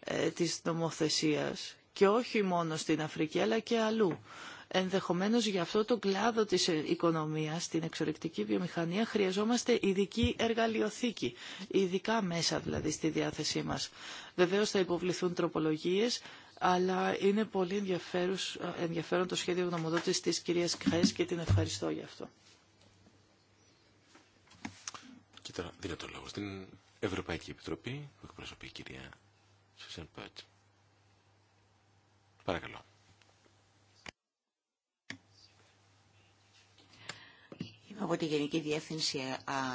ε, της νομοθεσίας και όχι μόνο στην Αφρική αλλά και αλλού. Ενδεχομένως για αυτό το κλάδο της ε, οικονομίας, την εξορρυκτική βιομηχανία, χρειαζόμαστε ειδική εργαλειοθήκη, ειδικά μέσα δηλαδή στη διάθεσή μας. Βεβαίως θα υποβληθούν τροπολογίες, αλλά είναι πολύ ενδιαφέρον το σχέδιο γνωμοδότησης της κυρίας Κρές και την ευχαριστώ για αυτό. δίνω το λόγο στην Ευρωπαϊκή Επιτροπή που εκπροσωπεί η κυρία Σουσεν Πάτ. Παρακαλώ. Είμαι από τη Γενική Διεύθυνση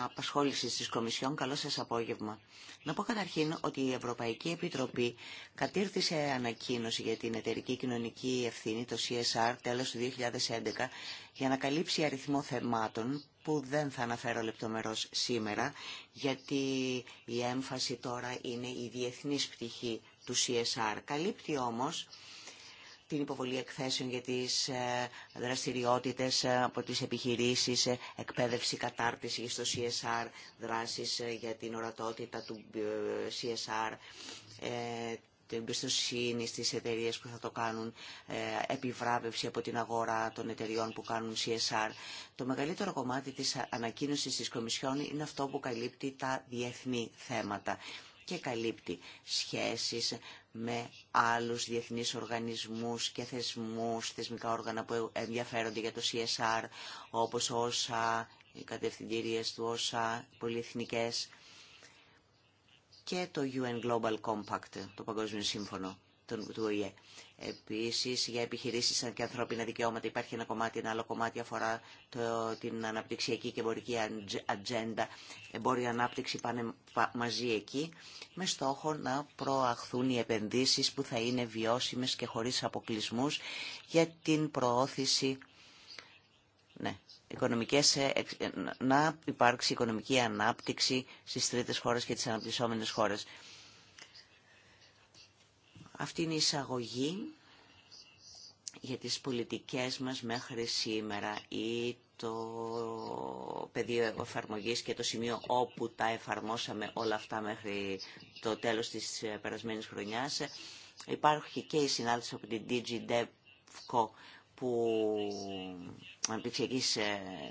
Απασχόλησης της Κομισιόν. Καλό σας απόγευμα. Να πω καταρχήν ότι η Ευρωπαϊκή Επιτροπή κατήρθησε ανακοίνωση για την εταιρική κοινωνική ευθύνη, το CSR, τέλος του 2011, για να καλύψει αριθμό θεμάτων που δεν θα αναφέρω λεπτομερώς σήμερα, γιατί η έμφαση τώρα είναι η διεθνής πτυχή του CSR. Καλύπτει όμως την υποβολή εκθέσεων για τις ε, δραστηριότητες ε, από τις επιχειρήσεις, ε, εκπαίδευση, κατάρτιση στο CSR, δράσεις για την ορατότητα του CSR, την εμπιστοσύνη στις εταιρείε που θα το κάνουν, ε, επιβράβευση από την αγορά των εταιριών που κάνουν CSR. Το μεγαλύτερο κομμάτι της ανακοίνωσης της Κομισιόν είναι αυτό που καλύπτει τα διεθνή θέματα και καλύπτει σχέσεις με άλλους διεθνείς οργανισμούς και θεσμούς, θεσμικά όργανα που ενδιαφέρονται για το CSR, όπως όσα οι κατευθυντήριες του όσα πολυεθνικές και το UN Global Compact, το Παγκόσμιο Σύμφωνο του ΟΗΕ. Επίσης, για επιχειρήσεις και ανθρώπινα δικαιώματα υπάρχει ένα κομμάτι, ένα άλλο κομμάτι αφορά το, την αναπτυξιακή και εμπορική ατζέντα. Εμπόριο ανάπτυξη πάνε μαζί εκεί, με στόχο να προαχθούν οι επενδύσεις που θα είναι βιώσιμες και χωρίς αποκλεισμούς για την προώθηση ναι. Οικονομικές, ε, ε, να υπάρξει οικονομική ανάπτυξη στις τρίτες χώρες και τις αναπτυσσόμενες χώρες. Αυτή είναι η εισαγωγή για τις πολιτικές μας μέχρι σήμερα ή το πεδίο εφαρμογή και το σημείο όπου τα εφαρμόσαμε όλα αυτά μέχρι το τέλος της ε, περασμένης χρονιάς. Υπάρχει και η συνάντηση από την DG που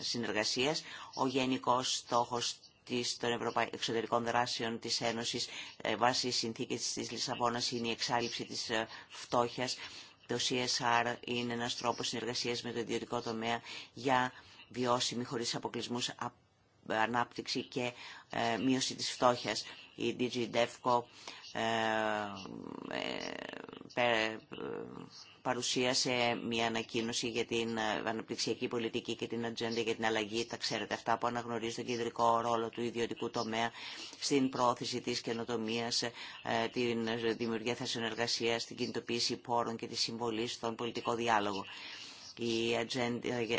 συνεργασίας, ο γενικός στόχος της, των εξωτερικών δράσεων της Ένωσης ε, βάσει συνθήκες της Λισαβόνας είναι η εξάλληψη της ε, φτώχειας. Το CSR είναι ένας τρόπος συνεργασίας με το ιδιωτικό τομέα για βιώσιμη χωρίς αποκλεισμούς ανάπτυξη και ε, μείωση της φτώχειας. Η DG ε, ε, παρουσίασε μια ανακοίνωση για την αναπτυξιακή πολιτική και την ατζέντα για την αλλαγή. Τα ξέρετε αυτά που αναγνωρίζει τον κεντρικό ρόλο του ιδιωτικού τομέα στην πρόθεση της καινοτομίας, ε, την δημιουργία θέσεων την κινητοποίηση πόρων και τη συμβολή στον πολιτικό διάλογο. Η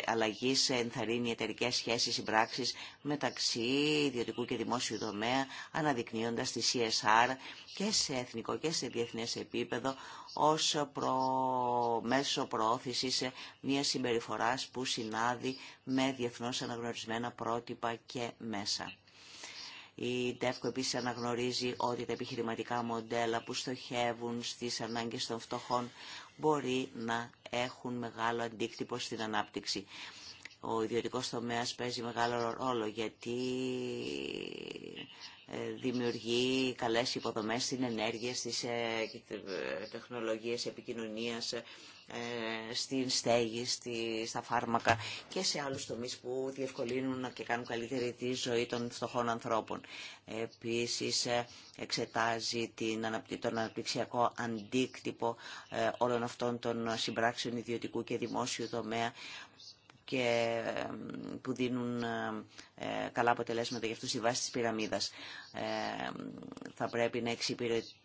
αλλαγή σε ενθαρρύνει εταιρικέ σχέσει συμπράξει μεταξύ ιδιωτικού και δημόσιου δομέα αναδεικνύοντα τη CSR και σε εθνικό και σε διεθνέ επίπεδο ω προ... μέσο προώθηση μια συμπεριφορά που συνάδει με διεθνώ αναγνωρισμένα πρότυπα και μέσα. Η ΤΕΦΚΟ επίση αναγνωρίζει ότι τα επιχειρηματικά μοντέλα που στοχεύουν στι ανάγκε των φτωχών μπορεί να έχουν μεγάλο αντίκτυπο στην ανάπτυξη. Ο ιδιωτικός τομέας παίζει μεγάλο ρόλο γιατί ε, δημιουργεί καλές υποδομές στην ενέργεια, στις ε, τεχνολογίες επικοινωνίας, ε, στην στέγη, στα φάρμακα και σε άλλους τομείς που διευκολύνουν και κάνουν καλύτερη τη ζωή των φτωχών ανθρώπων. Επίσης ε, εξετάζει την, τον αναπτυξιακό αντίκτυπο ε, όλων αυτών των συμπράξεων ιδιωτικού και δημόσιου τομέα και που δίνουν καλά αποτελέσματα για αυτούς στη βάση της πυραμίδας. Θα πρέπει να εξυπηρετήσουμε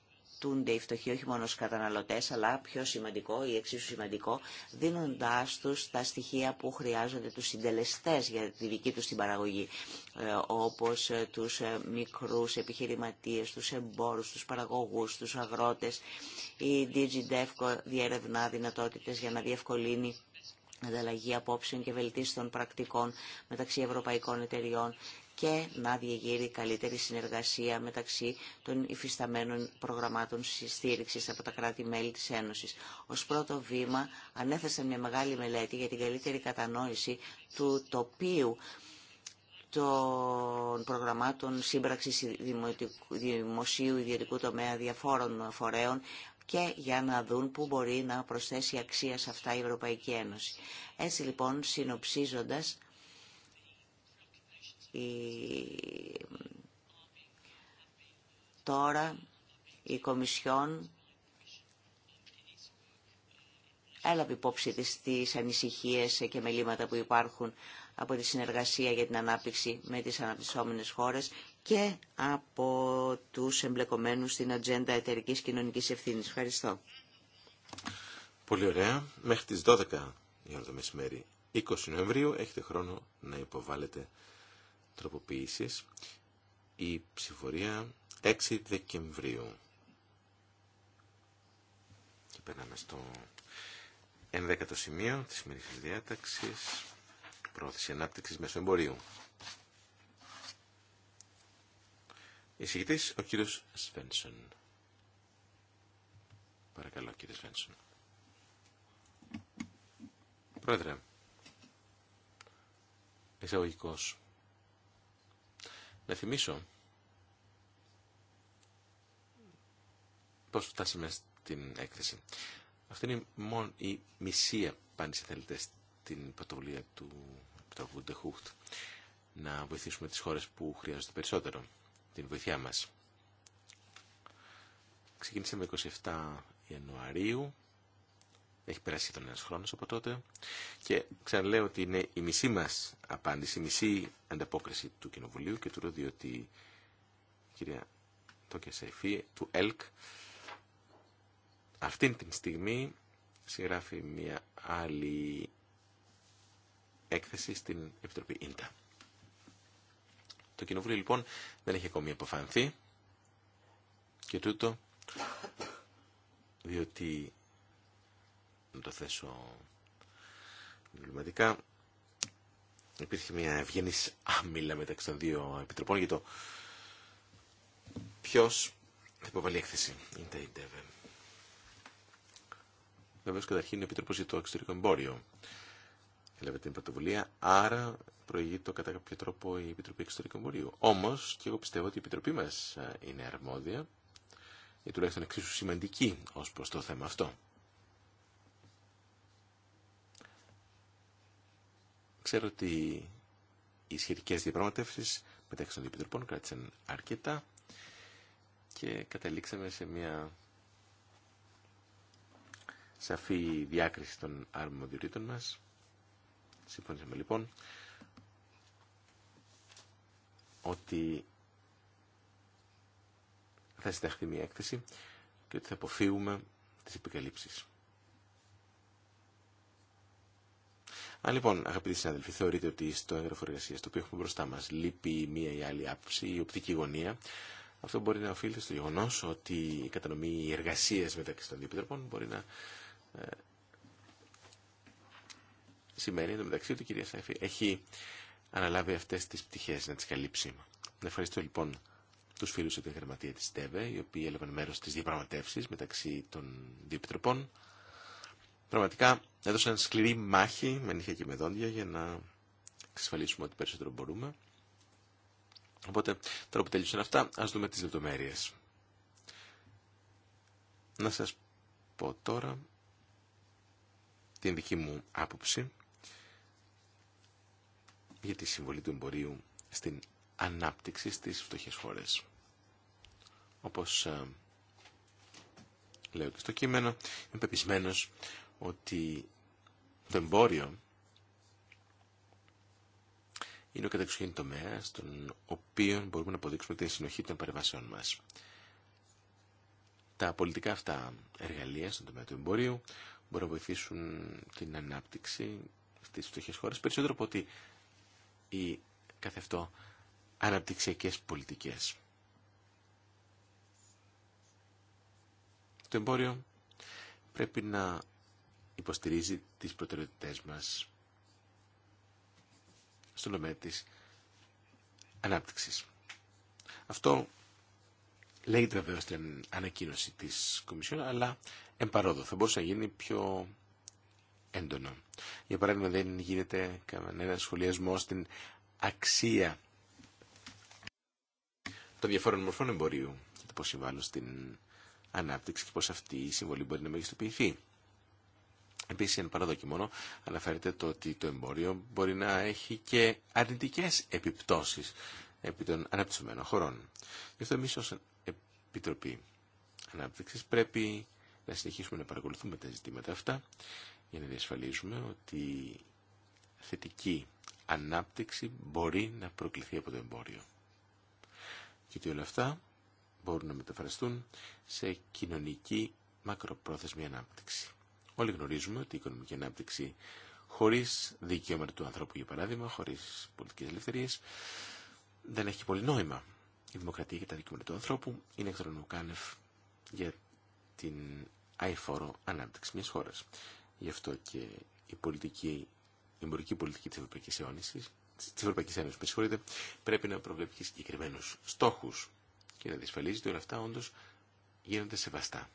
υποφελούνται οι φτωχοί όχι μόνο καταναλωτές, αλλά πιο σημαντικό ή εξίσου σημαντικό, δίνοντάς τους τα στοιχεία που χρειάζονται τους συντελεστές για τη δική τους την παραγωγή, ε, όπως ε, τους ε, μικρούς επιχειρηματίες, τους εμπόρους, τους παραγωγούς, τους αγρότες. Η DigiDevco διερευνά δυνατότητες για να διευκολύνει ανταλλαγή απόψεων και βελτίστων πρακτικών μεταξύ ευρωπαϊκών εταιριών και να διεγείρει καλύτερη συνεργασία μεταξύ των υφισταμένων προγραμμάτων στήριξη από τα κράτη-μέλη της Ένωσης. Ως πρώτο βήμα ανέθεσα μια μεγάλη μελέτη για την καλύτερη κατανόηση του τοπίου των προγραμμάτων σύμπραξης δημοσίου ιδιωτικού τομέα διαφόρων φορέων και για να δουν πού μπορεί να προσθέσει αξία σε αυτά η Ευρωπαϊκή Ένωση. Έτσι λοιπόν, συνοψίζοντας, Τώρα η Κομισιόν έλαβε υπόψη της τις ανησυχίες και μελήματα που υπάρχουν από τη συνεργασία για την ανάπτυξη με τις αναπτυσσόμενες χώρες και από τους εμπλεκομένους στην ατζέντα εταιρικής κοινωνικής ευθύνης. Ευχαριστώ. Πολύ ωραία. Μέχρι τις 12 η το μεσημέρι 20 Νοεμβρίου έχετε χρόνο να υποβάλλετε η ψηφορία 6 Δεκεμβρίου. Και περνάμε στο 11ο σημείο της σημερινής διάταξης πρόθεση ανάπτυξης μέσω εμπορίου. Εισηγητής ο κύριος Σβένσον. Παρακαλώ κύριε Σβένσον. Πρόεδρε, εισαγωγικός να θυμίσω πώς φτάσαμε στην έκθεση. Αυτή είναι μόνο η μισή απάντηση, θέλετε, στην πρωτοβουλία του Επιτροπού Ντεχούχτ. Να βοηθήσουμε τις χώρες που χρειάζονται περισσότερο την βοήθειά μας. Ξεκίνησε με 27 Ιανουαρίου έχει περάσει τον ένα χρόνο από τότε. Και ξαναλέω ότι είναι η μισή μα απάντηση, η μισή ανταπόκριση του Κοινοβουλίου και του διότι η κυρία Τόκια Σαϊφή του ΕΛΚ αυτήν την στιγμή συγγράφει μια άλλη έκθεση στην Επιτροπή ΙΝΤΑ. Το Κοινοβούλιο λοιπόν δεν έχει ακόμη αποφανθεί και τούτο διότι να το θέσω διπλωματικά, υπήρχε μια ευγενή άμυλα μεταξύ των δύο επιτροπών για το ποιο θα υποβάλει έκθεση. Είναι τα ΙΝΤΕΒΕ. Βεβαίω, καταρχήν είναι επίτροπο για το εξωτερικό εμπόριο. Έλαβε την πρωτοβουλία, άρα προηγείται κατά κάποιο τρόπο η Επιτροπή Εξωτερικού Εμπορίου. Όμω, και εγώ πιστεύω ότι η Επιτροπή μα ε, είναι αρμόδια ή τουλάχιστον εξίσου σημαντική ω προ το θέμα αυτό. Ξέρω ότι οι σχετικέ διαπραγματεύσει μεταξύ των επιτροπών κράτησαν αρκετά και καταλήξαμε σε μια σαφή διάκριση των αρμοδιοτήτων μας. Συμφωνήσαμε λοιπόν ότι θα συνταχθεί μια έκθεση και ότι θα αποφύγουμε τις επικαλύψεις. Αν λοιπόν, αγαπητοί συνάδελφοι, θεωρείτε ότι στο έγγραφο εργασία το οποίο έχουμε μπροστά μα λείπει μία ή η άλλη άποψη, οπτική γωνία, αυτό μπορεί να οφείλεται στο γεγονό ότι η κατανομή εργασία μεταξύ των δύο επιτροπών μπορεί να ε, σημαίνει ότι η κυρία Σάιφη έχει αναλάβει αυτέ τι πτυχέ να τι καλύψει. Να ευχαριστώ λοιπόν του φίλου από την γραμματεία τη ΤΕΒΕ, οι οποίοι έλαβαν μέρο στι διαπραγματεύσει μεταξύ των δύο επιτροπών πραγματικά έδωσαν σκληρή μάχη με νύχια και με δόντια για να εξασφαλίσουμε ότι περισσότερο μπορούμε. Οπότε, τώρα που τελείωσαν αυτά, ας δούμε τις λεπτομέρειες. Να σας πω τώρα την δική μου άποψη για τη συμβολή του εμπορίου στην ανάπτυξη στις φτωχές χώρες. Όπως ε, λέω και στο κείμενο, είμαι πεπισμένος ότι το εμπόριο είναι ο κατεξοχήν τομέα στον οποίο μπορούμε να αποδείξουμε την συνοχή των παρεμβάσεων μας. Τα πολιτικά αυτά εργαλεία στον τομέα του εμπορίου μπορούν να βοηθήσουν την ανάπτυξη στις φτωχές χώρες περισσότερο από ότι οι καθευτό αναπτυξιακές πολιτικές. Το εμπόριο πρέπει να υποστηρίζει τις προτεραιότητές μας στον τομέα της ανάπτυξης. Αυτό λέγεται βεβαίω στην ανακοίνωση της Κομισιόν, αλλά εμπαρόδο θα μπορούσε να γίνει πιο έντονο. Για παράδειγμα δεν γίνεται κανένα σχολιασμό στην αξία των διαφόρων μορφών εμπορίου και το πώς συμβάλλουν στην ανάπτυξη και πώς αυτή η συμβολή μπορεί να μεγιστοποιηθεί. Επίσης, εν παραδόκι μόνο, αναφέρεται το ότι το εμπόριο μπορεί να έχει και αρνητικές επιπτώσεις επί των αναπτυσσομένων χωρών. Γι' αυτό εμείς ως Επιτροπή Ανάπτυξης πρέπει να συνεχίσουμε να παρακολουθούμε τα ζητήματα αυτά για να διασφαλίζουμε ότι θετική ανάπτυξη μπορεί να προκληθεί από το εμπόριο. Και ότι όλα αυτά μπορούν να μεταφραστούν σε κοινωνική μακροπρόθεσμη ανάπτυξη. Όλοι γνωρίζουμε ότι η οικονομική ανάπτυξη χωρί δικαιώματα του ανθρώπου, για παράδειγμα, χωρί πολιτικέ ελευθερίε, δεν έχει πολύ νόημα. Η δημοκρατία και τα δικαιώματα του ανθρώπου είναι εκτρονοκάνευ για την αηφόρο ανάπτυξη μια χώρα. Γι' αυτό και η πολιτική, η εμπορική πολιτική τη Ευρωπαϊκής Ένωση της Ευρωπαϊκής Ένωσης πρέπει να προβλέπει και συγκεκριμένους στόχους και να διασφαλίζει ότι όλα αυτά όντω γίνονται σεβαστά.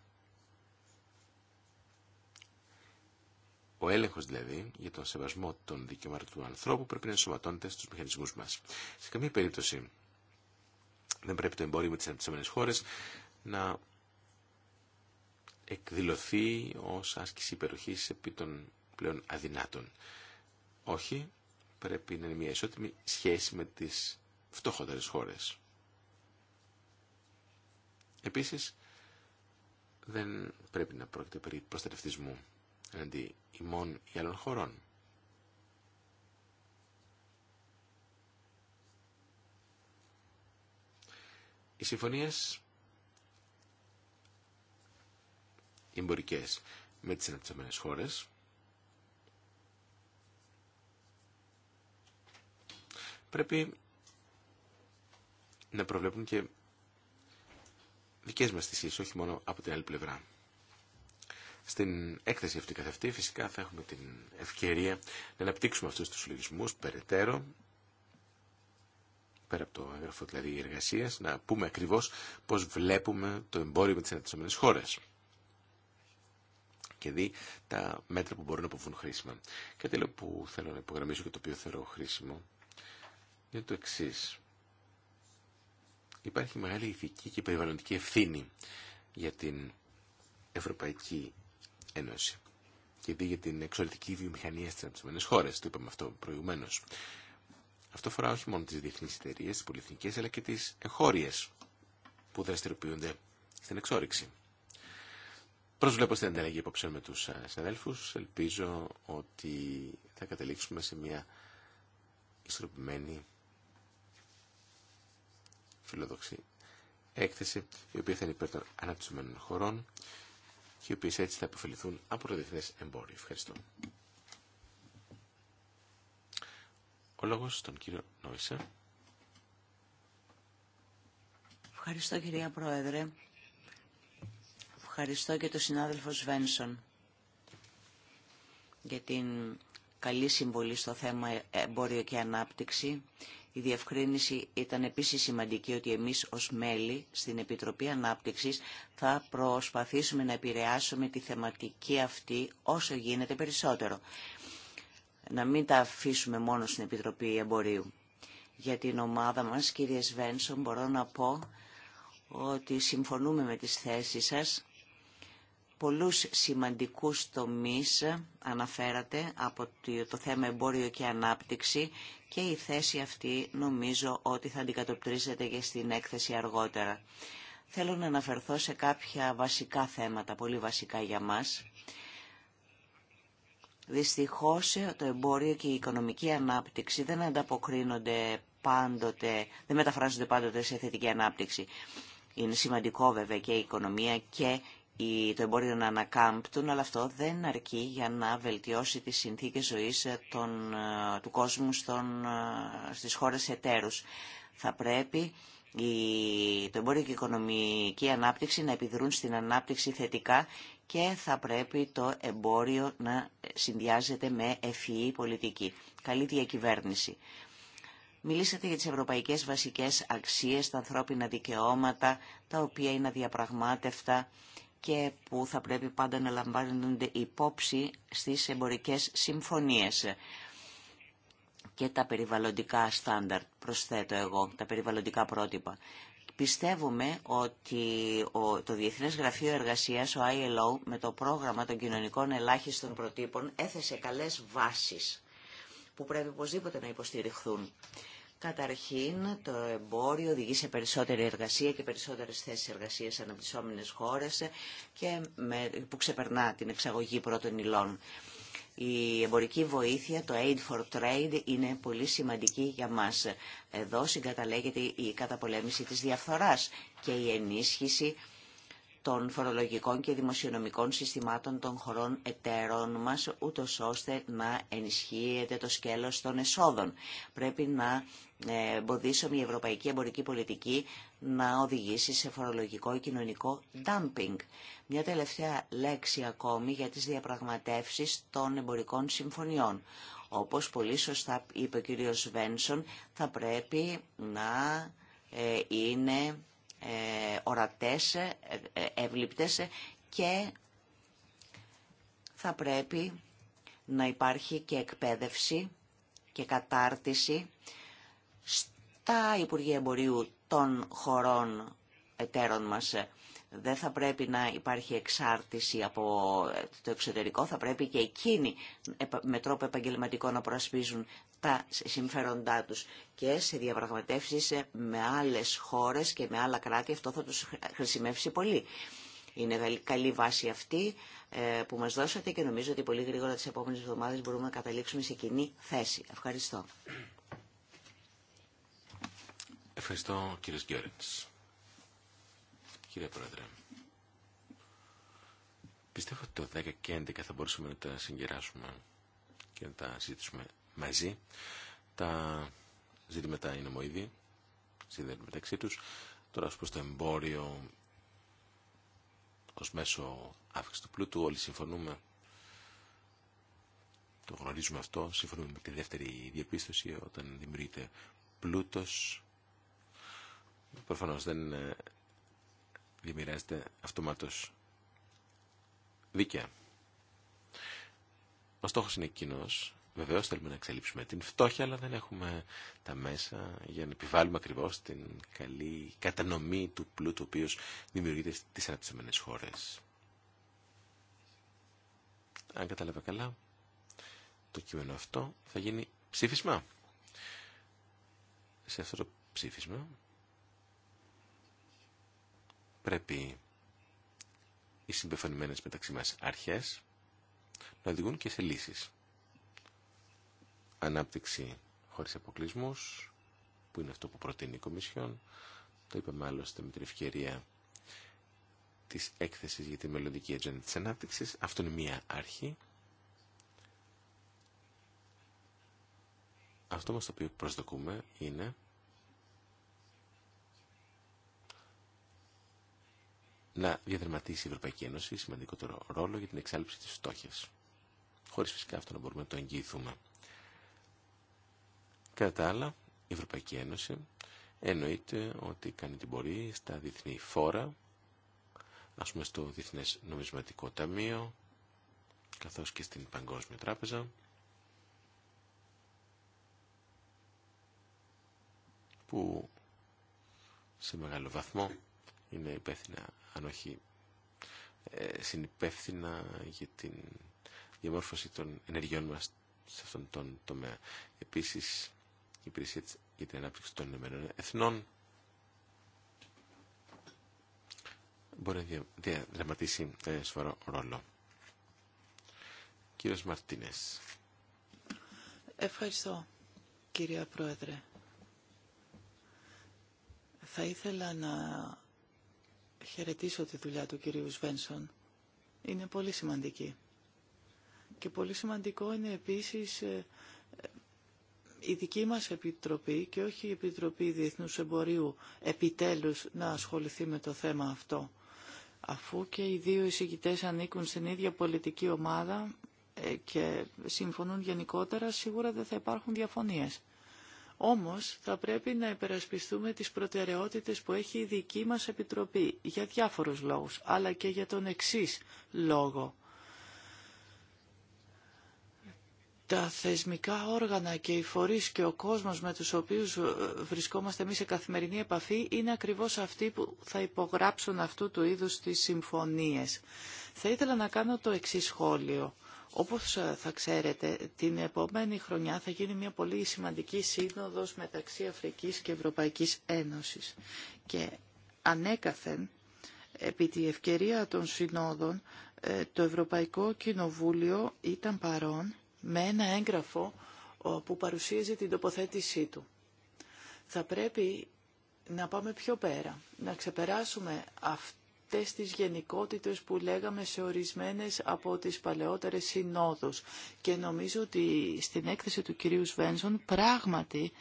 Ο έλεγχο δηλαδή για τον σεβασμό των δικαιωμάτων του ανθρώπου πρέπει να ενσωματώνεται στου μηχανισμού μα. Σε καμία περίπτωση δεν πρέπει το εμπόριο με τι αναπτυσσόμενε χώρε να εκδηλωθεί ω άσκηση υπεροχή επί των πλέον αδυνάτων. Όχι, πρέπει να είναι μια ισότιμη σχέση με τι φτωχότερε χώρε. Επίση, δεν πρέπει να πρόκειται περί προστατευτισμού αντί ημών ή άλλων χωρών. Οι συμφωνίες εμπορικέ με τις αναπτυσσόμενες χώρες πρέπει να προβλέπουν και δικές μας θυσίες, όχι μόνο από την άλλη πλευρά. Στην έκθεση αυτή καθ' αυτή φυσικά θα έχουμε την ευκαιρία να αναπτύξουμε αυτούς τους λογισμούς περαιτέρω, πέρα από το έγγραφο δηλαδή εργασίας να πούμε ακριβώς πώς βλέπουμε το εμπόριο με τις αναπτυσσόμενες χώρες και δει τα μέτρα που μπορούν να αποβούν χρήσιμα. Κάτι άλλο που θέλω να υπογραμμίσω και το οποίο θεωρώ χρήσιμο είναι το εξή. Υπάρχει μεγάλη ηθική και περιβαλλοντική ευθύνη για την ευρωπαϊκή Ένωση. Και δει για την εξωτερική βιομηχανία στι αναπτυσσόμενε χώρε. Το είπαμε αυτό προηγουμένω. Αυτό αφορά όχι μόνο τι διεθνεί εταιρείε, τι πολυεθνικέ, αλλά και τι εγχώριε που δραστηριοποιούνται στην εξόριξη. Προσβλέπω στην ανταλλαγή υπόψεων με του ε, συναδέλφου. Ελπίζω ότι θα καταλήξουμε σε μια ισορροπημένη φιλοδοξή έκθεση, η οποία θα είναι υπέρ των αναπτυσσομένων χωρών οι οποίε έτσι θα υποφεληθούν από το διεθνέ εμπόριο. Ευχαριστώ. Ο λόγος στον κύριο Νόησα. Ευχαριστώ κυρία Πρόεδρε. Ευχαριστώ και τον συνάδελφο Σβένσον για την καλή συμβολή στο θέμα εμπόριο και ανάπτυξη η διευκρίνηση ήταν επίσης σημαντική ότι εμείς ως μέλη στην Επιτροπή Ανάπτυξης θα προσπαθήσουμε να επηρεάσουμε τη θεματική αυτή όσο γίνεται περισσότερο. Να μην τα αφήσουμε μόνο στην Επιτροπή Εμπορίου. Για την ομάδα μας, κύριε Σβένσον, μπορώ να πω ότι συμφωνούμε με τις θέσεις σας Πολλούς σημαντικούς τομείς ε, αναφέρατε από το θέμα εμπόριο και ανάπτυξη και η θέση αυτή νομίζω ότι θα αντικατοπτρίζεται και στην έκθεση αργότερα. Θέλω να αναφερθώ σε κάποια βασικά θέματα, πολύ βασικά για μας. Δυστυχώς ε, το εμπόριο και η οικονομική ανάπτυξη δεν ανταποκρίνονται πάντοτε, δεν μεταφράζονται πάντοτε σε θετική ανάπτυξη. Είναι σημαντικό βέβαια και η οικονομία και το εμπόριο να ανακάμπτουν, αλλά αυτό δεν αρκεί για να βελτιώσει τις συνθήκες ζωής ε, των, ε, του κόσμου στον, ε, στις χώρες εταίρους. Θα πρέπει η, το εμπόριο και η οικονομική ανάπτυξη να επιδρούν στην ανάπτυξη θετικά και θα πρέπει το εμπόριο να συνδυάζεται με ευφυή πολιτική. Καλή διακυβέρνηση. Μιλήσατε για τις ευρωπαϊκές βασικές αξίες, τα ανθρώπινα δικαιώματα, τα οποία είναι αδιαπραγμάτευτα και που θα πρέπει πάντα να λαμβάνονται υπόψη στις εμπορικές συμφωνίες και τα περιβαλλοντικά στάνταρ προσθέτω εγώ, τα περιβαλλοντικά πρότυπα. Πιστεύουμε ότι το Διεθνές Γραφείο Εργασίας, ο ILO, με το πρόγραμμα των κοινωνικών ελάχιστων προτύπων, έθεσε καλές βάσεις που πρέπει οπωσδήποτε να υποστηριχθούν. Καταρχήν, το εμπόριο οδηγεί σε περισσότερη εργασία και περισσότερες θέσεις εργασίας σε αναπτυσσόμενες χώρες και με, που ξεπερνά την εξαγωγή πρώτων υλών. Η εμπορική βοήθεια, το Aid for Trade, είναι πολύ σημαντική για μας. Εδώ συγκαταλέγεται η καταπολέμηση της διαφθοράς και η ενίσχυση των φορολογικών και δημοσιονομικών συστημάτων των χωρών εταίρων μας, ούτω ώστε να ενισχύεται το σκέλος των εσόδων. Πρέπει να ε, εμποδίσουμε η ευρωπαϊκή εμπορική πολιτική να οδηγήσει σε φορολογικό και κοινωνικό dumping. Μια τελευταία λέξη ακόμη για τις διαπραγματεύσεις των εμπορικών συμφωνιών. Όπως πολύ σωστά είπε ο κ. Βένσον, θα πρέπει να ε, είναι ε, ορατές, ε, ε, εύληπτες και θα πρέπει να υπάρχει και εκπαίδευση και κατάρτιση στα Υπουργεία Εμπορίου των χωρών εταίρων μας. Δεν θα πρέπει να υπάρχει εξάρτηση από το εξωτερικό, θα πρέπει και εκείνοι με τρόπο επαγγελματικό να προασπίζουν τα συμφέροντά τους και σε διαπραγματεύσεις με άλλες χώρες και με άλλα κράτη αυτό θα τους χρησιμεύσει πολύ. Είναι καλή βάση αυτή ε, που μας δώσατε και νομίζω ότι πολύ γρήγορα τις επόμενες εβδομάδες μπορούμε να καταλήξουμε σε κοινή θέση. Ευχαριστώ. Ευχαριστώ κύριε Γκιόρεντς. Κύριε Πρόεδρε, πιστεύω ότι το 10 και 11 θα μπορούσαμε να τα συγκεράσουμε και να τα ζητήσουμε μαζί. Τα ζητήματα είναι ομοίδη, συνδέονται μεταξύ τους. Τώρα ως προς το εμπόριο ως μέσο αύξηση του πλούτου όλοι συμφωνούμε το γνωρίζουμε αυτό, συμφωνούμε με τη δεύτερη διαπίστωση όταν δημιουργείται πλούτος προφανώς δεν ε, δημιουργάζεται αυτομάτως δίκαια. Ο στόχος είναι εκείνος Βεβαίω θέλουμε να εξαλείψουμε την φτώχεια, αλλά δεν έχουμε τα μέσα για να επιβάλλουμε ακριβώ την καλή κατανομή του πλούτου, ο οποίο δημιουργείται στι αναπτυσσόμενε χώρε. Αν κατάλαβα καλά, το κείμενο αυτό θα γίνει ψήφισμα. Σε αυτό το ψήφισμα πρέπει οι συμπεφωνημένες μεταξύ μας αρχές να οδηγούν και σε λύσεις ανάπτυξη χωρίς αποκλεισμούς, που είναι αυτό που προτείνει η Κομισιόν. Το είπαμε άλλωστε με την ευκαιρία της έκθεσης για τη μελλοντική ατζέντα της ανάπτυξης. Αυτό είναι μία αρχή. Αυτό μας το οποίο προσδοκούμε είναι να διαδερματίσει η Ευρωπαϊκή Ένωση σημαντικότερο ρόλο για την εξάλληψη της φτώχειας. Χωρίς φυσικά αυτό να μπορούμε να το εγγυηθούμε. Κατά τα άλλα, η Ευρωπαϊκή Ένωση εννοείται ότι κάνει την πορεία στα διεθνή φόρα, ας πούμε στο Διεθνές Νομισματικό Ταμείο, καθώς και στην Παγκόσμια Τράπεζα, που σε μεγάλο βαθμό είναι υπεύθυνα, αν όχι ε, συνυπεύθυνα για την διαμόρφωση των ενεργειών μας σε αυτόν τον τομέα. Επίσης, Υπηρεσία για την Ανάπτυξη των Ηνωμένων Εθνών μπορεί να διαδραματίσει ε, σοβαρό ρόλο. Κύριος Μαρτίνες. Ευχαριστώ, κυρία Πρόεδρε. Θα ήθελα να χαιρετήσω τη δουλειά του κυρίου Σβένσον. Είναι πολύ σημαντική. Και πολύ σημαντικό είναι επίσης ε, η δική μας Επιτροπή και όχι η Επιτροπή Διεθνούς Εμπορίου επιτέλους να ασχοληθεί με το θέμα αυτό. Αφού και οι δύο εισηγητές ανήκουν στην ίδια πολιτική ομάδα ε, και συμφωνούν γενικότερα, σίγουρα δεν θα υπάρχουν διαφωνίες. Όμως θα πρέπει να υπερασπιστούμε τις προτεραιότητες που έχει η δική μας Επιτροπή για διάφορους λόγους, αλλά και για τον εξής λόγο. τα θεσμικά όργανα και οι φορείς και ο κόσμος με τους οποίους ε, βρισκόμαστε εμείς σε καθημερινή επαφή είναι ακριβώς αυτοί που θα υπογράψουν αυτού του είδους τις συμφωνίες. Θα ήθελα να κάνω το εξή σχόλιο. Όπως ε, θα ξέρετε, την επόμενη χρονιά θα γίνει μια πολύ σημαντική σύνοδος μεταξύ Αφρικής και Ευρωπαϊκής Ένωσης. Και ανέκαθεν, επί τη ευκαιρία των συνόδων, ε, το Ευρωπαϊκό Κοινοβούλιο ήταν παρόν με ένα έγγραφο που παρουσίαζει την τοποθέτησή του. Θα πρέπει να πάμε πιο πέρα, να ξεπεράσουμε αυτές τις γενικότητες που λέγαμε σε ορισμένες από τις παλαιότερες συνόδους. Και νομίζω ότι στην έκθεση του κυρίου Σβένσον πράγματι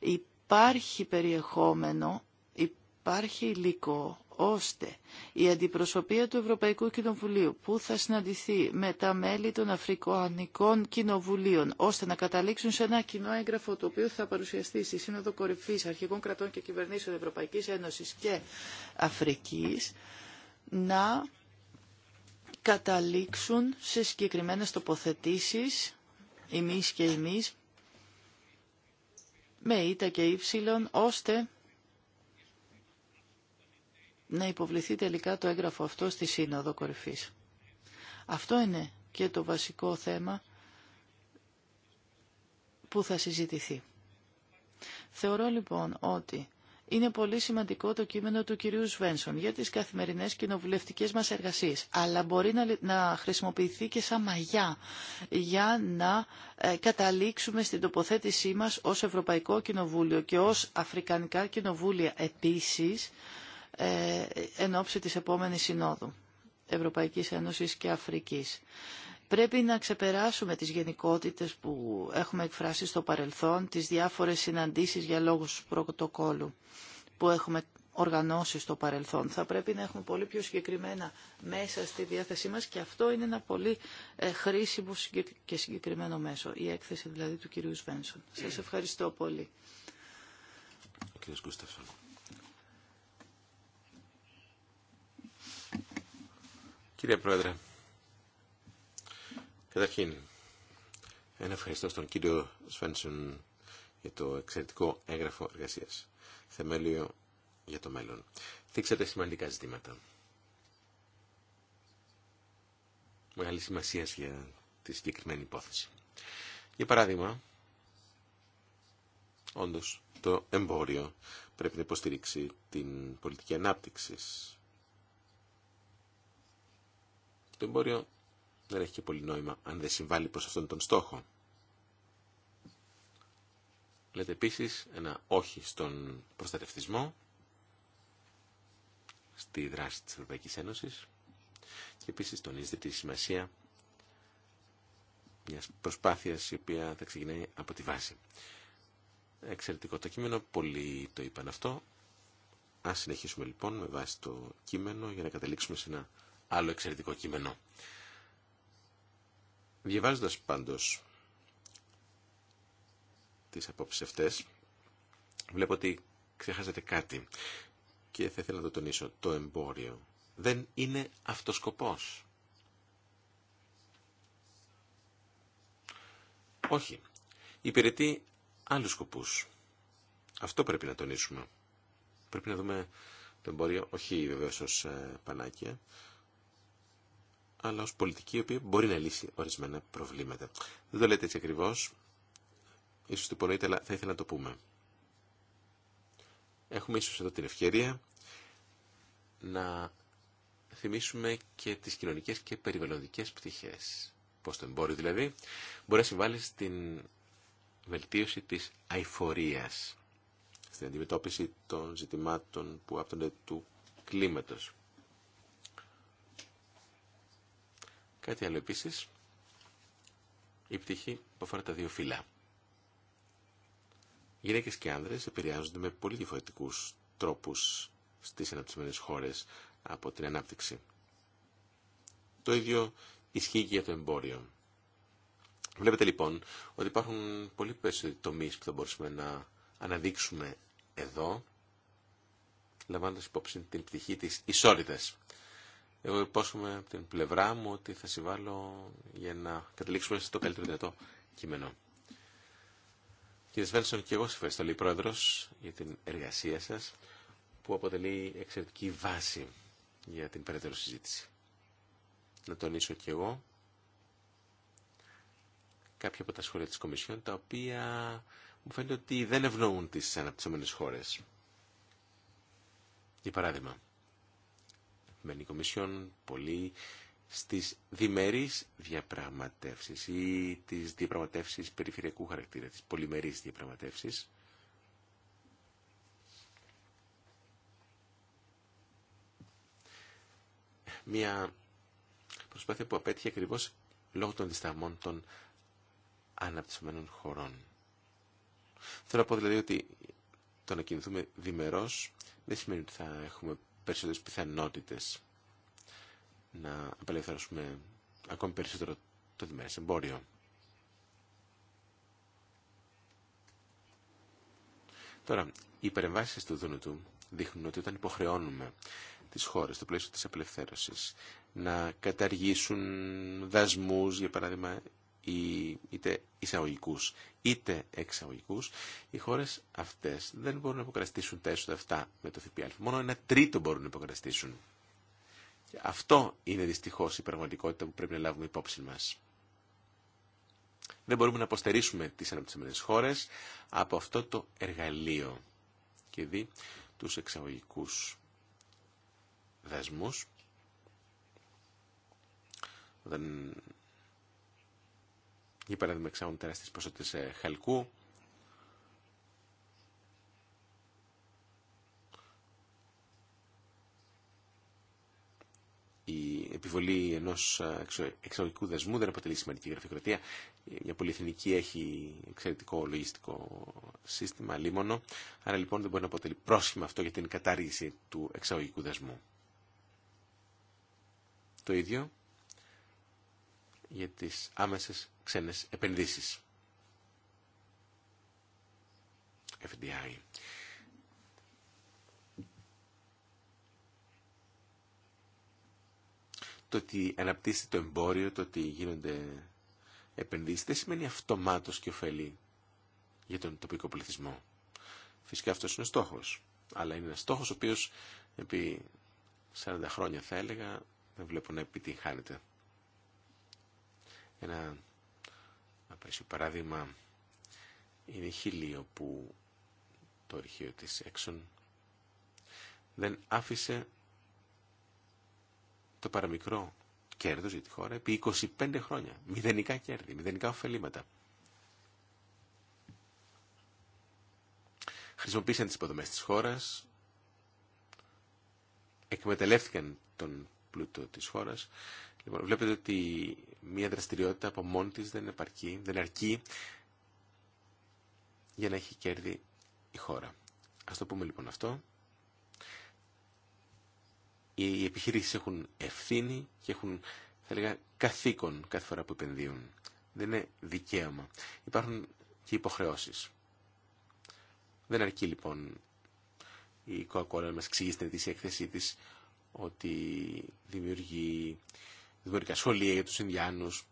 υπάρχει περιεχόμενο, υπάρχει υλικό ώστε η αντιπροσωπεία του Ευρωπαϊκού Κοινοβουλίου που θα συναντηθεί με τα μέλη των Αφρικανικών Κοινοβουλίων ώστε να καταλήξουν σε ένα κοινό έγγραφο το οποίο θα παρουσιαστεί στη Σύνοδο Κορυφής Αρχικών Κρατών και Κυβερνήσεων Ευρωπαϊκής Ένωσης και Αφρικής να καταλήξουν σε συγκεκριμένες τοποθετήσεις εμείς και εμείς με ήττα και ύψιλον ώστε να υποβληθεί τελικά το έγγραφο αυτό στη Σύνοδο Κορυφής. Αυτό είναι και το βασικό θέμα που θα συζητηθεί. Θεωρώ λοιπόν ότι είναι πολύ σημαντικό το κείμενο του κυρίου Σβένσον για τις καθημερινές κοινοβουλευτικές μας εργασίες, αλλά μπορεί να χρησιμοποιηθεί και σαν μαγιά για να ε, καταλήξουμε στην τοποθέτησή μας ως Ευρωπαϊκό Κοινοβούλιο και ως Αφρικανικά Κοινοβούλια επίσης, ε, εν ώψη της επόμενης συνόδου Ευρωπαϊκής Ένωσης και Αφρικής. Πρέπει να ξεπεράσουμε τις γενικότητες που έχουμε εκφράσει στο παρελθόν, τις διάφορες συναντήσεις για λόγους πρωτοκόλου που έχουμε οργανώσει στο παρελθόν. Θα πρέπει να έχουμε πολύ πιο συγκεκριμένα μέσα στη διάθεσή μας και αυτό είναι ένα πολύ ε, χρήσιμο και συγκεκριμένο μέσο, η έκθεση δηλαδή του κυρίου Σβένσον. Σας ευχαριστώ πολύ. Κύριε Πρόεδρε, καταρχήν, ένα ευχαριστώ στον κύριο Σφένσον για το εξαιρετικό έγγραφο εργασία. Θεμέλιο για το μέλλον. Θίξατε σημαντικά ζητήματα. Μεγάλη σημασία για τη συγκεκριμένη υπόθεση. Για παράδειγμα, όντως το εμπόριο πρέπει να υποστηρίξει την πολιτική ανάπτυξης το εμπόριο δεν έχει και πολύ νόημα αν δεν συμβάλλει προς αυτόν τον στόχο. Λέτε επίσης ένα όχι στον προστατευτισμό, στη δράση της Ευρωπαϊκής Ένωσης και επίσης τονίζετε τη σημασία μιας προσπάθειας η οποία θα ξεκινάει από τη βάση. Εξαιρετικό το κείμενο, πολύ το είπαν αυτό. Ας συνεχίσουμε λοιπόν με βάση το κείμενο για να καταλήξουμε σε ένα άλλο εξαιρετικό κείμενο. Διαβάζοντα πάντως τις απόψεις αυτέ βλέπω ότι ξεχάσατε κάτι και θα ήθελα να το τονίσω. Το εμπόριο δεν είναι σκοπό. Όχι. Υπηρετεί άλλους σκοπούς. Αυτό πρέπει να τονίσουμε. Πρέπει να δούμε το εμπόριο, όχι βεβαίω ω ε, πανάκια, αλλά ως πολιτική η οποία μπορεί να λύσει ορισμένα προβλήματα. Δεν το λέτε έτσι ακριβώς, ίσως το υπονοείτε, αλλά θα ήθελα να το πούμε. Έχουμε ίσως εδώ την ευκαιρία να θυμίσουμε και τις κοινωνικές και περιβαλλοντικές πτυχές. Πώς το εμπόριο δηλαδή μπορεί να συμβάλλει στην βελτίωση της αηφορίας, στην αντιμετώπιση των ζητημάτων που άπτονται του κλίματος. Κάτι άλλο επίση. η πτυχή που αφορά τα δύο φύλλα. Γυναίκε και άνδρες επηρεάζονται με πολύ διαφορετικού τρόπους στις αναπτυσσμένε χώρες από την ανάπτυξη. Το ίδιο ισχύει και για το εμπόριο. Βλέπετε λοιπόν ότι υπάρχουν πολύ περισσότεροι τομεί που θα μπορούσαμε να αναδείξουμε εδώ, λαμβάνοντα υπόψη την πτυχή τη ισότητα. Εγώ υπόσχομαι από την πλευρά μου ότι θα συμβάλλω για να καταλήξουμε στο καλύτερο δυνατό κείμενο. Κύριε Σβένσον, και εγώ σας ευχαριστώ, λέει πρόεδρο, για την εργασία σας που αποτελεί εξαιρετική βάση για την περαιτέρω συζήτηση. Να τονίσω και εγώ κάποια από τα σχόλια της Κομισιόν, τα οποία μου φαίνεται ότι δεν ευνοούν τις αναπτυσσόμενες χώρες. Για παράδειγμα, με η Κομισιόν πολύ στις διμερείς διαπραγματεύσεις ή τις διαπραγματεύσεις περιφερειακού χαρακτήρα, τις πολυμερείς διαπραγματεύσεις. Μια προσπάθεια που απέτυχε ακριβώς λόγω των δισταγμών των αναπτυσσομένων χωρών. Θέλω να πω δηλαδή ότι το να κινηθούμε διμερός δεν σημαίνει ότι θα έχουμε περισσότερες πιθανότητες να απελευθερώσουμε ακόμη περισσότερο το διμέρες εμπόριο. Τώρα, οι παρεμβάσεις του Δούνου του δείχνουν ότι όταν υποχρεώνουμε τις χώρες στο πλαίσιο της απελευθέρωσης να καταργήσουν δασμούς, για παράδειγμα είτε εισαγωγικού είτε εξαγωγικού, οι χώρες αυτές δεν μπορούν να υποκαταστήσουν τα έσοδα αυτά με το ΦΠΑ. Μόνο ένα τρίτο μπορούν να υποκαταστήσουν. αυτό είναι δυστυχώ η πραγματικότητα που πρέπει να λάβουμε υπόψη μας. Δεν μπορούμε να αποστερήσουμε τις αναπτυσσόμενε χώρες από αυτό το εργαλείο και δι' τους εξαγωγικούς δασμούς. Για παράδειγμα, εξάγουν τεράστιες ποσότητες ε, χαλκού. Η επιβολή ενός ε, εξαγωγικού δεσμού δεν αποτελεί σημαντική γραφειοκρατία. Μια πολυεθνική έχει εξαιρετικό λογιστικό σύστημα, λίμωνο. Άρα λοιπόν δεν μπορεί να αποτελεί πρόσχημα αυτό για την κατάργηση του εξαγωγικού δεσμού. Το ίδιο για τις άμεσε ξένες επενδύσεις. FDI. Το ότι αναπτύσσεται το εμπόριο, το ότι γίνονται επενδύσεις, δεν σημαίνει αυτομάτως και ωφέλη για τον τοπικό πληθυσμό. Φυσικά αυτός είναι ο στόχος. Αλλά είναι ένας στόχος ο οποίος επί 40 χρόνια θα έλεγα δεν βλέπω να επιτυγχάνεται. Ένα απέσιο παράδειγμα είναι η Χιλίο που το αρχείο της Έξον δεν άφησε το παραμικρό κέρδος για τη χώρα επί 25 χρόνια. Μηδενικά κέρδη, μηδενικά ωφελήματα. Χρησιμοποίησαν τις υποδομές της χώρας, εκμεταλλεύτηκαν τον πλούτο της χώρας. Λοιπόν, βλέπετε ότι μία δραστηριότητα από μόνη της δεν, επαρκεί, δεν αρκεί για να έχει κέρδη η χώρα. Ας το πούμε λοιπόν αυτό. Οι επιχειρήσεις έχουν ευθύνη και έχουν, θα λέγα, καθήκον κάθε φορά που επενδύουν. Δεν είναι δικαίωμα. Υπάρχουν και υποχρεώσεις. Δεν αρκεί λοιπόν η Coca-Cola να μας εξηγεί στην ετήσια εκθέσή της ότι δημιουργεί δημιουργικά σχολεία για τους Ινδιάνους.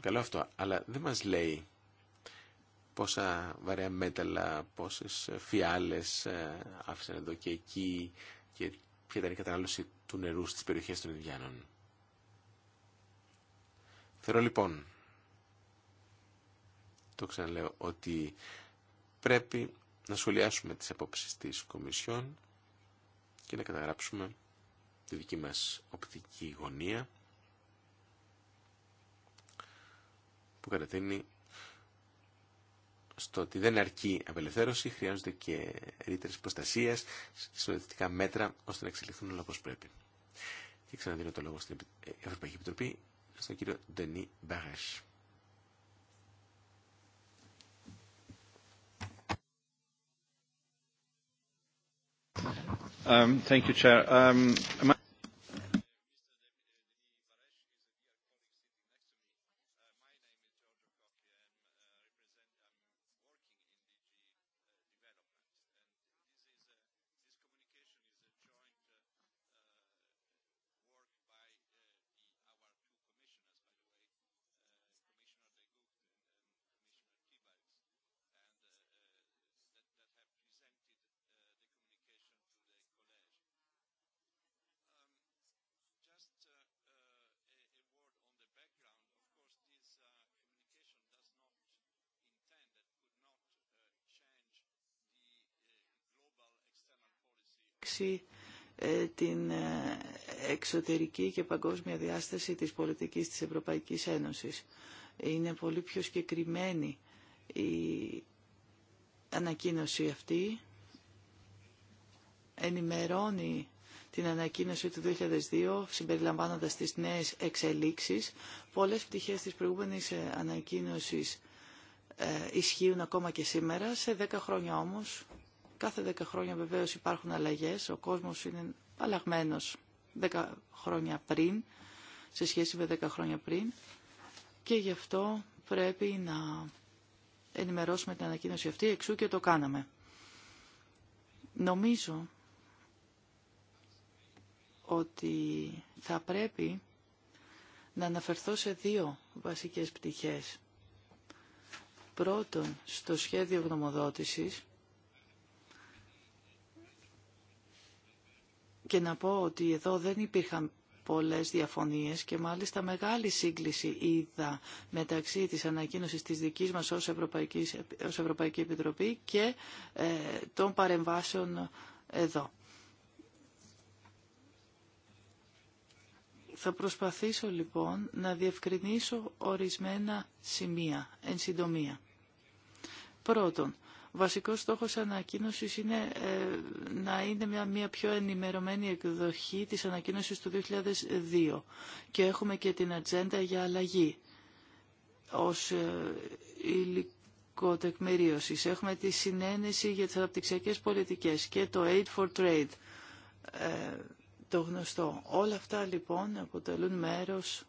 Καλό αυτό, αλλά δεν μας λέει πόσα βαρέα μέταλλα, πόσες ε, φιάλες ε, άφησαν εδώ και εκεί και ποια ήταν η κατανάλωση του νερού στις περιοχές των Ινδιάνων. Θεωρώ λοιπόν, το ξαναλέω, ότι πρέπει να σχολιάσουμε τις απόψεις της Κομισιόν και να καταγράψουμε τη δική μας οπτική γωνία που κατατείνει στο ότι δεν αρκεί απελευθέρωση, χρειάζονται και ρήτρε προστασία, συνοδευτικά μέτρα ώστε να εξελιχθούν όλα όπω πρέπει. Και ξαναδίνω το λόγο στην ε, Ευρωπαϊκή Επιτροπή, στον κύριο Ντενί Μπαγέ. Um, thank you, um, Ε, την ε, εξωτερική και παγκόσμια διάσταση της πολιτικής της Ευρωπαϊκής Ένωσης. Είναι πολύ πιο συγκεκριμένη η ανακοίνωση αυτή. Ενημερώνει την ανακοίνωση του 2002, συμπεριλαμβάνοντας τις νέες εξελίξεις. Πολλές πτυχές της προηγούμενης ε, ανακοίνωσης ισχύουν ακόμα και σήμερα. Σε 10 χρόνια όμως Κάθε δέκα χρόνια βεβαίως υπάρχουν αλλαγές, ο κόσμος είναι αλλαγμένο δέκα χρόνια πριν, σε σχέση με δέκα χρόνια πριν και γι' αυτό πρέπει να ενημερώσουμε την ανακοίνωση αυτή, εξού και το κάναμε. Νομίζω ότι θα πρέπει να αναφερθώ σε δύο βασικές πτυχές. Πρώτον, στο σχέδιο γνωμοδότησης, και να πω ότι εδώ δεν υπήρχαν πολλές διαφωνίες και μάλιστα μεγάλη σύγκληση είδα μεταξύ της ανακοίνωσης της δικής μας ως Ευρωπαϊκή, ως Ευρωπαϊκή Επιτροπή και ε, των παρεμβάσεων εδώ. Θα προσπαθήσω λοιπόν να διευκρινίσω ορισμένα σημεία, εν συντομία. Πρώτον, ο βασικός στόχος ανακοίνωσης είναι ε, να είναι μια, πιο ενημερωμένη εκδοχή της ανακοίνωσης του 2002 και έχουμε και την ατζέντα για αλλαγή ως ε, υλικό Έχουμε τη συνένεση για τις αναπτυξιακές πολιτικές και το Aid for Trade, ε, το γνωστό. Όλα αυτά λοιπόν αποτελούν μέρος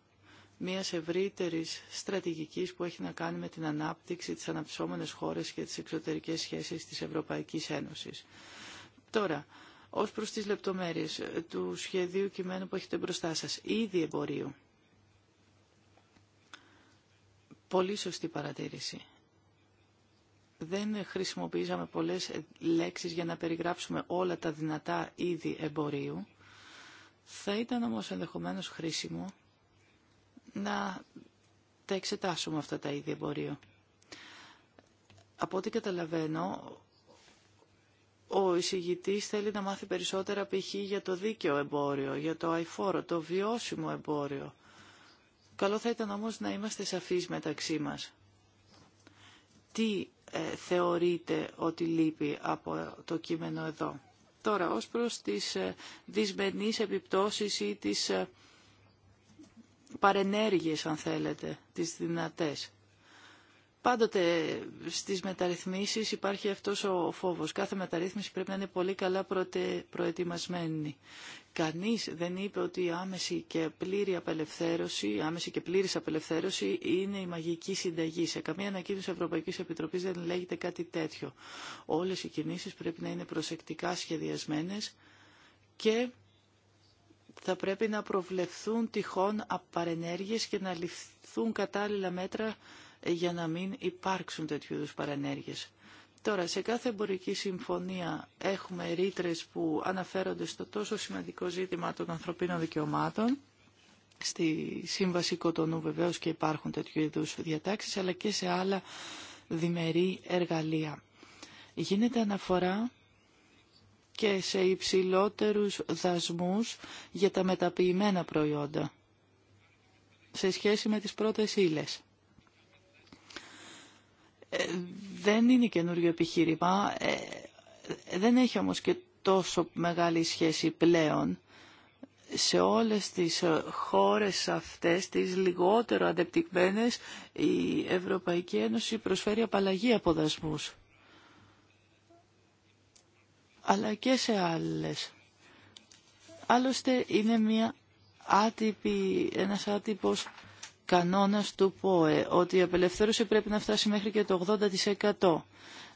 μιας ευρύτερης στρατηγικής που έχει να κάνει με την ανάπτυξη της αναπτυσσόμενες χώρες και τις εξωτερικές σχέσεις της Ευρωπαϊκής Ένωσης. Τώρα, ως προς τις λεπτομέρειες ε, του σχεδίου κειμένου που έχετε μπροστά σας, ήδη εμπορίου. Πολύ σωστή παρατήρηση. Δεν χρησιμοποιήσαμε πολλές λέξεις για να περιγράψουμε όλα τα δυνατά είδη εμπορίου. Θα ήταν όμως ενδεχομένως χρήσιμο να τα εξετάσουμε αυτά τα ίδια εμπόριο. Από ό,τι καταλαβαίνω, ο εισηγητής θέλει να μάθει περισσότερα π.χ. για το δίκαιο εμπόριο, για το αϊφόρο, το βιώσιμο εμπόριο. Καλό θα ήταν όμως να είμαστε σαφείς μεταξύ μας. Τι ε, θεωρείτε ότι λείπει από το κείμενο εδώ. Τώρα, ως προς τις ε, δυσμενείς επιπτώσεις ή τις ε, παρενέργειες, αν θέλετε, τις δυνατές. Πάντοτε στις μεταρρυθμίσεις υπάρχει αυτός ο φόβος. Κάθε μεταρρύθμιση πρέπει να είναι πολύ καλά προετοιμασμένη. Κανείς δεν είπε ότι η άμεση και πλήρη απελευθέρωση, άμεση και πλήρης απελευθέρωση είναι η μαγική συνταγή. Σε καμία ανακοίνωση Ευρωπαϊκής Επιτροπής δεν λέγεται κάτι τέτοιο. Όλες οι κινήσεις πρέπει να είναι προσεκτικά σχεδιασμένες και θα πρέπει να προβλεφθούν τυχόν παρενέργειες και να ληφθούν κατάλληλα μέτρα για να μην υπάρξουν τέτοιου είδους παρενέργειες. Τώρα, σε κάθε εμπορική συμφωνία έχουμε ρήτρε που αναφέρονται στο τόσο σημαντικό ζήτημα των ανθρωπίνων δικαιωμάτων. Στη Σύμβαση Κοτονού βεβαίως και υπάρχουν τέτοιου είδους διατάξεις, αλλά και σε άλλα διμερεί εργαλεία. Γίνεται αναφορά και σε υψηλότερους δασμούς για τα μεταποιημένα προϊόντα σε σχέση με τις πρώτες ύλες. Ε, δεν είναι καινούριο επιχείρημα, ε, δεν έχει όμως και τόσο μεγάλη σχέση πλέον σε όλες τις χώρες αυτές, τις λιγότερο αντεπτυγμένες, η Ευρωπαϊκή Ένωση προσφέρει απαλλαγή από αλλά και σε άλλες. Άλλωστε είναι μια άτυπη, ένας άτυπος κανόνας του ΠΟΕ, ότι η απελευθέρωση πρέπει να φτάσει μέχρι και το 80%.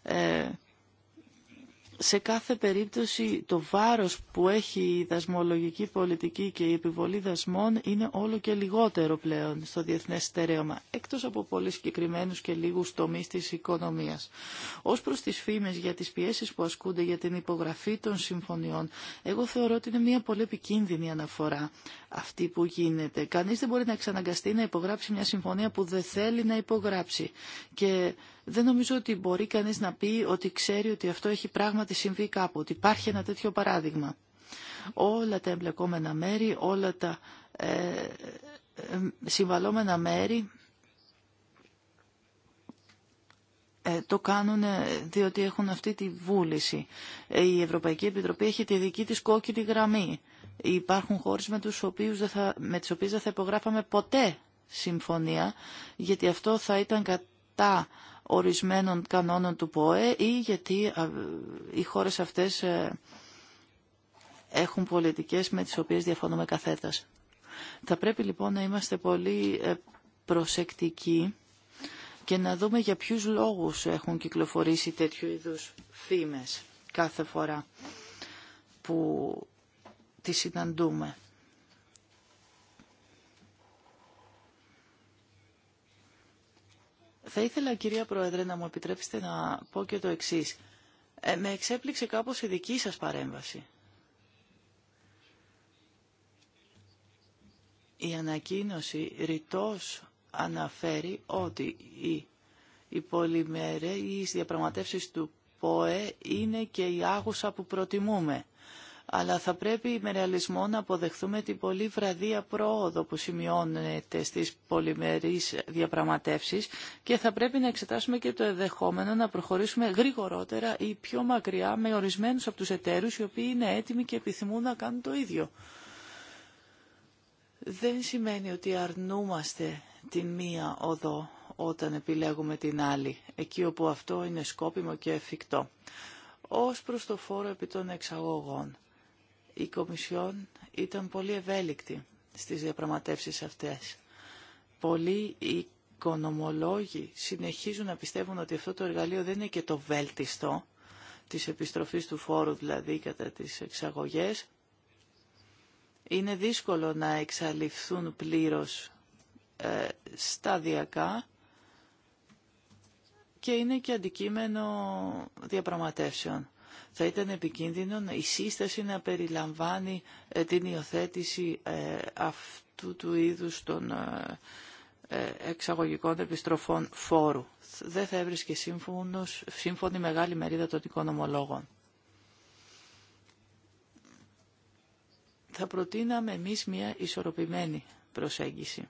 Ε, σε κάθε περίπτωση το βάρος που έχει η δασμολογική πολιτική και η επιβολή δασμών είναι όλο και λιγότερο πλέον στο διεθνές στερέωμα, εκτός από πολύ συγκεκριμένου και λίγους τομείς της οικονομίας. Ως προς τις φήμες για τις πιέσεις που ασκούνται για την υπογραφή των συμφωνιών, εγώ θεωρώ ότι είναι μια πολύ επικίνδυνη αναφορά αυτή που γίνεται. Κανείς δεν μπορεί να εξαναγκαστεί να υπογράψει μια συμφωνία που δεν θέλει να υπογράψει. Και δεν νομίζω ότι μπορεί κανείς να πει ότι ξέρει ότι αυτό έχει πράγματι συμβεί κάπου, ότι υπάρχει ένα τέτοιο παράδειγμα. Όλα τα εμπλεκόμενα μέρη, όλα τα ε, ε μέρη ε, το κάνουν ε, διότι έχουν αυτή τη βούληση. Η Ευρωπαϊκή Επιτροπή έχει τη δική της κόκκινη γραμμή. Υπάρχουν χώρες με, τους οποίους δεν θα, με τις οποίες δεν θα υπογράφαμε ποτέ συμφωνία, γιατί αυτό θα ήταν κατά ορισμένων κανόνων του ΠΟΕ ή γιατί οι χώρες αυτές ε, έχουν πολιτικές με τις οποίες διαφωνούμε καθέτας. Θα πρέπει λοιπόν να είμαστε πολύ ε, προσεκτικοί και να δούμε για ποιους λόγους έχουν κυκλοφορήσει τέτοιου είδους φήμες κάθε φορά που τις συναντούμε. Θα ήθελα, κυρία Πρόεδρε, να μου επιτρέψετε να πω και το εξής. Ε, με εξέπληξε κάπως η δική σας παρέμβαση. Η ανακοίνωση ρητός αναφέρει ότι οι, οι πολυμερείς διαπραγματεύσεις του ΠΟΕ είναι και η άγουσα που προτιμούμε αλλά θα πρέπει με ρεαλισμό να αποδεχθούμε την πολύ βραδία πρόοδο που σημειώνεται στις πολυμερείς διαπραγματεύσεις και θα πρέπει να εξετάσουμε και το εδεχόμενο να προχωρήσουμε γρηγορότερα ή πιο μακριά με ορισμένους από τους εταίρους οι οποίοι είναι έτοιμοι και επιθυμούν να κάνουν το ίδιο. Δεν σημαίνει ότι αρνούμαστε την μία οδό όταν επιλέγουμε την άλλη, εκεί όπου αυτό είναι σκόπιμο και εφικτό. Ως προς το φόρο επί των εξαγωγών η Κομισιόν ήταν πολύ ευέλικτη στις διαπραγματεύσεις αυτές. Πολλοί οικονομολόγοι συνεχίζουν να πιστεύουν ότι αυτό το εργαλείο δεν είναι και το βέλτιστο της επιστροφής του φόρου, δηλαδή κατά τις εξαγωγές. Είναι δύσκολο να εξαλειφθούν πλήρως ε, σταδιακά και είναι και αντικείμενο διαπραγματεύσεων θα ήταν επικίνδυνο η σύσταση να περιλαμβάνει ε, την υιοθέτηση ε, αυτού του είδους των ε, εξαγωγικών επιστροφών φόρου. Δεν θα έβρισκε σύμφωνος, σύμφωνη μεγάλη μερίδα των οικονομολόγων. Θα προτείναμε εμείς μια ισορροπημένη προσέγγιση.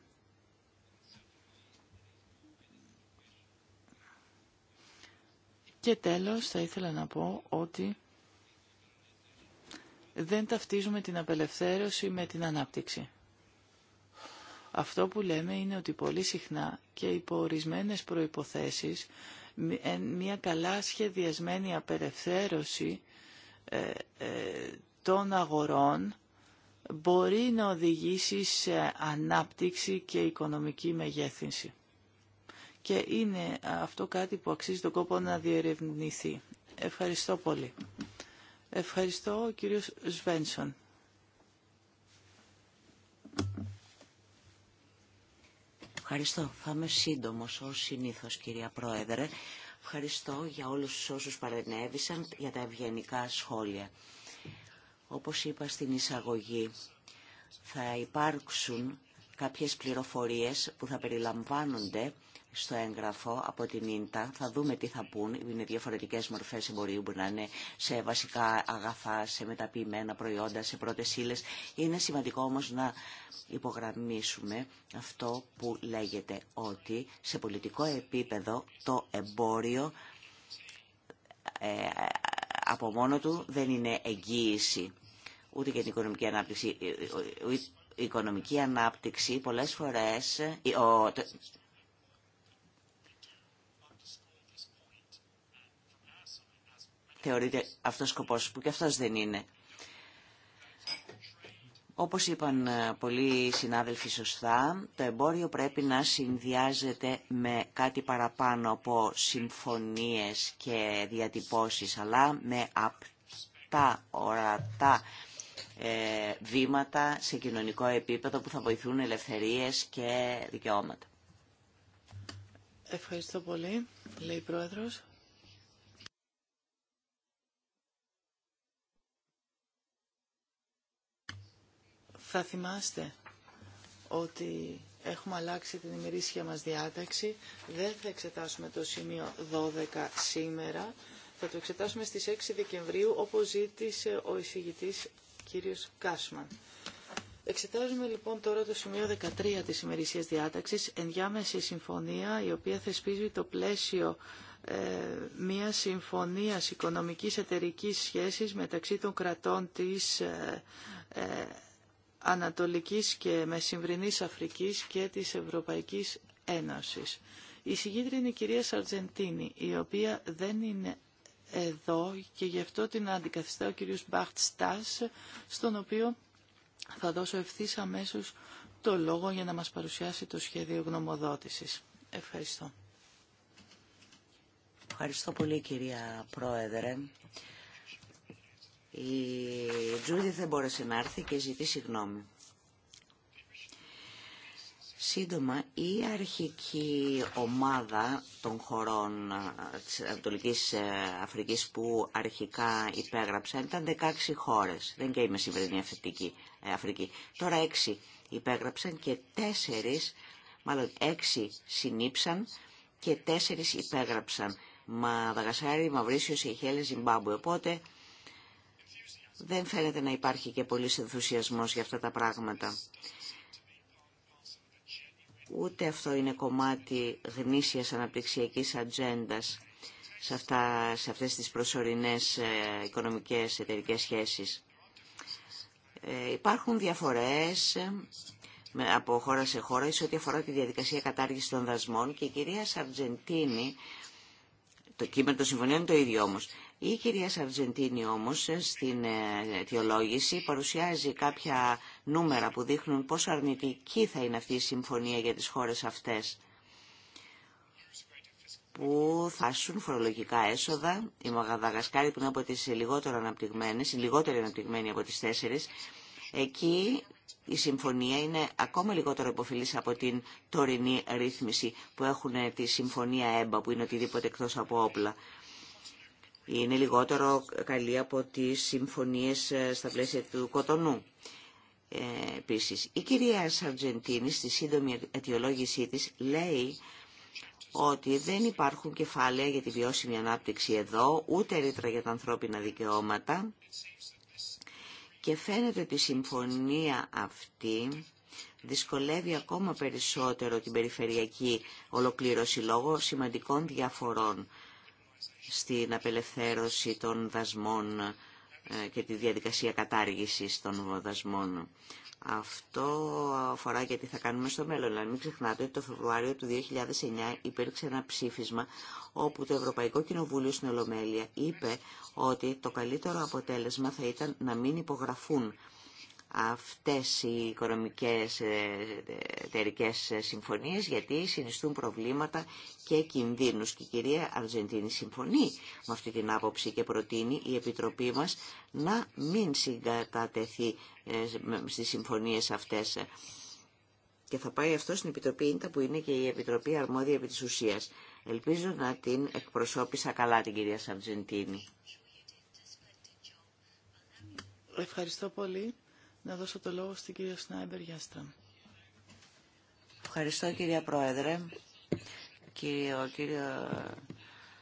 Και τέλος θα ήθελα να πω ότι δεν ταυτίζουμε την απελευθέρωση με την ανάπτυξη. Αυτό που λέμε είναι ότι πολύ συχνά και υπό ορισμένε προϋποθέσεις ε, μια καλά σχεδιασμένη απελευθέρωση ε, ε, των αγορών μπορεί να οδηγήσει σε ανάπτυξη και οικονομική μεγέθυνση και είναι αυτό κάτι που αξίζει τον κόπο να διερευνηθεί. Ευχαριστώ πολύ. Ευχαριστώ ο κύριος Σβένσον. Ευχαριστώ. Θα είμαι σύντομος ως συνήθως κυρία Πρόεδρε. Ευχαριστώ για όλους όσους παρενέβησαν για τα ευγενικά σχόλια. Όπως είπα στην εισαγωγή, θα υπάρξουν κάποιες πληροφορίες που θα περιλαμβάνονται στο έγγραφο από την ίντα. Θα δούμε τι θα πούν. Είναι διαφορετικές μορφές εμπορίου Μπορεί να είναι σε βασικά αγαθά, σε μεταποιημένα προϊόντα, σε πρώτες ύλε. Είναι σημαντικό όμως να υπογραμμίσουμε αυτό που λέγεται ότι σε πολιτικό επίπεδο το εμπόριο ε, από μόνο του δεν είναι εγγύηση ούτε για την οικονομική ανάπτυξη. Ε, ε, ε, η οικονομική ανάπτυξη πολλές φορές, θεωρείται αυτός σκοπός που και αυτός δεν είναι. Όπως είπαν ε, πολλοί συνάδελφοι σωστά, το εμπόριο πρέπει να συνδυάζεται με κάτι παραπάνω από συμφωνίες και διατυπώσεις, αλλά με απτά, ορατά ε, βήματα σε κοινωνικό επίπεδο που θα βοηθούν ελευθερίες και δικαιώματα. Ευχαριστώ πολύ, λέει η Πρόεδρος. Θα θυμάστε ότι έχουμε αλλάξει την ημερήσια μας διάταξη. Δεν θα εξετάσουμε το σημείο 12 σήμερα. Θα το εξετάσουμε στις 6 Δεκεμβρίου, όπως ζήτησε ο εισηγητής κύριος Κάσμαν. Εξετάζουμε λοιπόν τώρα το σημείο 13 της ημερησίας διάταξης, ενδιάμεση συμφωνία η οποία θεσπίζει το πλαίσιο ε, μια συμφωνίας οικονομικής εταιρικής σχέσης μεταξύ των κρατών της ε, ε, Ανατολικής και Μεσημβρινής Αφρικής και της Ευρωπαϊκής Ένωσης. Η συγκίτρια είναι η κυρία Σαρτζεντίνη, η οποία δεν είναι εδώ και γι' αυτό την αντικαθιστά ο κύριος Μπαχτ Στάς, στον οποίο θα δώσω ευθύ αμέσω το λόγο για να μας παρουσιάσει το σχέδιο γνωμοδότησης. Ευχαριστώ. Ευχαριστώ πολύ κυρία Πρόεδρε. Η Τζούδη δεν μπόρεσε να έρθει και ζητεί συγγνώμη. Σύντομα, η αρχική ομάδα των χωρών της Ανατολικής ε, Αφρικής που αρχικά υπέγραψαν ήταν 16 χώρες. Δεν και είμαι αυθεντική ε, Αφρική. Τώρα 6 υπέγραψαν και 4, μάλλον 6 συνήψαν και 4 υπέγραψαν. Μαδαγασάρι, Μαυρίσιο, Σιχέλη, Ζιμπάμπου. Οπότε δεν φαίνεται να υπάρχει και πολύ ενθουσιασμός για αυτά τα πράγματα. Ούτε αυτό είναι κομμάτι γνήσιας αναπτυξιακής ατζέντα σε, αυτά, σε αυτές τις προσωρινές ε, οικονομικές εταιρικές σχέσεις. Ε, υπάρχουν διαφορές ε, από χώρα σε χώρα σε ό,τι αφορά τη διαδικασία κατάργησης των δασμών και η κυρία Σαρτζεντίνη, το κείμενο των συμφωνιών είναι το ίδιο όμως, η κυρία Σαρτζεντίνη όμως στην αιτιολόγηση παρουσιάζει κάποια νούμερα που δείχνουν πόσο αρνητική θα είναι αυτή η συμφωνία για τις χώρες αυτές που θα σουν φορολογικά έσοδα, η Μαγαδαγασκάρη που είναι από τις λιγότερο αναπτυγμένες, λιγότερο λιγότερη αναπτυγμένη από τις τέσσερις, εκεί η συμφωνία είναι ακόμα λιγότερο υποφιλής από την τωρινή ρύθμιση που έχουν τη συμφωνία ΕΜΠΑ που είναι οτιδήποτε εκτός από όπλα είναι λιγότερο καλή από τις συμφωνίες ε, στα πλαίσια του Κοτονού. Ε, επίσης, η κυρία Σαρτζεντίνη στη σύντομη αιτιολόγησή της λέει ότι δεν υπάρχουν κεφάλαια για τη βιώσιμη ανάπτυξη εδώ, ούτε ρήτρα για τα ανθρώπινα δικαιώματα και φαίνεται ότι η συμφωνία αυτή δυσκολεύει ακόμα περισσότερο την περιφερειακή ολοκλήρωση λόγω σημαντικών διαφορών στην απελευθέρωση των δασμών ε, και τη διαδικασία κατάργησης των δασμών. Αυτό αφορά γιατί θα κάνουμε στο μέλλον. Αλλά δηλαδή, μην ξεχνάτε ότι το Φεβρουάριο του 2009 υπήρξε ένα ψήφισμα όπου το Ευρωπαϊκό Κοινοβούλιο στην Ολομέλεια είπε ότι το καλύτερο αποτέλεσμα θα ήταν να μην υπογραφούν αυτές οι οικονομικές ε, εταιρικέ ε, συμφωνίες γιατί συνιστούν προβλήματα και κινδύνους και η κυρία Αργεντίνη συμφωνεί με αυτή την άποψη και προτείνει η Επιτροπή μας να μην συγκατατεθεί ε, στις συμφωνίες αυτές και θα πάει αυτό στην Επιτροπή Ίντα που είναι και η Επιτροπή Αρμόδια επί της ουσίας. Ελπίζω να την εκπροσώπησα καλά την κυρία Σαρτζεντίνη. Ευχαριστώ πολύ να δώσω το λόγο στην κυρία Σνάιμπερ Γιάστραμ. Ευχαριστώ κυρία Πρόεδρε. Κύριο, κύριο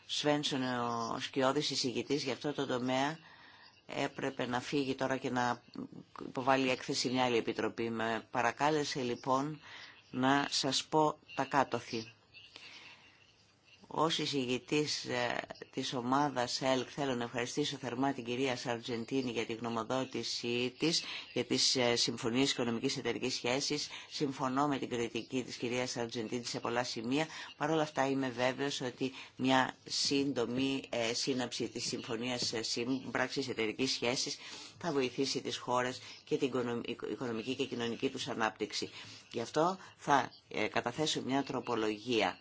Σβένσον, ο σκιώδης εισηγητής για αυτό το τομέα, έπρεπε να φύγει τώρα και να υποβάλει έκθεση μια άλλη επιτροπή. Με παρακάλεσε λοιπόν να σας πω τα κάτωθη. Ως εισηγητής ε, της ομάδας ΕΛΚ θέλω να ευχαριστήσω θερμά την κυρία Σαρτζεντίνη για τη γνωμοδότησή της για τις ε, συμφωνίες οικονομικής εταιρικής σχέσης. Συμφωνώ με την κριτική της κυρίας Σαρτζεντίνη σε πολλά σημεία. Παρ' όλα αυτά είμαι βέβαιος ότι μια σύντομη ε, σύναψη της συμφωνίας σύμπραξης εταιρικής σχέσης θα βοηθήσει τις χώρες και την οικονομική και κοινωνική τους ανάπτυξη. Γι' αυτό θα καταθέσω μια τροπολογία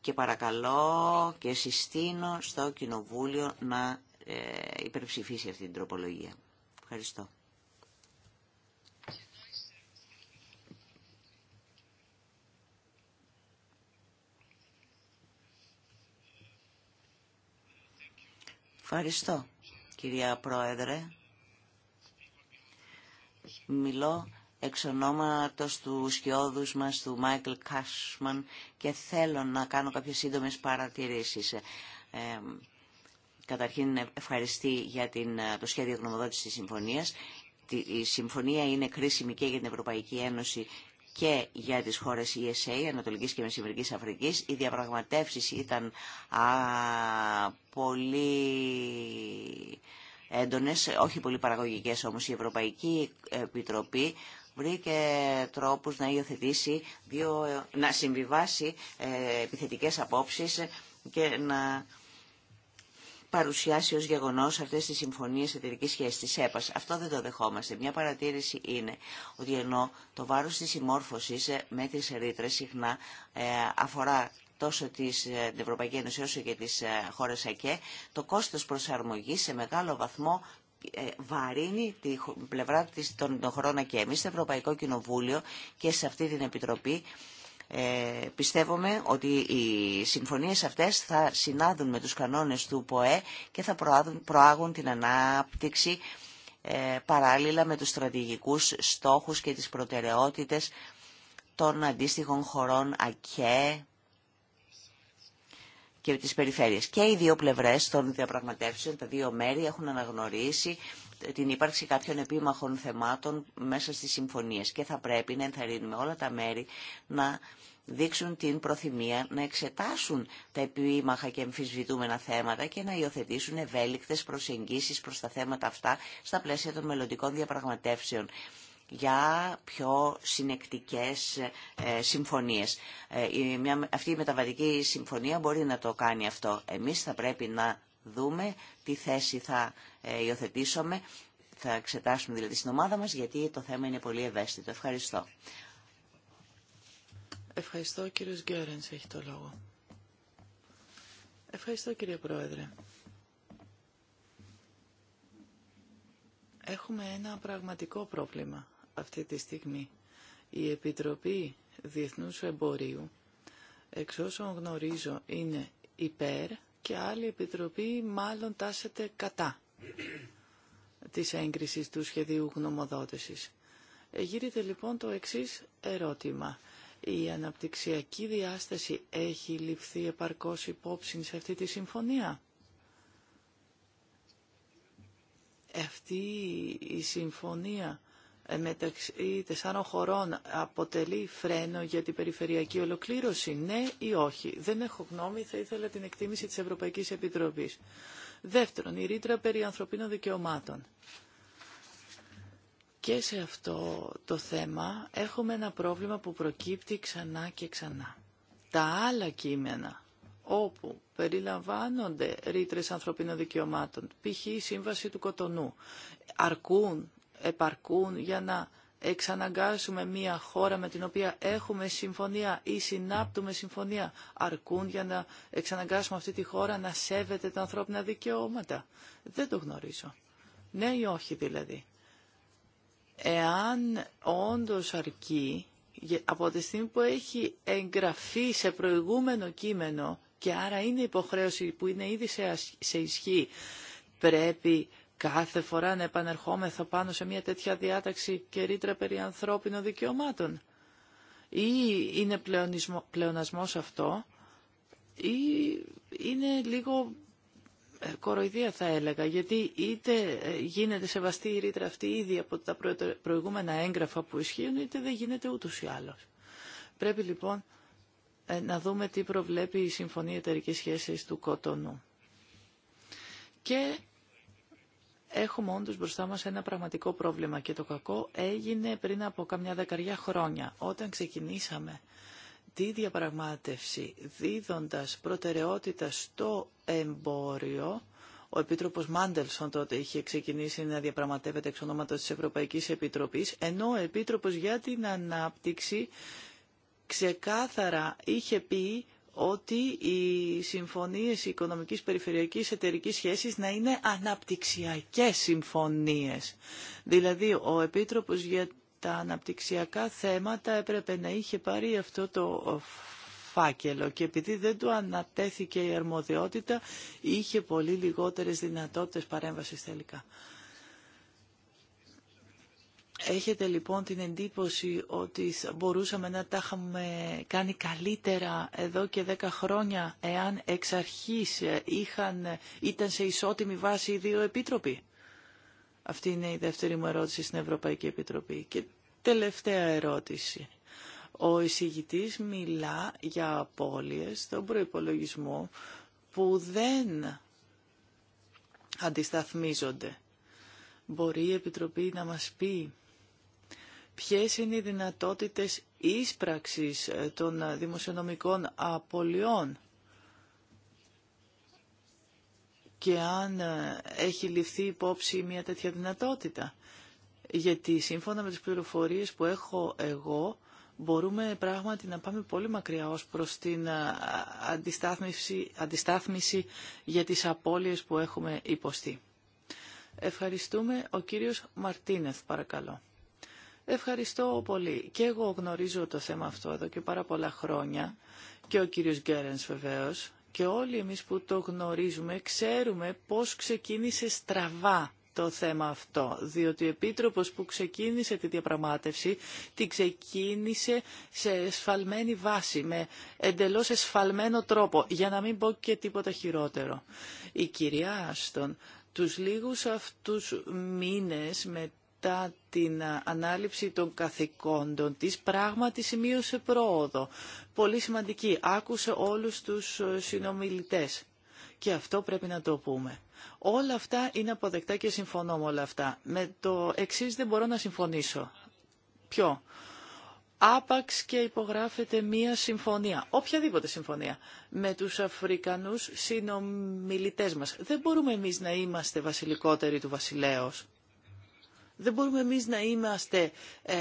και παρακαλώ και συστήνω στο Κοινοβούλιο να ε, υπερψηφίσει αυτή την τροπολογία. Ευχαριστώ. Ευχαριστώ, κυρία Πρόεδρε. Μιλώ εξ του σκιώδους μας, του Μάικλ Κάσμαν και θέλω να κάνω κάποιες σύντομες παρατηρήσεις. Ε, καταρχήν ευχαριστή για την, ε, το σχέδιο γνωμοδότησης της συμφωνίας. Η συμφωνία είναι κρίσιμη και για την Ευρωπαϊκή Ένωση και για τις χώρες ESA, Ανατολικής και Μεσημερικής Αφρικής. Οι διαπραγματεύσεις ήταν πολύ έντονες, όχι πολύ παραγωγικές όμως η Ευρωπαϊκή Επιτροπή βρήκε τρόπους να υιοθετήσει, να συμβιβάσει ε, επιθετικές απόψεις και να παρουσιάσει ως γεγονός αυτές τις συμφωνίες εταιρικής σχέσης της ΕΠΑΣ. Αυτό δεν το δεχόμαστε. Μια παρατήρηση είναι ότι ενώ το βάρος της συμμόρφωσης ε, με τις ρήτρες συχνά ε, αφορά τόσο της, την Ευρωπαϊκή Ένωση όσο και τις χώρες ΑΚΕ, το κόστος προσαρμογής σε μεγάλο βαθμό ε, βαρύνει την πλευρά της τον χρόνο και εμείς στο Ευρωπαϊκό Κοινοβούλιο και σε αυτή την Επιτροπή ε, πιστεύουμε ότι οι συμφωνίες αυτές θα συνάδουν με τους κανόνες του ΠΟΕ και θα προάγουν, την ανάπτυξη ε, παράλληλα με τους στρατηγικούς στόχους και τις προτεραιότητες των αντίστοιχων χωρών ΑΚΕ και τις περιφέρειες. Και οι δύο πλευρές των διαπραγματεύσεων, τα δύο μέρη έχουν αναγνωρίσει την ύπαρξη κάποιων επίμαχων θεμάτων μέσα στις συμφωνίες και θα πρέπει να ενθαρρύνουμε όλα τα μέρη να δείξουν την προθυμία να εξετάσουν τα επίμαχα και εμφισβητούμενα θέματα και να υιοθετήσουν ευέλικτες προσεγγίσεις προς τα θέματα αυτά στα πλαίσια των μελλοντικών διαπραγματεύσεων για πιο συνεκτικές ε, συμφωνίες. Ε, αυτή η μεταβατική συμφωνία μπορεί να το κάνει αυτό. Εμείς θα πρέπει να δούμε τι θέση θα ε, υιοθετήσουμε, θα εξετάσουμε δηλαδή στην ομάδα μας, γιατί το θέμα είναι πολύ ευαίσθητο. Ευχαριστώ. Ευχαριστώ, κύριος Γκέρενς έχει το λόγο. Ευχαριστώ, κύριε Πρόεδρε. Έχουμε ένα πραγματικό πρόβλημα αυτή τη στιγμή. Η Επιτροπή Διεθνούς Εμπορίου, εξ όσων γνωρίζω, είναι υπέρ και άλλη επιτροπή μάλλον τάσεται κατά της έγκρισης του σχεδίου γνωμοδότησης. Ε, γύρεται λοιπόν το εξής ερώτημα. Η αναπτυξιακή διάσταση έχει ληφθεί επαρκώς υπόψη σε αυτή τη συμφωνία. Αυτή η συμφωνία μεταξύ τεσσάρων χωρών αποτελεί φρένο για την περιφερειακή ολοκλήρωση, ναι ή όχι. Δεν έχω γνώμη, θα ήθελα την εκτίμηση της Ευρωπαϊκής Επιτροπής. Δεύτερον, η ρήτρα περί ανθρωπίνων δικαιωμάτων. Και σε αυτό το θέμα έχουμε ένα πρόβλημα που προκύπτει ξανά και ξανά. Τα άλλα κείμενα όπου περιλαμβάνονται ρήτρες ανθρωπίνων δικαιωμάτων, π.χ. η Σύμβαση του Κοτονού, αρκούν επαρκούν για να εξαναγκάσουμε μια χώρα με την οποία έχουμε συμφωνία ή συνάπτουμε συμφωνία αρκούν για να εξαναγκάσουμε αυτή τη χώρα να σέβεται τα ανθρώπινα δικαιώματα. Δεν το γνωρίζω. Ναι ή όχι δηλαδή. Εάν όντως αρκεί, από τη στιγμή που έχει εγγραφεί σε προηγούμενο κείμενο και άρα είναι υποχρέωση που είναι ήδη σε ισχύ, πρέπει κάθε φορά να επανερχόμεθα πάνω σε μια τέτοια διάταξη και ρήτρα περί ανθρώπινων δικαιωμάτων. Ή είναι πλεονασμός αυτό, ή είναι λίγο ε, κοροϊδία θα έλεγα, γιατί είτε ε, γίνεται σεβαστή η ρήτρα αυτή ήδη από τα προηγούμενα έγγραφα που ισχύουν, είτε δεν γίνεται ούτως ή άλλως. Πρέπει λοιπόν ε, να δούμε τι προβλέπει η Συμφωνία Εταιρικής Σχέσης του Κοτονού. Και Έχουμε όντως μπροστά μας ένα πραγματικό πρόβλημα και το κακό έγινε πριν από καμιά δεκαριά χρόνια όταν ξεκινήσαμε τη διαπραγμάτευση δίδοντας προτεραιότητα στο εμπόριο ο Επίτροπος Μάντελσον τότε είχε ξεκινήσει να διαπραγματεύεται εξ ονόματος της Ευρωπαϊκής Επιτροπής, ενώ ο Επίτροπος για την Ανάπτυξη ξεκάθαρα είχε πει ότι οι συμφωνίες οικονομικής περιφερειακής εταιρικής σχέσης να είναι αναπτυξιακές συμφωνίες. Δηλαδή ο Επίτροπος για τα αναπτυξιακά θέματα έπρεπε να είχε πάρει αυτό το φάκελο και επειδή δεν του ανατέθηκε η αρμοδιότητα είχε πολύ λιγότερες δυνατότητες παρέμβασης τελικά. Έχετε λοιπόν την εντύπωση ότι μπορούσαμε να τα είχαμε κάνει καλύτερα εδώ και δέκα χρόνια εάν εξ αρχής είχαν, ήταν σε ισότιμη βάση οι δύο επίτροποι. Αυτή είναι η δεύτερη μου ερώτηση στην Ευρωπαϊκή Επιτροπή. Και τελευταία ερώτηση. Ο εισηγητής μιλά για απώλειες στον προϋπολογισμό που δεν αντισταθμίζονται. Μπορεί η Επιτροπή να μας πει ποιες είναι οι δυνατότητες ίσπραξης ε, των ε, δημοσιονομικών απολειών και αν ε, έχει ληφθεί υπόψη μια τέτοια δυνατότητα. Γιατί σύμφωνα με τις πληροφορίες που έχω εγώ, μπορούμε πράγματι να πάμε πολύ μακριά ως προς την αντιστάθμιση, για τις απώλειες που έχουμε υποστεί. Ευχαριστούμε. Ο κύριος Μαρτίνεθ, παρακαλώ. Ευχαριστώ πολύ. Και εγώ γνωρίζω το θέμα αυτό εδώ και πάρα πολλά χρόνια και ο κύριος Γκέρενς βεβαίως και όλοι εμείς που το γνωρίζουμε ξέρουμε πώς ξεκίνησε στραβά το θέμα αυτό, διότι ο Επίτροπος που ξεκίνησε τη διαπραγμάτευση την ξεκίνησε σε εσφαλμένη βάση, με εντελώς εσφαλμένο τρόπο, για να μην πω και τίποτα χειρότερο. Η κυρία Άστον τους λίγους αυτούς μήνες με μετά την ε, ανάληψη των καθηκόντων της πράγματι σημείωσε πρόοδο. Πολύ σημαντική. Άκουσε όλους τους ε, συνομιλητές. Και αυτό πρέπει να το πούμε. Όλα αυτά είναι αποδεκτά και συμφωνώ με όλα αυτά. Με το εξή δεν μπορώ να συμφωνήσω. Ποιο. Άπαξ και υπογράφεται μία συμφωνία, οποιαδήποτε συμφωνία, με τους Αφρικανούς συνομιλητές μας. Δεν μπορούμε εμείς να είμαστε βασιλικότεροι του βασιλέως. Δεν μπορούμε εμείς να είμαστε ε,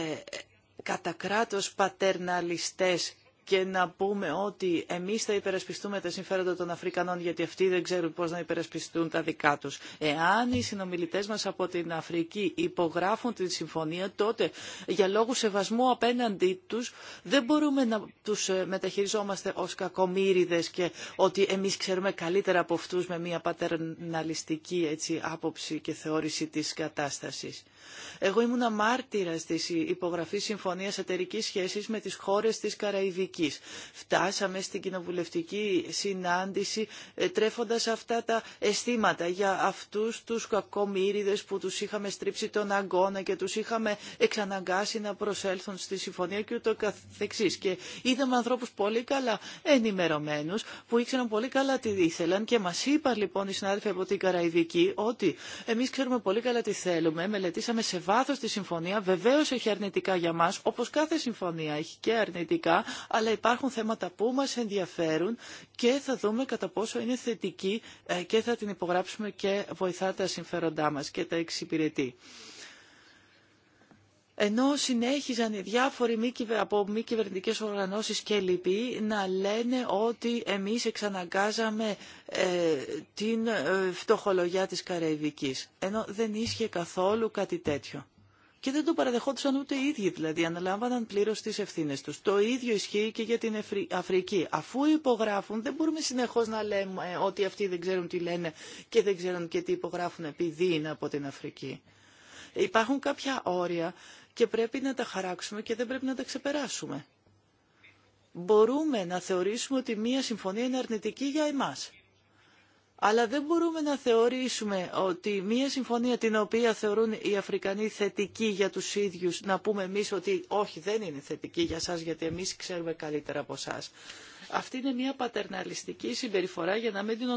κατά κράτος πατερναλιστές και να πούμε ότι εμείς θα υπερασπιστούμε τα συμφέροντα των Αφρικανών γιατί αυτοί δεν ξέρουν πώς να υπερασπιστούν τα δικά τους. Εάν οι συνομιλητές μας από την Αφρική υπογράφουν την συμφωνία τότε για λόγους σεβασμού απέναντί τους δεν μπορούμε να τους ε, μεταχειριζόμαστε ως κακομύριδες και ότι εμείς ξέρουμε καλύτερα από αυτούς με μια πατερναλιστική έτσι, άποψη και θεώρηση της κατάστασης. Εγώ ήμουν μάρτυρα της υπογραφής συμφωνίας εταιρικής σχέσης με τις χώρες της Καραϊβικής Φτάσαμε στην κοινοβουλευτική συνάντηση ε, τρέφοντας αυτά τα αισθήματα για αυτούς τους κακομύριδες που τους είχαμε στρίψει τον αγώνα και τους είχαμε εξαναγκάσει να προσέλθουν στη συμφωνία και ούτω καθεξής. Και είδαμε ανθρώπους πολύ καλά ενημερωμένους που ήξεραν πολύ καλά τι ήθελαν και μας είπαν λοιπόν οι συνάδελφοι από την Καραϊβική ότι εμείς ξέρουμε πολύ καλά τι θέλουμε, μελετήσαμε σε βάθος τη συμφωνία, βεβαίως έχει αρνητικά για μας όπως κάθε συμφωνία έχει και αρνητικά, αλλά υπάρχουν θέματα που μας ενδιαφέρουν και θα δούμε κατά πόσο είναι θετική ε, και θα την υπογράψουμε και βοηθά τα συμφέροντά μας και τα εξυπηρετεί. Ενώ συνέχιζαν οι διάφοροι από μη κυβερνητικέ οργανώσει και λοιποί να λένε ότι εμεί εξαναγκάζαμε ε, την ε, φτωχολογιά τη Καραϊβική. Ενώ δεν ίσχυε καθόλου κάτι τέτοιο και δεν το παραδεχόντουσαν ούτε οι ίδιοι, δηλαδή αναλάμβαναν πλήρω τι ευθύνε του. Το ίδιο ισχύει και για την Αφρική. Αφού υπογράφουν, δεν μπορούμε συνεχώ να λέμε ε, ότι αυτοί δεν ξέρουν τι λένε και δεν ξέρουν και τι υπογράφουν επειδή είναι από την Αφρική. Υπάρχουν κάποια όρια και πρέπει να τα χαράξουμε και δεν πρέπει να τα ξεπεράσουμε. Μπορούμε να θεωρήσουμε ότι μία συμφωνία είναι αρνητική για εμάς. Αλλά δεν μπορούμε να θεωρήσουμε ότι μία συμφωνία την οποία θεωρούν οι Αφρικανοί θετική για τους ίδιους, να πούμε εμείς ότι όχι δεν είναι θετική για σας γιατί εμείς ξέρουμε καλύτερα από εσά. Αυτή είναι μια πατερναλιστική συμπεριφορά για να μην την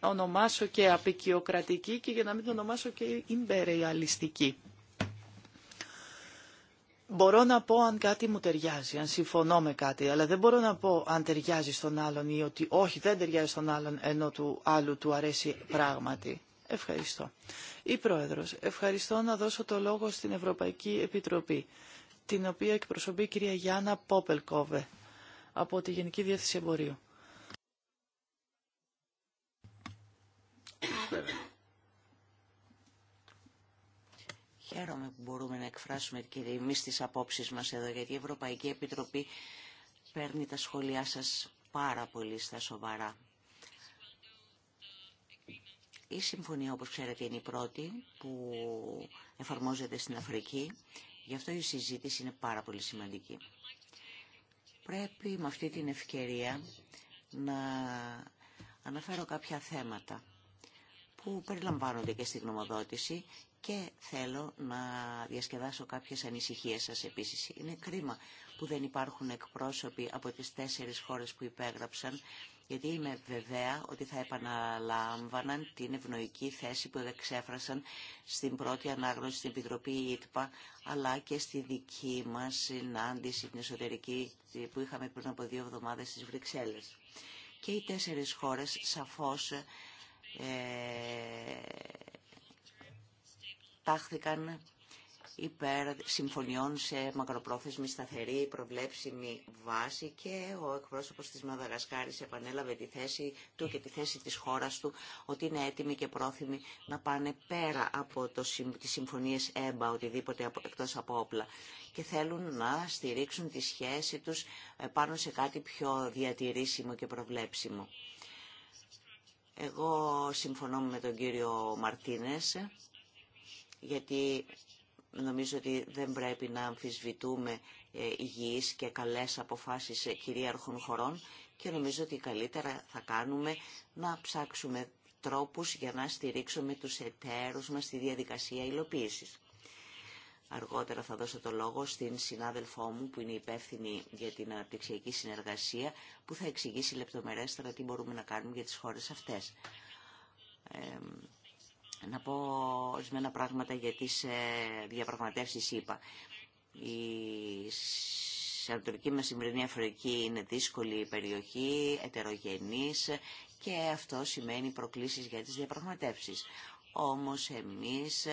ονομάσω και απεικιοκρατική και για να μην την ονομάσω και υπεραιαλιστική μπορώ να πω αν κάτι μου ταιριάζει, αν συμφωνώ με κάτι, αλλά δεν μπορώ να πω αν ταιριάζει στον άλλον ή ότι όχι δεν ταιριάζει στον άλλον ενώ του άλλου του αρέσει πράγματι. Ευχαριστώ. Η Πρόεδρος, ευχαριστώ να δώσω το λόγο στην Ευρωπαϊκή Επιτροπή, την οποία εκπροσωπεί η κυρία Γιάννα Πόπελκόβε από τη Γενική Διεύθυνση Εμπορίου. Χαίρομαι που μπορούμε να εκφράσουμε και εμεί τις απόψεις μας εδώ, γιατί η Ευρωπαϊκή Επιτροπή παίρνει τα σχόλιά σας πάρα πολύ στα σοβαρά. Η συμφωνία, όπως ξέρετε, είναι η πρώτη που εφαρμόζεται στην Αφρική. Γι' αυτό η συζήτηση είναι πάρα πολύ σημαντική. Πρέπει με αυτή την ευκαιρία να αναφέρω κάποια θέματα που περιλαμβάνονται και στη γνωμοδότηση και θέλω να διασκεδάσω κάποιες ανησυχίες σας επίσης. Είναι κρίμα που δεν υπάρχουν εκπρόσωποι από τις τέσσερις χώρες που υπέγραψαν, γιατί είμαι βεβαία ότι θα επαναλάμβαναν την ευνοϊκή θέση που εξέφρασαν στην πρώτη ανάγνωση στην Επιτροπή ΙΤΠΑ, αλλά και στη δική μας συνάντηση την εσωτερική που είχαμε πριν από δύο εβδομάδες στις Βρυξέλλες. Και οι τέσσερις χώρες σαφώς ε, τάχθηκαν υπέρ συμφωνιών σε μακροπρόθεσμη σταθερή προβλέψιμη βάση και ο εκπρόσωπος της Μαδαγασκάρης επανέλαβε τη θέση του και τη θέση της χώρας του ότι είναι έτοιμοι και πρόθυμοι να πάνε πέρα από το, τις συμφωνίες ΕΜΠΑ, οτιδήποτε εκτός από όπλα και θέλουν να στηρίξουν τη σχέση τους ε, πάνω σε κάτι πιο διατηρήσιμο και προβλέψιμο. Εγώ συμφωνώ με τον κύριο Μαρτίνες γιατί νομίζω ότι δεν πρέπει να αμφισβητούμε ε, υγιείς και καλές αποφάσεις ε, κυρίαρχων χωρών και νομίζω ότι καλύτερα θα κάνουμε να ψάξουμε τρόπους για να στηρίξουμε τους εταίρους μας στη διαδικασία υλοποίησης. Αργότερα θα δώσω το λόγο στην συνάδελφό μου που είναι υπεύθυνη για την αναπτυξιακή συνεργασία που θα εξηγήσει λεπτομερέστερα τι μπορούμε να κάνουμε για τις χώρες αυτές. Ε, να πω ορισμένα πράγματα για τις ε, διαπραγματεύσεις είπα. Η Ανατολική μας Σημερινή Αφρική είναι δύσκολη περιοχή, ετερογενής και αυτό σημαίνει προκλήσεις για τις διαπραγματεύσεις. Όμως εμείς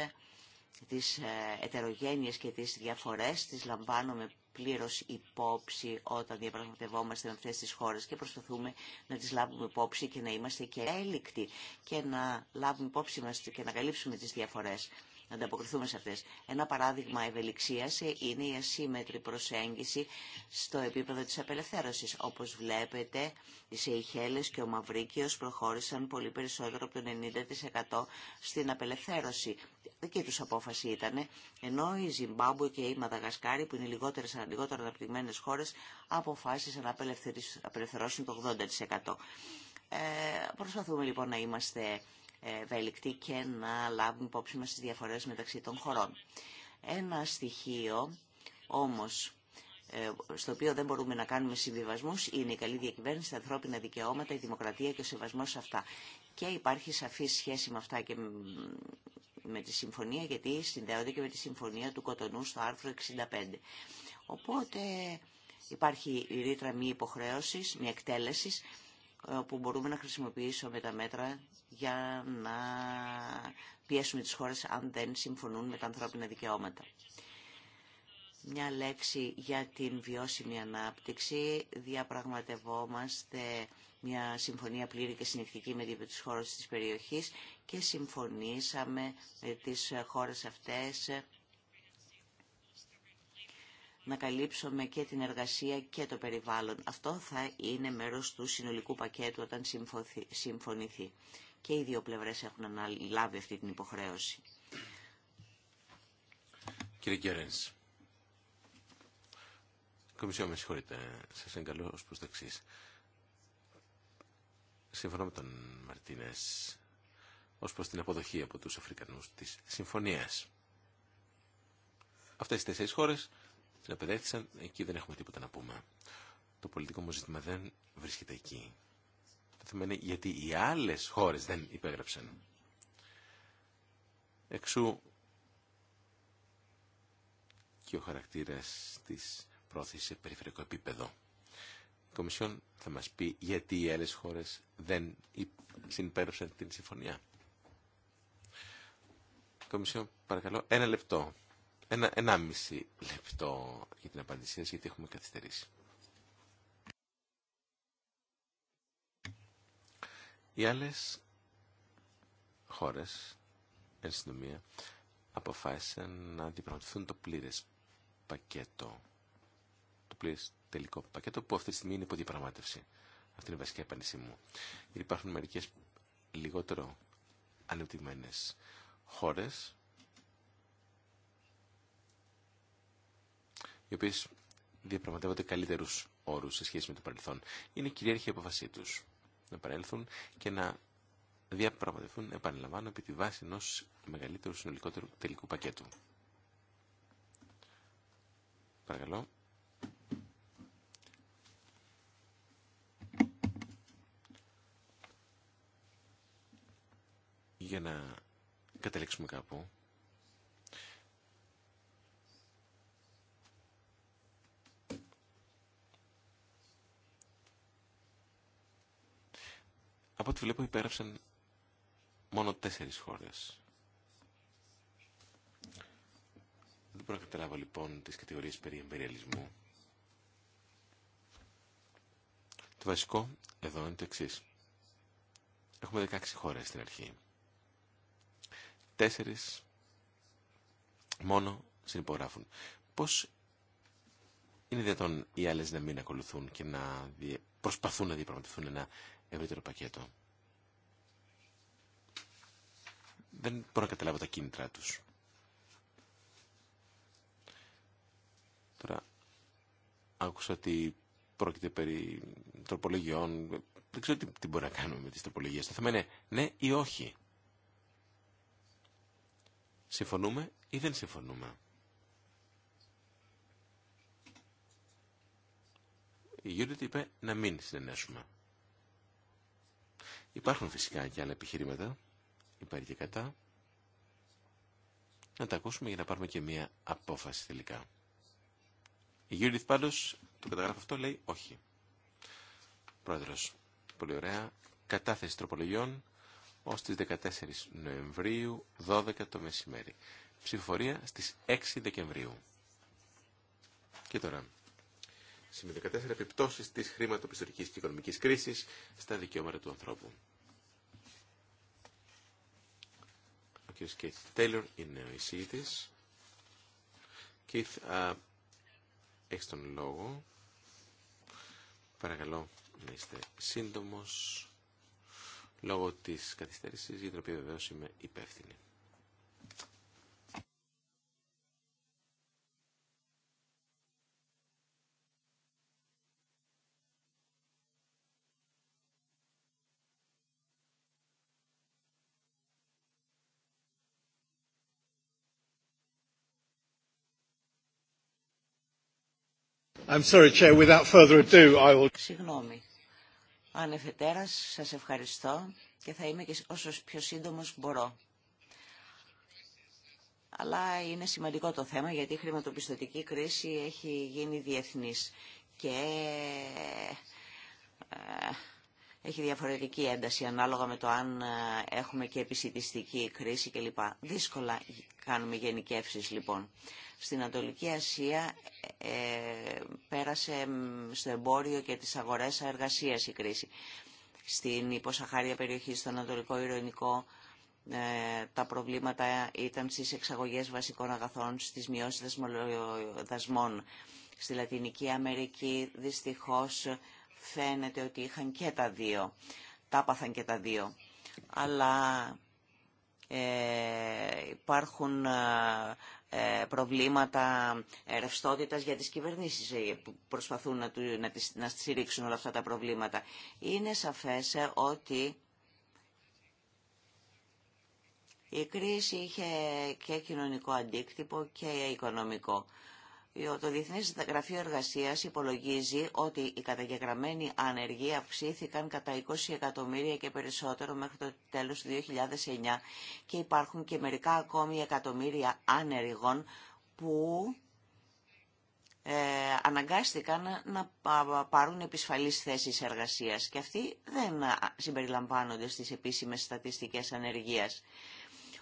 τις ε, ετερογένειες και τις διαφορές τις λαμβάνουμε πλήρως υπόψη όταν διαπραγματευόμαστε με αυτές τις χώρες και προσπαθούμε να τις λάβουμε υπόψη και να είμαστε και έλικτοι και να λάβουμε υπόψη μας και να καλύψουμε τις διαφορές να ανταποκριθούμε σε αυτές. Ένα παράδειγμα ευελιξίας είναι η ασύμετρη προσέγγιση στο επίπεδο της απελευθέρωσης. Όπως βλέπετε, οι Σεϊχέλες και ο Μαυρίκιος προχώρησαν πολύ περισσότερο από το 90% στην απελευθέρωση. Δική τους απόφαση ήταν, ενώ η Ζιμπάμπου και η Μαδαγασκάρη, που είναι λιγότερες, λιγότερο αναπτυγμένες χώρες, αποφάσισαν να απελευθερώσουν το 80%. Ε, προσπαθούμε λοιπόν να είμαστε ε, και να λάβουν υπόψη μας τις διαφορές μεταξύ των χωρών. Ένα στοιχείο όμως ε, στο οποίο δεν μπορούμε να κάνουμε συμβιβασμούς είναι η καλή διακυβέρνηση, τα ανθρώπινα δικαιώματα, η δημοκρατία και ο σεβασμός σε αυτά. Και υπάρχει σαφή σχέση με αυτά και με τη συμφωνία, γιατί συνδέονται και με τη συμφωνία του Κοτονού στο άρθρο 65. Οπότε υπάρχει η ρήτρα μη υποχρέωσης, μη εκτέλεσης, ε, που μπορούμε να χρησιμοποιήσουμε τα μέτρα για να πιέσουμε τις χώρες αν δεν συμφωνούν με τα ανθρώπινα δικαιώματα. Μια λέξη για την βιώσιμη ανάπτυξη. Διαπραγματευόμαστε μια συμφωνία πλήρη και συνεκτική με τις χώρες της περιοχής και συμφωνήσαμε με τις χώρες αυτές να καλύψουμε και την εργασία και το περιβάλλον. Αυτό θα είναι μέρος του συνολικού πακέτου όταν συμφωνηθεί. Και οι δύο πλευρές έχουν λάβει αυτή την υποχρέωση. Κύριε Κιόρενς, Κομισιό, με συγχωρείτε, σας εγκαλώ ως προς δεξής. Συμφωνώ με τον Μαρτίνες ως προς την αποδοχή από τους Αφρικανούς της συμφωνίας. Αυτές οι τέσσερις χώρες την απεδέχθησαν, εκεί δεν έχουμε τίποτα να πούμε. Το πολιτικό μου ζήτημα δεν βρίσκεται εκεί. Το θέμα είναι γιατί οι άλλες χώρες δεν υπέγραψαν. Εξού και ο χαρακτήρα τη πρόθεση σε περιφερειακό επίπεδο. Η Κομισιόν θα μας πει γιατί οι άλλες χώρες δεν συνυπέραψαν την συμφωνία. Κομισιόν, παρακαλώ, ένα λεπτό. Ένα, μισή λεπτό για την απάντησή σας, γιατί έχουμε καθυστερήσει. Οι άλλες χώρες, εν συντομία, αποφάσισαν να αντιπραγματευτούν το πλήρες πακέτο. Το πλήρες τελικό πακέτο που αυτή τη στιγμή είναι υπό διαπραγμάτευση. Αυτή είναι η βασική απάντησή μου. υπάρχουν μερικές λιγότερο ανεπτυγμένες χώρες οι οποίε διαπραγματεύονται καλύτερου όρου σε σχέση με το παρελθόν. Είναι κυρίαρχη η αποφασή του να παρέλθουν και να διαπραγματευτούν, επαναλαμβάνω, επί τη βάση ενό μεγαλύτερου συνολικότερου τελικού πακέτου. Παρακαλώ. Για να καταλήξουμε κάπου, Από ό,τι βλέπω υπέγραψαν μόνο τέσσερις χώρες. Δεν μπορώ να καταλάβω λοιπόν τις κατηγορίες περί εμπεριαλισμού. Το βασικό εδώ είναι το εξή. Έχουμε 16 χώρες στην αρχή. Τέσσερις μόνο συνυπογράφουν. Πώς είναι δυνατόν οι άλλες να μην ακολουθούν και να προσπαθούν να διαπραγματευτούν ένα ευρύτερο πακέτο. Δεν μπορώ να καταλάβω τα κίνητρά τους. Τώρα, άκουσα ότι πρόκειται περί τροπολογιών. Δεν ξέρω τι, τι μπορεί να κάνουμε με τις τροπολογίες. Το θέμα είναι ναι ή όχι. Συμφωνούμε ή δεν συμφωνούμε. Η Γιούριτ είπε να μην συνενέσουμε. Υπάρχουν φυσικά και άλλα επιχειρήματα, υπάρχει και κατά. Να τα ακούσουμε για να πάρουμε και μία απόφαση τελικά. Η Γιούριθ πάντως, το καταγράφω αυτό, λέει όχι. Πρόεδρος, πολύ ωραία. Κατάθεση τροπολογιών ως τις 14 Νοεμβρίου, 12 το μεσημέρι. Ψηφοφορία στις 6 Δεκεμβρίου. Και τώρα, Σημείο 14. Επιπτώσεις της χρηματοπιστωτικής και οικονομικής κρίσης στα δικαιώματα του ανθρώπου. Ο κ. Κέιτ Τέιλορ είναι ο εισήγητης. Κίθ, έχεις τον λόγο. Παρακαλώ να είστε σύντομος λόγω της καθυστέρησης για την οποία βεβαίως είμαι υπεύθυνη. I'm sorry, Chair. Without Συγγνώμη. Ανεφετέρας, σας ευχαριστώ και θα είμαι και όσο πιο σύντομος μπορώ. Αλλά είναι σημαντικό το θέμα γιατί η χρηματοπιστωτική κρίση έχει γίνει διεθνής και ε, έχει διαφορετική ένταση ανάλογα με το αν ε, έχουμε και επισητιστική κρίση κλπ. Δύσκολα κάνουμε γενικεύσεις λοιπόν. Στην Ανατολική Ασία ε, πέρασε στο εμπόριο και τις αγορές εργασίας η κρίση. Στην υποσαχάρια περιοχή, στο Ανατολικό Ιρωνικό ε, τα προβλήματα ήταν στις εξαγωγές βασικών αγαθών, στις μειώσεις δασμών. Στη Λατινική Αμερική δυστυχώς φαίνεται ότι είχαν και τα δύο. Τα πάθαν και τα δύο. Αλλά ε, υπάρχουν ε, ε, προβλήματα ρευστότητα για τις κυβερνήσεις που προσπαθούν να, του, να, τις, να στηρίξουν όλα αυτά τα προβλήματα. Είναι σαφές ότι η κρίση είχε και κοινωνικό αντίκτυπο και οικονομικό. Το Διεθνές Γραφείο Εργασίας υπολογίζει ότι οι καταγεγραμμένοι άνεργοι αυξήθηκαν κατά 20 εκατομμύρια και περισσότερο μέχρι το τέλος του 2009 και υπάρχουν και μερικά ακόμη εκατομμύρια άνεργων που ε, αναγκάστηκαν να πάρουν επισφαλείς θέσεις εργασίας και αυτοί δεν συμπεριλαμβάνονται στις επίσημες στατιστικές ανεργίας.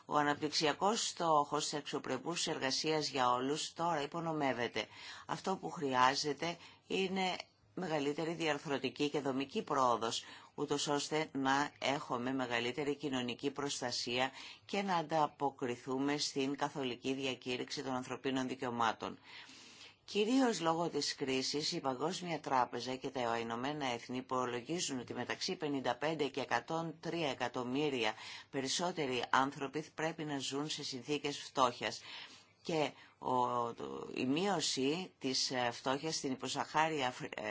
Ο αναπτυξιακός στόχος της αξιοπρεπούς εργασίας για όλους τώρα υπονομεύεται. Αυτό που χρειάζεται είναι μεγαλύτερη διαρθρωτική και δομική πρόοδος, ούτως ώστε να έχουμε μεγαλύτερη κοινωνική προστασία και να ανταποκριθούμε στην καθολική διακήρυξη των ανθρωπίνων δικαιωμάτων. Κυρίως λόγω της κρίσης, η Παγκόσμια Τράπεζα και τα Ηνωμένα Εθνή υπολογίζουν ότι μεταξύ 55 και 103 εκατομμύρια περισσότεροι άνθρωποι πρέπει να ζουν σε συνθήκες φτώχειας. Και η μείωση της ε, φτώχειας στην υποσαχάρια ε,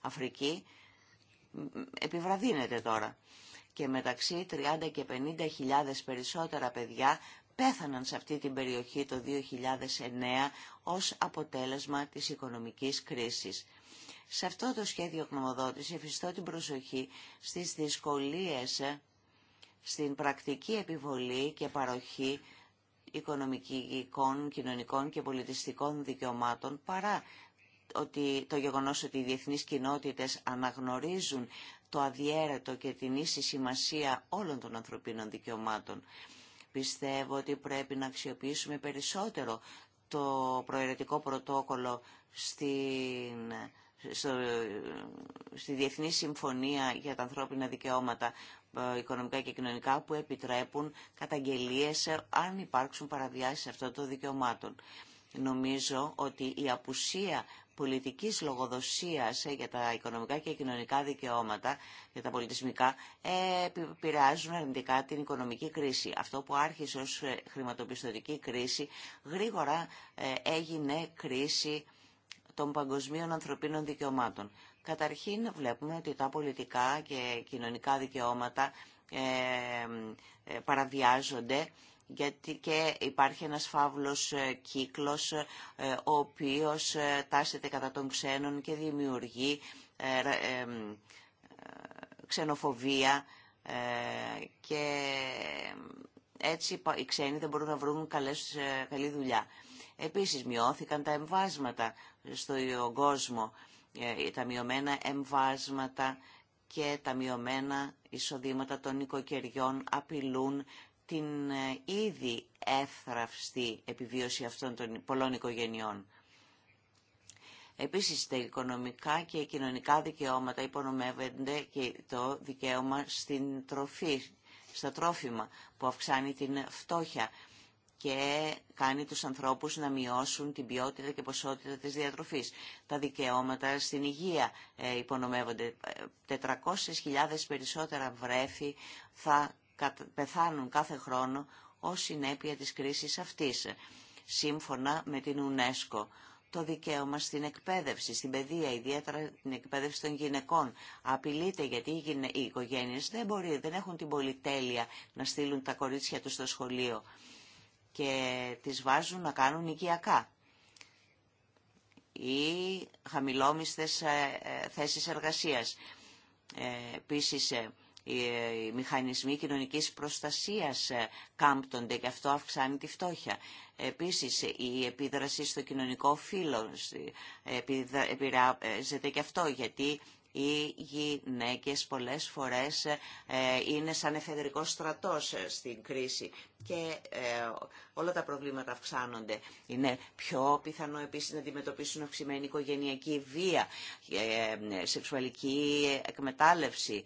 Αφρική επιβραδύνεται τώρα. Και μεταξύ 30 και 50 χιλιάδες περισσότερα παιδιά πέθαναν σε αυτή την περιοχή το 2009 ως αποτέλεσμα της οικονομικής κρίσης. Σε αυτό το σχέδιο γνωμοδότηση εφιστώ την προσοχή στις δυσκολίες στην πρακτική επιβολή και παροχή οικονομικών, κοινωνικών και πολιτιστικών δικαιωμάτων παρά ότι το γεγονός ότι οι διεθνείς κοινότητες αναγνωρίζουν το αδιέρετο και την ίση σημασία όλων των ανθρωπίνων δικαιωμάτων. Πιστεύω ότι πρέπει να αξιοποιήσουμε περισσότερο το προαιρετικό πρωτόκολλο στη Διεθνή Συμφωνία για τα Ανθρώπινα Δικαιώματα ε, οικονομικά και κοινωνικά που επιτρέπουν καταγγελίες ε, αν υπάρξουν παραβιάσεις αυτών των δικαιωμάτων. Νομίζω ότι η απουσία πολιτικής λογοδοσίας ε, για τα οικονομικά και κοινωνικά δικαιώματα, για τα πολιτισμικά, επηρεάζουν αρνητικά την οικονομική κρίση. Αυτό που άρχισε ως ε, χρηματοπιστωτική κρίση, γρήγορα ε, έγινε κρίση των παγκοσμίων ανθρωπίνων δικαιωμάτων. Καταρχήν βλέπουμε ότι τα πολιτικά και κοινωνικά δικαιώματα παραβιάζονται γιατί και υπάρχει ένας φαύλος ε, κύκλος ε, ο οποίος ε, τάσεται κατά των ξένων και δημιουργεί ξενοφοβία και έτσι οι ξένοι δεν μπορούν να βρουν καλές, καλή δουλειά. Επίσης μειώθηκαν τα εμβάσματα στον κόσμο, τα μειωμένα εμβάσματα και τα μειωμένα εισοδήματα των οικοκαιριών απειλούν την ε, ήδη εύθραυστη επιβίωση αυτών των πολλών οικογενειών. Επίσης, τα οικονομικά και κοινωνικά δικαιώματα υπονομεύονται και το δικαίωμα στην τροφή, στα τρόφιμα, που αυξάνει την φτώχεια και κάνει τους ανθρώπους να μειώσουν την ποιότητα και ποσότητα της διατροφής. Τα δικαιώματα στην υγεία ε, υπονομεύονται. 400.000 ε, περισσότερα βρέφη θα πεθάνουν κάθε χρόνο ως συνέπεια της κρίσης αυτής, σύμφωνα με την UNESCO. Το δικαίωμα στην εκπαίδευση, στην παιδεία, ιδιαίτερα την εκπαίδευση των γυναικών, απειλείται γιατί οι οικογένειες δεν, μπορεί, δεν έχουν την πολυτέλεια να στείλουν τα κορίτσια τους στο σχολείο και τις βάζουν να κάνουν οικιακά ή χαμηλόμιστες ε, ε, θέσεις εργασίας. Ε, επίσης, οι μηχανισμοί κοινωνικής προστασίας ε, κάμπτονται και αυτό αυξάνει τη φτώχεια. Επίσης, η επίδραση στο κοινωνικό φύλλο επηρεάζεται ε, και αυτό, γιατί οι γυναίκες πολλές φορές ε, είναι σαν εφεδρικό στρατός ε, στην κρίση και ε, όλα τα προβλήματα αυξάνονται. Είναι πιο πιθανό επίσης να αντιμετωπίσουν αυξημένη οικογενειακή βία, σεξουαλική εκμετάλλευση,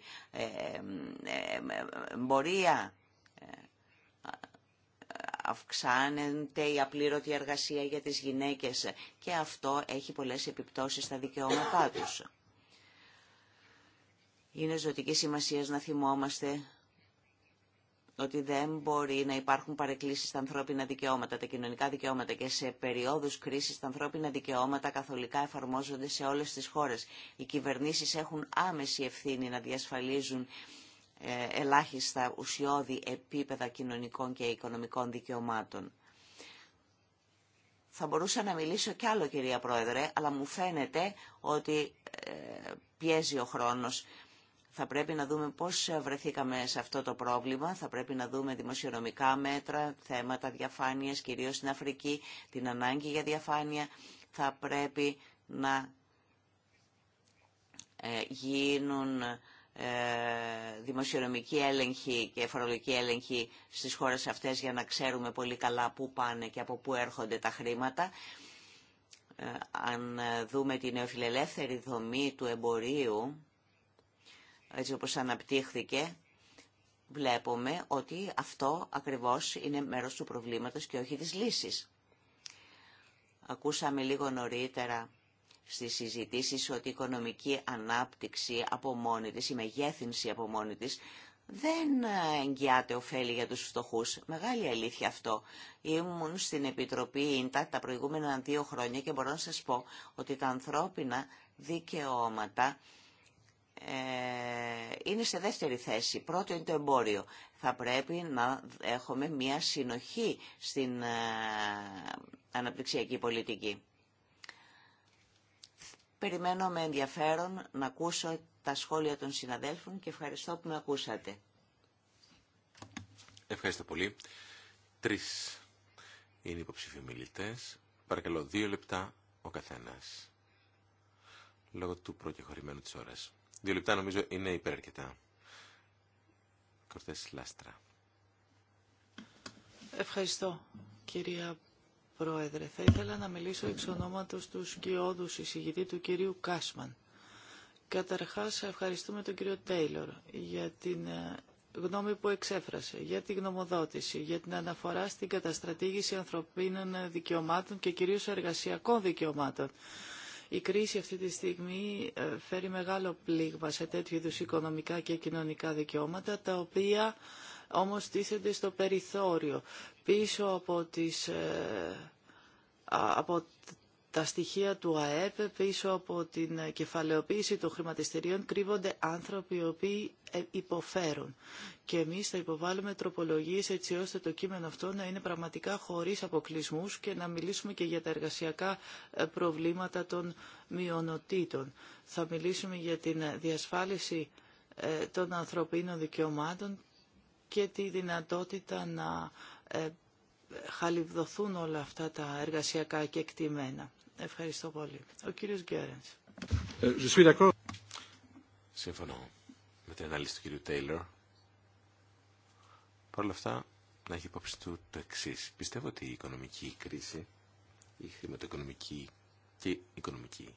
εμπορία αυξάνεται η απλήρωτη εργασία για τις γυναίκες και αυτό έχει πολλές επιπτώσεις στα δικαιώματά τους. Είναι ζωτική σημασία να θυμόμαστε ότι δεν μπορεί να υπάρχουν παρεκκλήσεις στα ανθρώπινα δικαιώματα, τα κοινωνικά δικαιώματα και σε περιόδους κρίσης τα ανθρώπινα δικαιώματα καθολικά εφαρμόζονται σε όλες τις χώρες. Οι κυβερνήσεις έχουν άμεση ευθύνη να διασφαλίζουν ε, ελάχιστα ουσιώδη επίπεδα κοινωνικών και οικονομικών δικαιωμάτων. Θα μπορούσα να μιλήσω κι άλλο, κυρία Πρόεδρε, αλλά μου φαίνεται ότι ε, πιέζει ο χρόνος. Θα πρέπει να δούμε πώς βρεθήκαμε σε αυτό το πρόβλημα, θα πρέπει να δούμε δημοσιονομικά μέτρα, θέματα διαφάνειας, κυρίως στην Αφρική, την ανάγκη για διαφάνεια. Θα πρέπει να ε, γίνουν ε, δημοσιονομική έλεγχη και φορολογική έλεγχοι στις χώρες αυτές για να ξέρουμε πολύ καλά πού πάνε και από πού έρχονται τα χρήματα. Ε, αν δούμε την νεοφιλελεύθερη δομή του εμπορίου, έτσι όπως αναπτύχθηκε, βλέπουμε ότι αυτό ακριβώς είναι μέρος του προβλήματος και όχι της λύσης. Ακούσαμε λίγο νωρίτερα στις συζητήσεις ότι η οικονομική ανάπτυξη από μόνη της, η μεγέθυνση από μόνη της, δεν εγγυάται ωφέλη για τους φτωχούς. Μεγάλη αλήθεια αυτό. Ήμουν στην Επιτροπή Ίντα τα προηγούμενα δύο χρόνια και μπορώ να σας πω ότι τα ανθρώπινα δικαιώματα ε, είναι σε δεύτερη θέση. Πρώτο είναι το εμπόριο. Θα πρέπει να έχουμε μια συνοχή στην ε, αναπτυξιακή πολιτική. Περιμένω με ενδιαφέρον να ακούσω τα σχόλια των συναδέλφων και ευχαριστώ που με ακούσατε. Ευχαριστώ πολύ. Τρεις είναι υποψήφιοι μιλητές. Παρακαλώ δύο λεπτά ο καθένας. Λόγω του προκεχωρημένου της ώρας. Δύο λεπτά νομίζω είναι υπεραρκετά. Κορτές Λάστρα. Ευχαριστώ κυρία Πρόεδρε. Θα ήθελα να μιλήσω εξ ονόματος του σκιώδου συζητητή του κυρίου Κάσμαν. Καταρχάς ευχαριστούμε τον κύριο Τέιλορ για την ε, γνώμη που εξέφρασε, για την γνωμοδότηση, για την αναφορά στην καταστρατήγηση ανθρωπίνων δικαιωμάτων και κυρίως εργασιακών δικαιωμάτων. Η κρίση αυτή τη στιγμή ε, φέρει μεγάλο πλήγμα σε τέτοιου είδους οικονομικά και κοινωνικά δικαιώματα, τα οποία όμως τίθενται στο περιθώριο, πίσω από τις ε, από τα στοιχεία του ΑΕΠ πίσω από την κεφαλαιοποίηση των χρηματιστηρίων κρύβονται άνθρωποι οι οποίοι ε, υποφέρουν. Και εμείς θα υποβάλουμε τροπολογίες έτσι ώστε το κείμενο αυτό να είναι πραγματικά χωρίς αποκλεισμούς και να μιλήσουμε και για τα εργασιακά ε, προβλήματα των μειονοτήτων. Θα μιλήσουμε για την διασφάλιση ε, των ανθρωπίνων δικαιωμάτων και τη δυνατότητα να χαλιβδοθούν όλα αυτά τα εργασιακά και εκτιμένα. Ευχαριστώ πολύ. Ο κύριος Γκέρενς. Ε, Συμφωνώ με την ανάλυση του κύριου Τέιλορ. Παρ' όλα αυτά, να έχει υπόψη του το εξή. Πιστεύω ότι η οικονομική κρίση, η χρηματοοικονομική και η οικονομική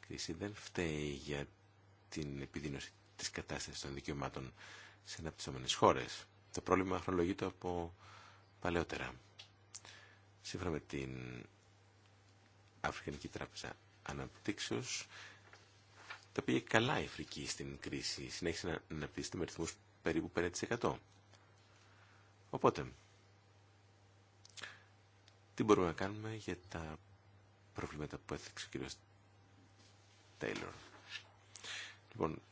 κρίση δεν φταίει για την επιδείνωση της κατάστασης των δικαιωμάτων σε αναπτυσσόμενες χώρες. Το πρόβλημα χρονολογείται από παλαιότερα. Σύμφωνα με την Αφρικανική Τράπεζα Αναπτύξεω, Τα πήγε καλά η Αφρική στην κρίση. Συνέχισε να αναπτύσσεται με ρυθμούς περίπου 5%. Οπότε, τι μπορούμε να κάνουμε για τα προβλήματα που έθιξε ο κ. Τέιλορ. Λοιπόν,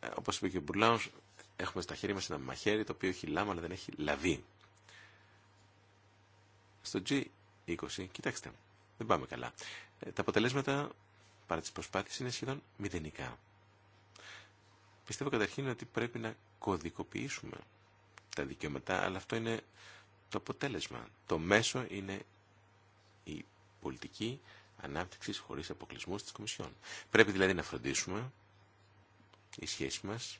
ε, όπω είπε και ο Μπουρλάος, έχουμε στα χέρια μας ένα μαχαίρι το οποίο έχει λάμα αλλά δεν έχει λαβή. Στο G20, κοιτάξτε, δεν πάμε καλά. Ε, τα αποτελέσματα παρά τις προσπάθειες είναι σχεδόν μηδενικά. Πιστεύω καταρχήν ότι πρέπει να κωδικοποιήσουμε τα δικαιώματα, αλλά αυτό είναι το αποτέλεσμα. Το μέσο είναι η πολιτική ανάπτυξη χωρίς αποκλεισμούς της Κομισιόν. Πρέπει δηλαδή να φροντίσουμε οι σχέσεις μας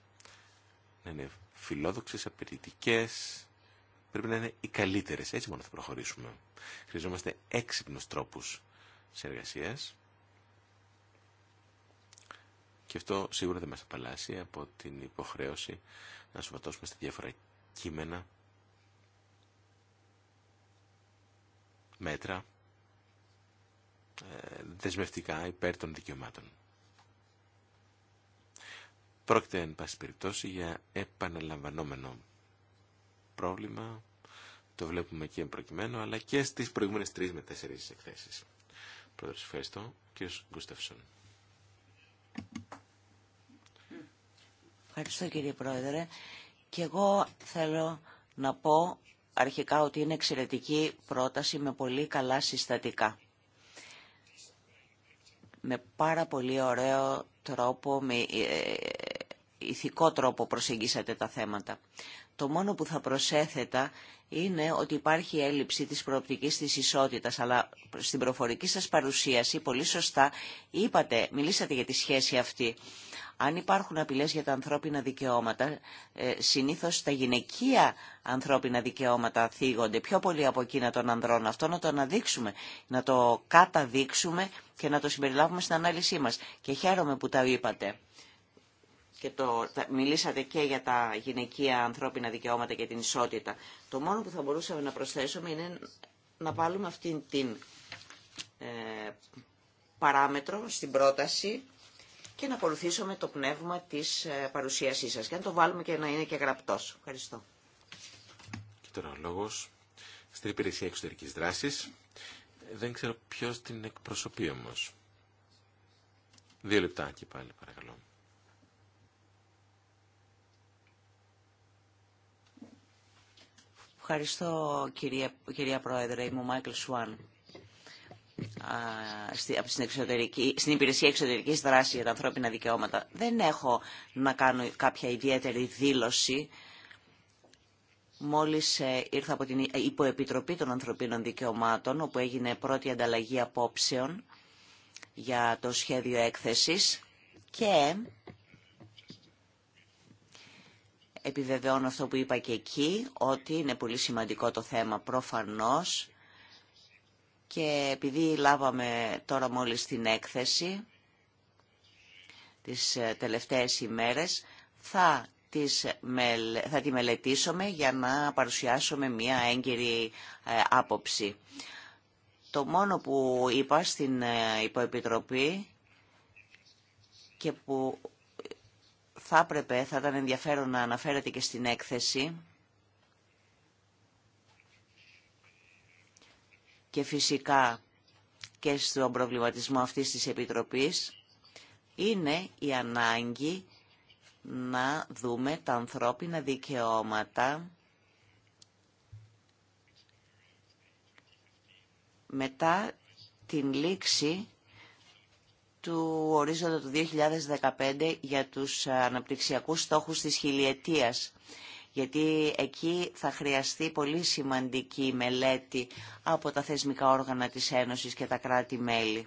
να είναι φιλόδοξες, απαιτητικές, πρέπει να είναι οι καλύτερε Έτσι μόνο θα προχωρήσουμε. Χρειαζόμαστε έξυπνου τρόπου συνεργασία. Και αυτό σίγουρα δεν μας απαλλάσσει από την υποχρέωση να σωματώσουμε στα διάφορα κείμενα, μέτρα, ε, δεσμευτικά υπέρ των δικαιωμάτων. Πρόκειται, εν πάση περιπτώσει, για επαναλαμβανόμενο πρόβλημα, το βλέπουμε και προκειμένου, αλλά και στις προηγούμενε τρει με τέσσερι εκθέσεις. Πρόεδρος, ευχαριστώ. Κύριο Γκούστευσον. Ευχαριστώ κύριε Πρόεδρε. Και εγώ θέλω να πω αρχικά ότι είναι εξαιρετική πρόταση με πολύ καλά συστατικά. Με πάρα πολύ ωραίο τρόπο, με ε, ηθικό τρόπο προσεγγίσατε τα θέματα. Το μόνο που θα προσέθετα είναι ότι υπάρχει έλλειψη της προοπτικής της ισότητας, αλλά στην προφορική σας παρουσίαση, πολύ σωστά, είπατε, μιλήσατε για τη σχέση αυτή. Αν υπάρχουν απειλές για τα ανθρώπινα δικαιώματα, ε, συνήθως τα γυναικεία ανθρώπινα δικαιώματα θίγονται πιο πολύ από εκείνα των ανδρών. Αυτό να το αναδείξουμε, να το καταδείξουμε και να το συμπεριλάβουμε στην ανάλυση μας. Και χαίρομαι που τα είπατε και το, μιλήσατε και για τα γυναικεία ανθρώπινα δικαιώματα και την ισότητα. Το μόνο που θα μπορούσαμε να προσθέσουμε είναι να βάλουμε αυτήν την ε, παράμετρο στην πρόταση και να ακολουθήσουμε το πνεύμα της ε, παρουσίασής σας. Και να το βάλουμε και να είναι και γραπτός. Ευχαριστώ. Και τώρα ο λόγος στην υπηρεσία εξωτερικής δράσης. Δεν ξέρω ποιος την εκπροσωπεί όμως. Δύο λεπτά και πάλι παρακαλώ. Ευχαριστώ κυρία, κυρία Πρόεδρε, είμαι ο Μάικλ Σουάν στην, στην υπηρεσία εξωτερικής δράσης για τα ανθρώπινα δικαιώματα. Δεν έχω να κάνω κάποια ιδιαίτερη δήλωση. Μόλις ε, ήρθα από την Υποεπιτροπή των Ανθρωπίνων Δικαιωμάτων, όπου έγινε πρώτη ανταλλαγή απόψεων για το σχέδιο έκθεσης και επιβεβαιώνω αυτό που είπα και εκεί, ότι είναι πολύ σημαντικό το θέμα προφανώς και επειδή λάβαμε τώρα μόλις την έκθεση τις ε, τελευταίες ημέρες, θα, τις, θα τη μελετήσουμε για να παρουσιάσουμε μία έγκυρη ε, άποψη. Το μόνο που είπα στην ε, υποεπιτροπή και που θα έπρεπε, θα ήταν ενδιαφέρον να αναφέρεται και στην έκθεση και φυσικά και στον προβληματισμό αυτής της Επιτροπής είναι η ανάγκη να δούμε τα ανθρώπινα δικαιώματα μετά την λήξη του ορίζοντα του 2015 για τους αναπτυξιακούς στόχους της χιλιετίας. Γιατί εκεί θα χρειαστεί πολύ σημαντική μελέτη από τα θεσμικά όργανα της Ένωσης και τα κράτη-μέλη.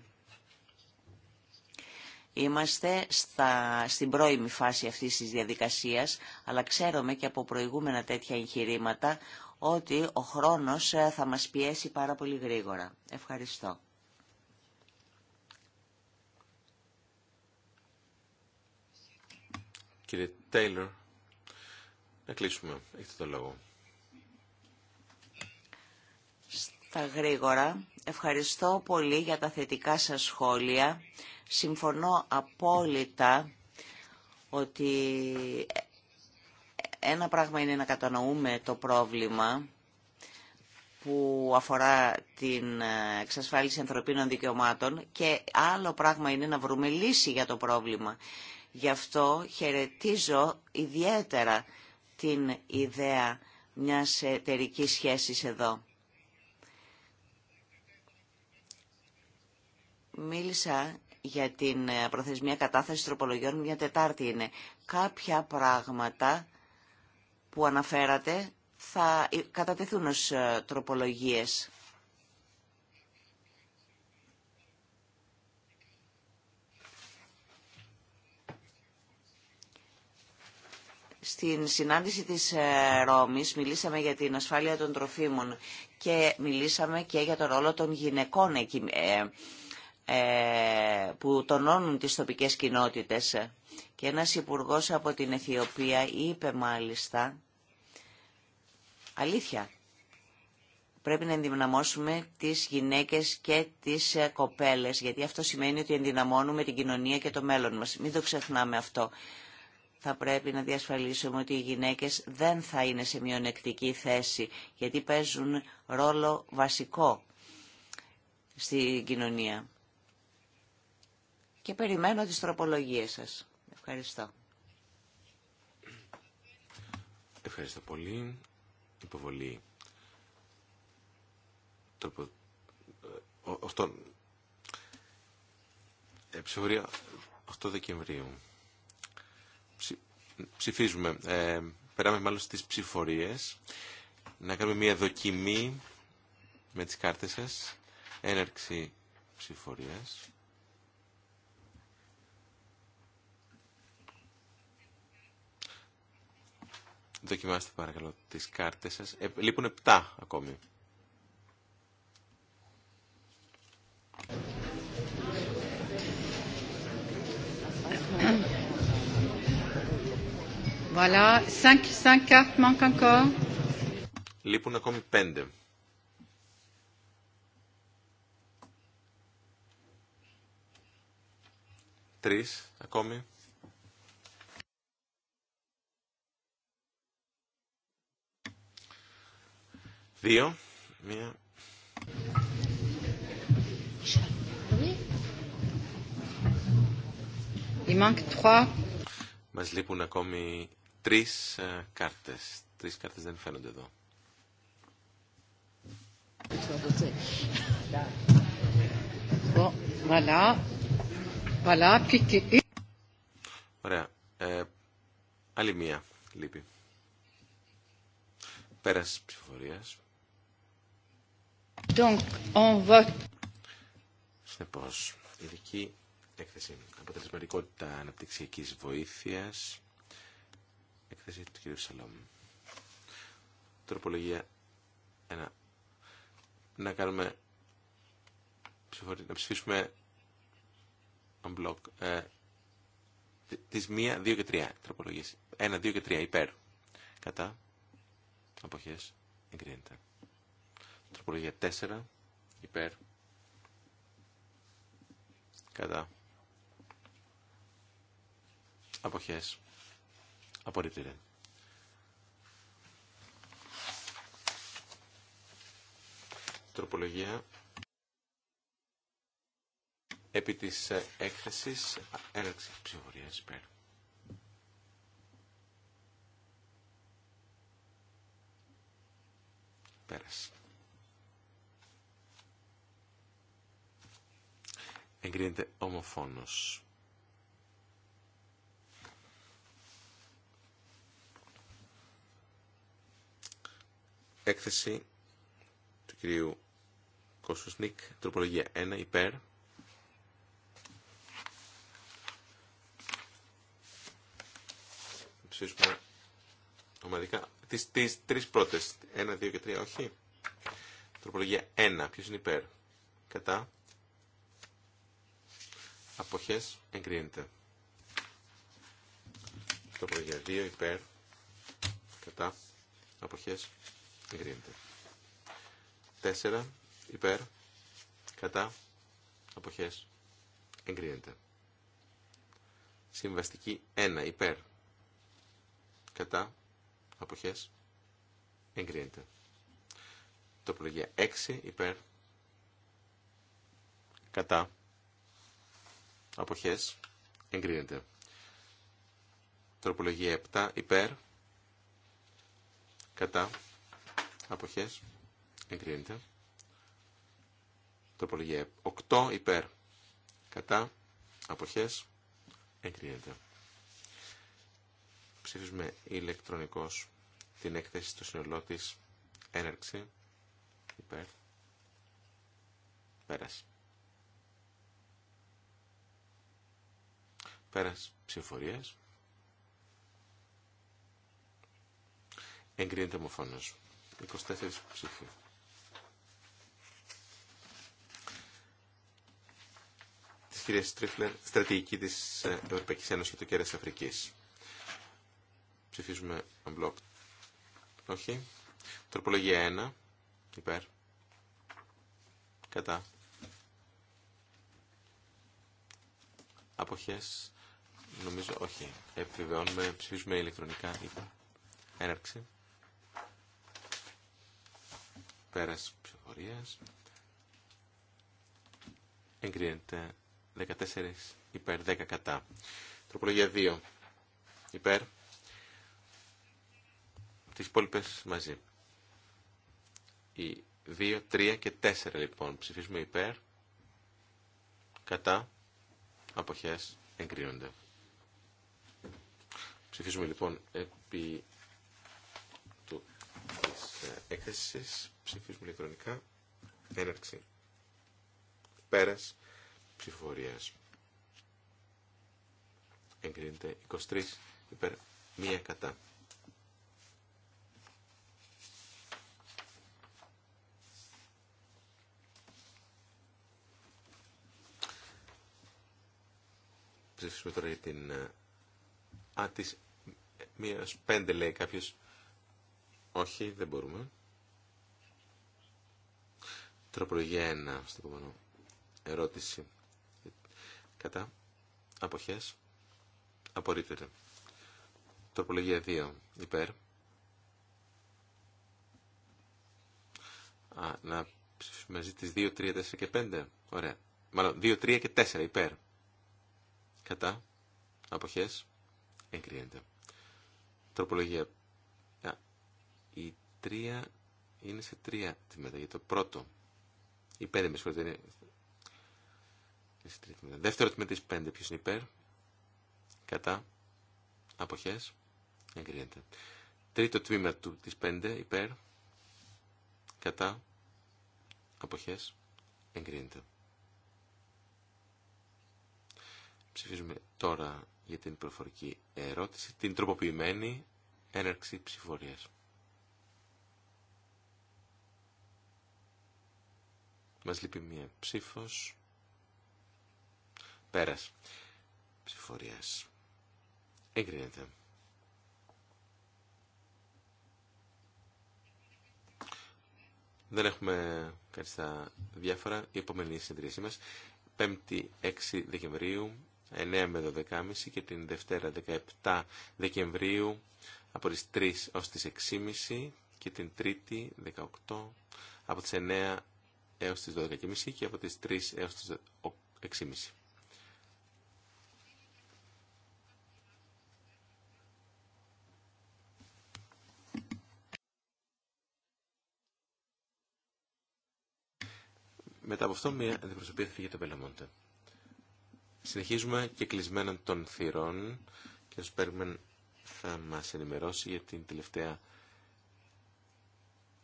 Είμαστε στα, στην πρώιμη φάση αυτής της διαδικασίας, αλλά ξέρουμε και από προηγούμενα τέτοια εγχειρήματα ότι ο χρόνος θα μας πιέσει πάρα πολύ γρήγορα. Ευχαριστώ. Κύριε Τέιλορ, να κλείσουμε. Έχετε το λόγο. Στα γρήγορα, ευχαριστώ πολύ για τα θετικά σας σχόλια. Συμφωνώ απόλυτα ότι ένα πράγμα είναι να κατανοούμε το πρόβλημα που αφορά την εξασφάλιση ανθρωπίνων δικαιωμάτων και άλλο πράγμα είναι να βρούμε λύση για το πρόβλημα. Γι' αυτό χαιρετίζω ιδιαίτερα την ιδέα μιας εταιρική σχέσης εδώ. Μίλησα για την ε, προθεσμία κατάθεση τροπολογιών, μια Τετάρτη είναι. Κάποια πράγματα που αναφέρατε θα ε, κατατεθούν ως ε, τροπολογίες. Στην συνάντηση της ε, Ρώμης μιλήσαμε για την ασφάλεια των τροφίμων και μιλήσαμε και για τον ρόλο των γυναικών ε, ε, που τονώνουν τις τοπικές κοινότητες. Και ένας υπουργός από την Αιθιοπία είπε μάλιστα «Αλήθεια, πρέπει να ενδυναμώσουμε τις γυναίκες και τις κοπέλες, γιατί αυτό σημαίνει ότι ενδυναμώνουμε την κοινωνία και το μέλλον μας. Μην το ξεχνάμε αυτό θα πρέπει να διασφαλίσουμε ότι οι γυναίκες δεν θα είναι σε μειονεκτική θέση, γιατί παίζουν ρόλο βασικό στη κοινωνία. Και περιμένω τις τροπολογίες σας. Ευχαριστώ. Ευχαριστώ πολύ. Υποβολή. Τροπο... Ε, ε, Αυτό... 8 Δεκεμβρίου. Ψηφίζουμε. Ε, περάμε μάλλον στις ψηφορίες. Να κάνουμε μια δοκιμή με τις κάρτες σας. Έναρξη ψηφορίας. Δοκιμάστε παρακαλώ τις κάρτες σας. Ε, λείπουν 7 ακόμη. Voilà, cartes Λείπουν ακόμη πέντε. Τρεις ακόμη. Δύο. Μία. Il manque trois. Μας λείπουν ακόμη τρεις ε, κάρτες. Τρεις κάρτες δεν φαίνονται εδώ. Ωραία. Ε, άλλη μία λείπει. Πέρας ψηφοφορίας. Συνεπώς, ειδική έκθεση αποτελεσματικότητα αναπτυξιακής βοήθειας έκθεση του κ. Σαλόμ. Τροπολογία 1. Να κάνουμε να ψηφίσουμε block ε, τις 1, 2 και 3 τροπολογίες. 1, 2 και 3 υπέρ. Κατά. Αποχές. Εγκρίνεται. Τροπολογία 4 υπέρ. Κατά. Αποχές. Απορρίπτεται. Τροπολογία. Επί της ε, έκθεσης έλεξης ψηφοφορίας πέρα. Πέρασε. Εγκρίνεται ομοφόνος. έκθεση του κυρίου Νίκ. τροπολογία 1, υπέρ. Ψήσουμε ομαδικά τις, τις τρεις πρώτες, 1, 2 και 3, όχι. Τροπολογία 1, ποιος είναι υπέρ. Κατά. Αποχές εγκρίνεται. Τροπολογία 2, υπέρ. Κατά. Αποχές εγκρίνεται. Τέσσερα, υπέρ κατά αποχές εγκρίνεται. Συμβαστική 1 υπέρ κατά αποχές εγκρίνεται. Τοπολογία 6 υπέρ κατά αποχές εγκρίνεται. Τροπολογία 7 υπέρ κατά αποχές εγκρίνεται. Τροπολογία 8 υπέρ κατά αποχές εγκρίνεται. Ψηφίζουμε ηλεκτρονικός την έκθεση στο σύνολό της έναρξη υπέρ πέρας. Πέρας ψηφορίας εγκρίνεται ομοφόνος. 24 ψήφοι. Της κυρία Στρίφλερ, στρατηγική της ε, Ευρωπαϊκής Ένωσης για το της Αφρικής. Ψηφίζουμε on block. Όχι. Τροπολογία 1. Υπέρ. Κατά. Αποχές. Νομίζω όχι. Επιβεβαιώνουμε, ψηφίζουμε ηλεκτρονικά. Υπέρ. Έναρξη. Πέρας ψηφορίας. Εγκρίνεται 14 υπέρ 10 κατά. Τροπολογία 2 υπέρ. Τι υπόλοιπε μαζί. Οι 2, 3 και 4 λοιπόν. Ψηφίζουμε υπέρ. Κατά. Αποχές εγκρίνονται. Ψηφίζουμε λοιπόν επί ε, έκθεσης. Ψηφίζουμε ηλεκτρονικά. Έναρξη. Πέρας ψηφοφορίας. Εγκρίνεται 23 υπέρ μία κατά. Ψηφίσουμε τώρα για την... Ε, α, Μία ε, Μίας πέντε λέει κάποιος όχι, δεν μπορούμε. Τροπολογία 1 στο επόμενο. Ερώτηση. Κατά. Αποχές. Απορρίπτεται. Τροπολογία 2. Υπέρ. Α, να ψηφίσουμε μαζί τις 2, 3, 4 και 5. Ωραία. Μάλλον 2, 3 και 4. Υπέρ. Κατά. Αποχές. Εγκρίνεται. Τροπολογία η τρία είναι σε τρία τμήματα. Για το πρώτο. Η πέντε με συγχωρείτε είναι. είναι σε τρία τμήματα. Δεύτερο τμήμα της πέντε, Ποιο είναι υπέρ. Κατά. αποχές, Εγκρίνεται. Τρίτο τμήμα του, της πέντε, Υπέρ. Κατά. αποχές, Εγκρίνεται. Ψηφίζουμε τώρα για την προφορική ερώτηση, την τροποποιημένη έναρξη ψηφορίας. Μας λείπει μία ψήφος. Πέρας. Ψηφορίας. Εγκρίνεται. Δεν έχουμε κάτι στα διάφορα. Η επόμενη συνεδρίασή μας. 5η 6 Δεκεμβρίου, 9 με 12.30 και την Δευτέρα 17 Δεκεμβρίου από τις 3 ως τις 6.30 και την Τρίτη 18 από τις 9 έως τις 12.30 και από τις 3 έως τις 6.30. Μετά από αυτό, μια αντιπροσωπεία θα φύγει το Πελαμόντε. Συνεχίζουμε και κλεισμένα των θυρών και ο Σπέρμεν θα μας ενημερώσει για την τελευταία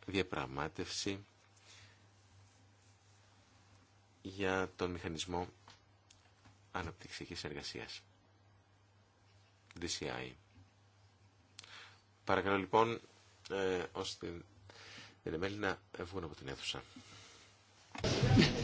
διαπραγμάτευση για τον μηχανισμό αναπτυξιακής εργασίας. DCI. Παρακαλώ λοιπόν, ε, ώστε την Εμέλη να βγουν από την αίθουσα.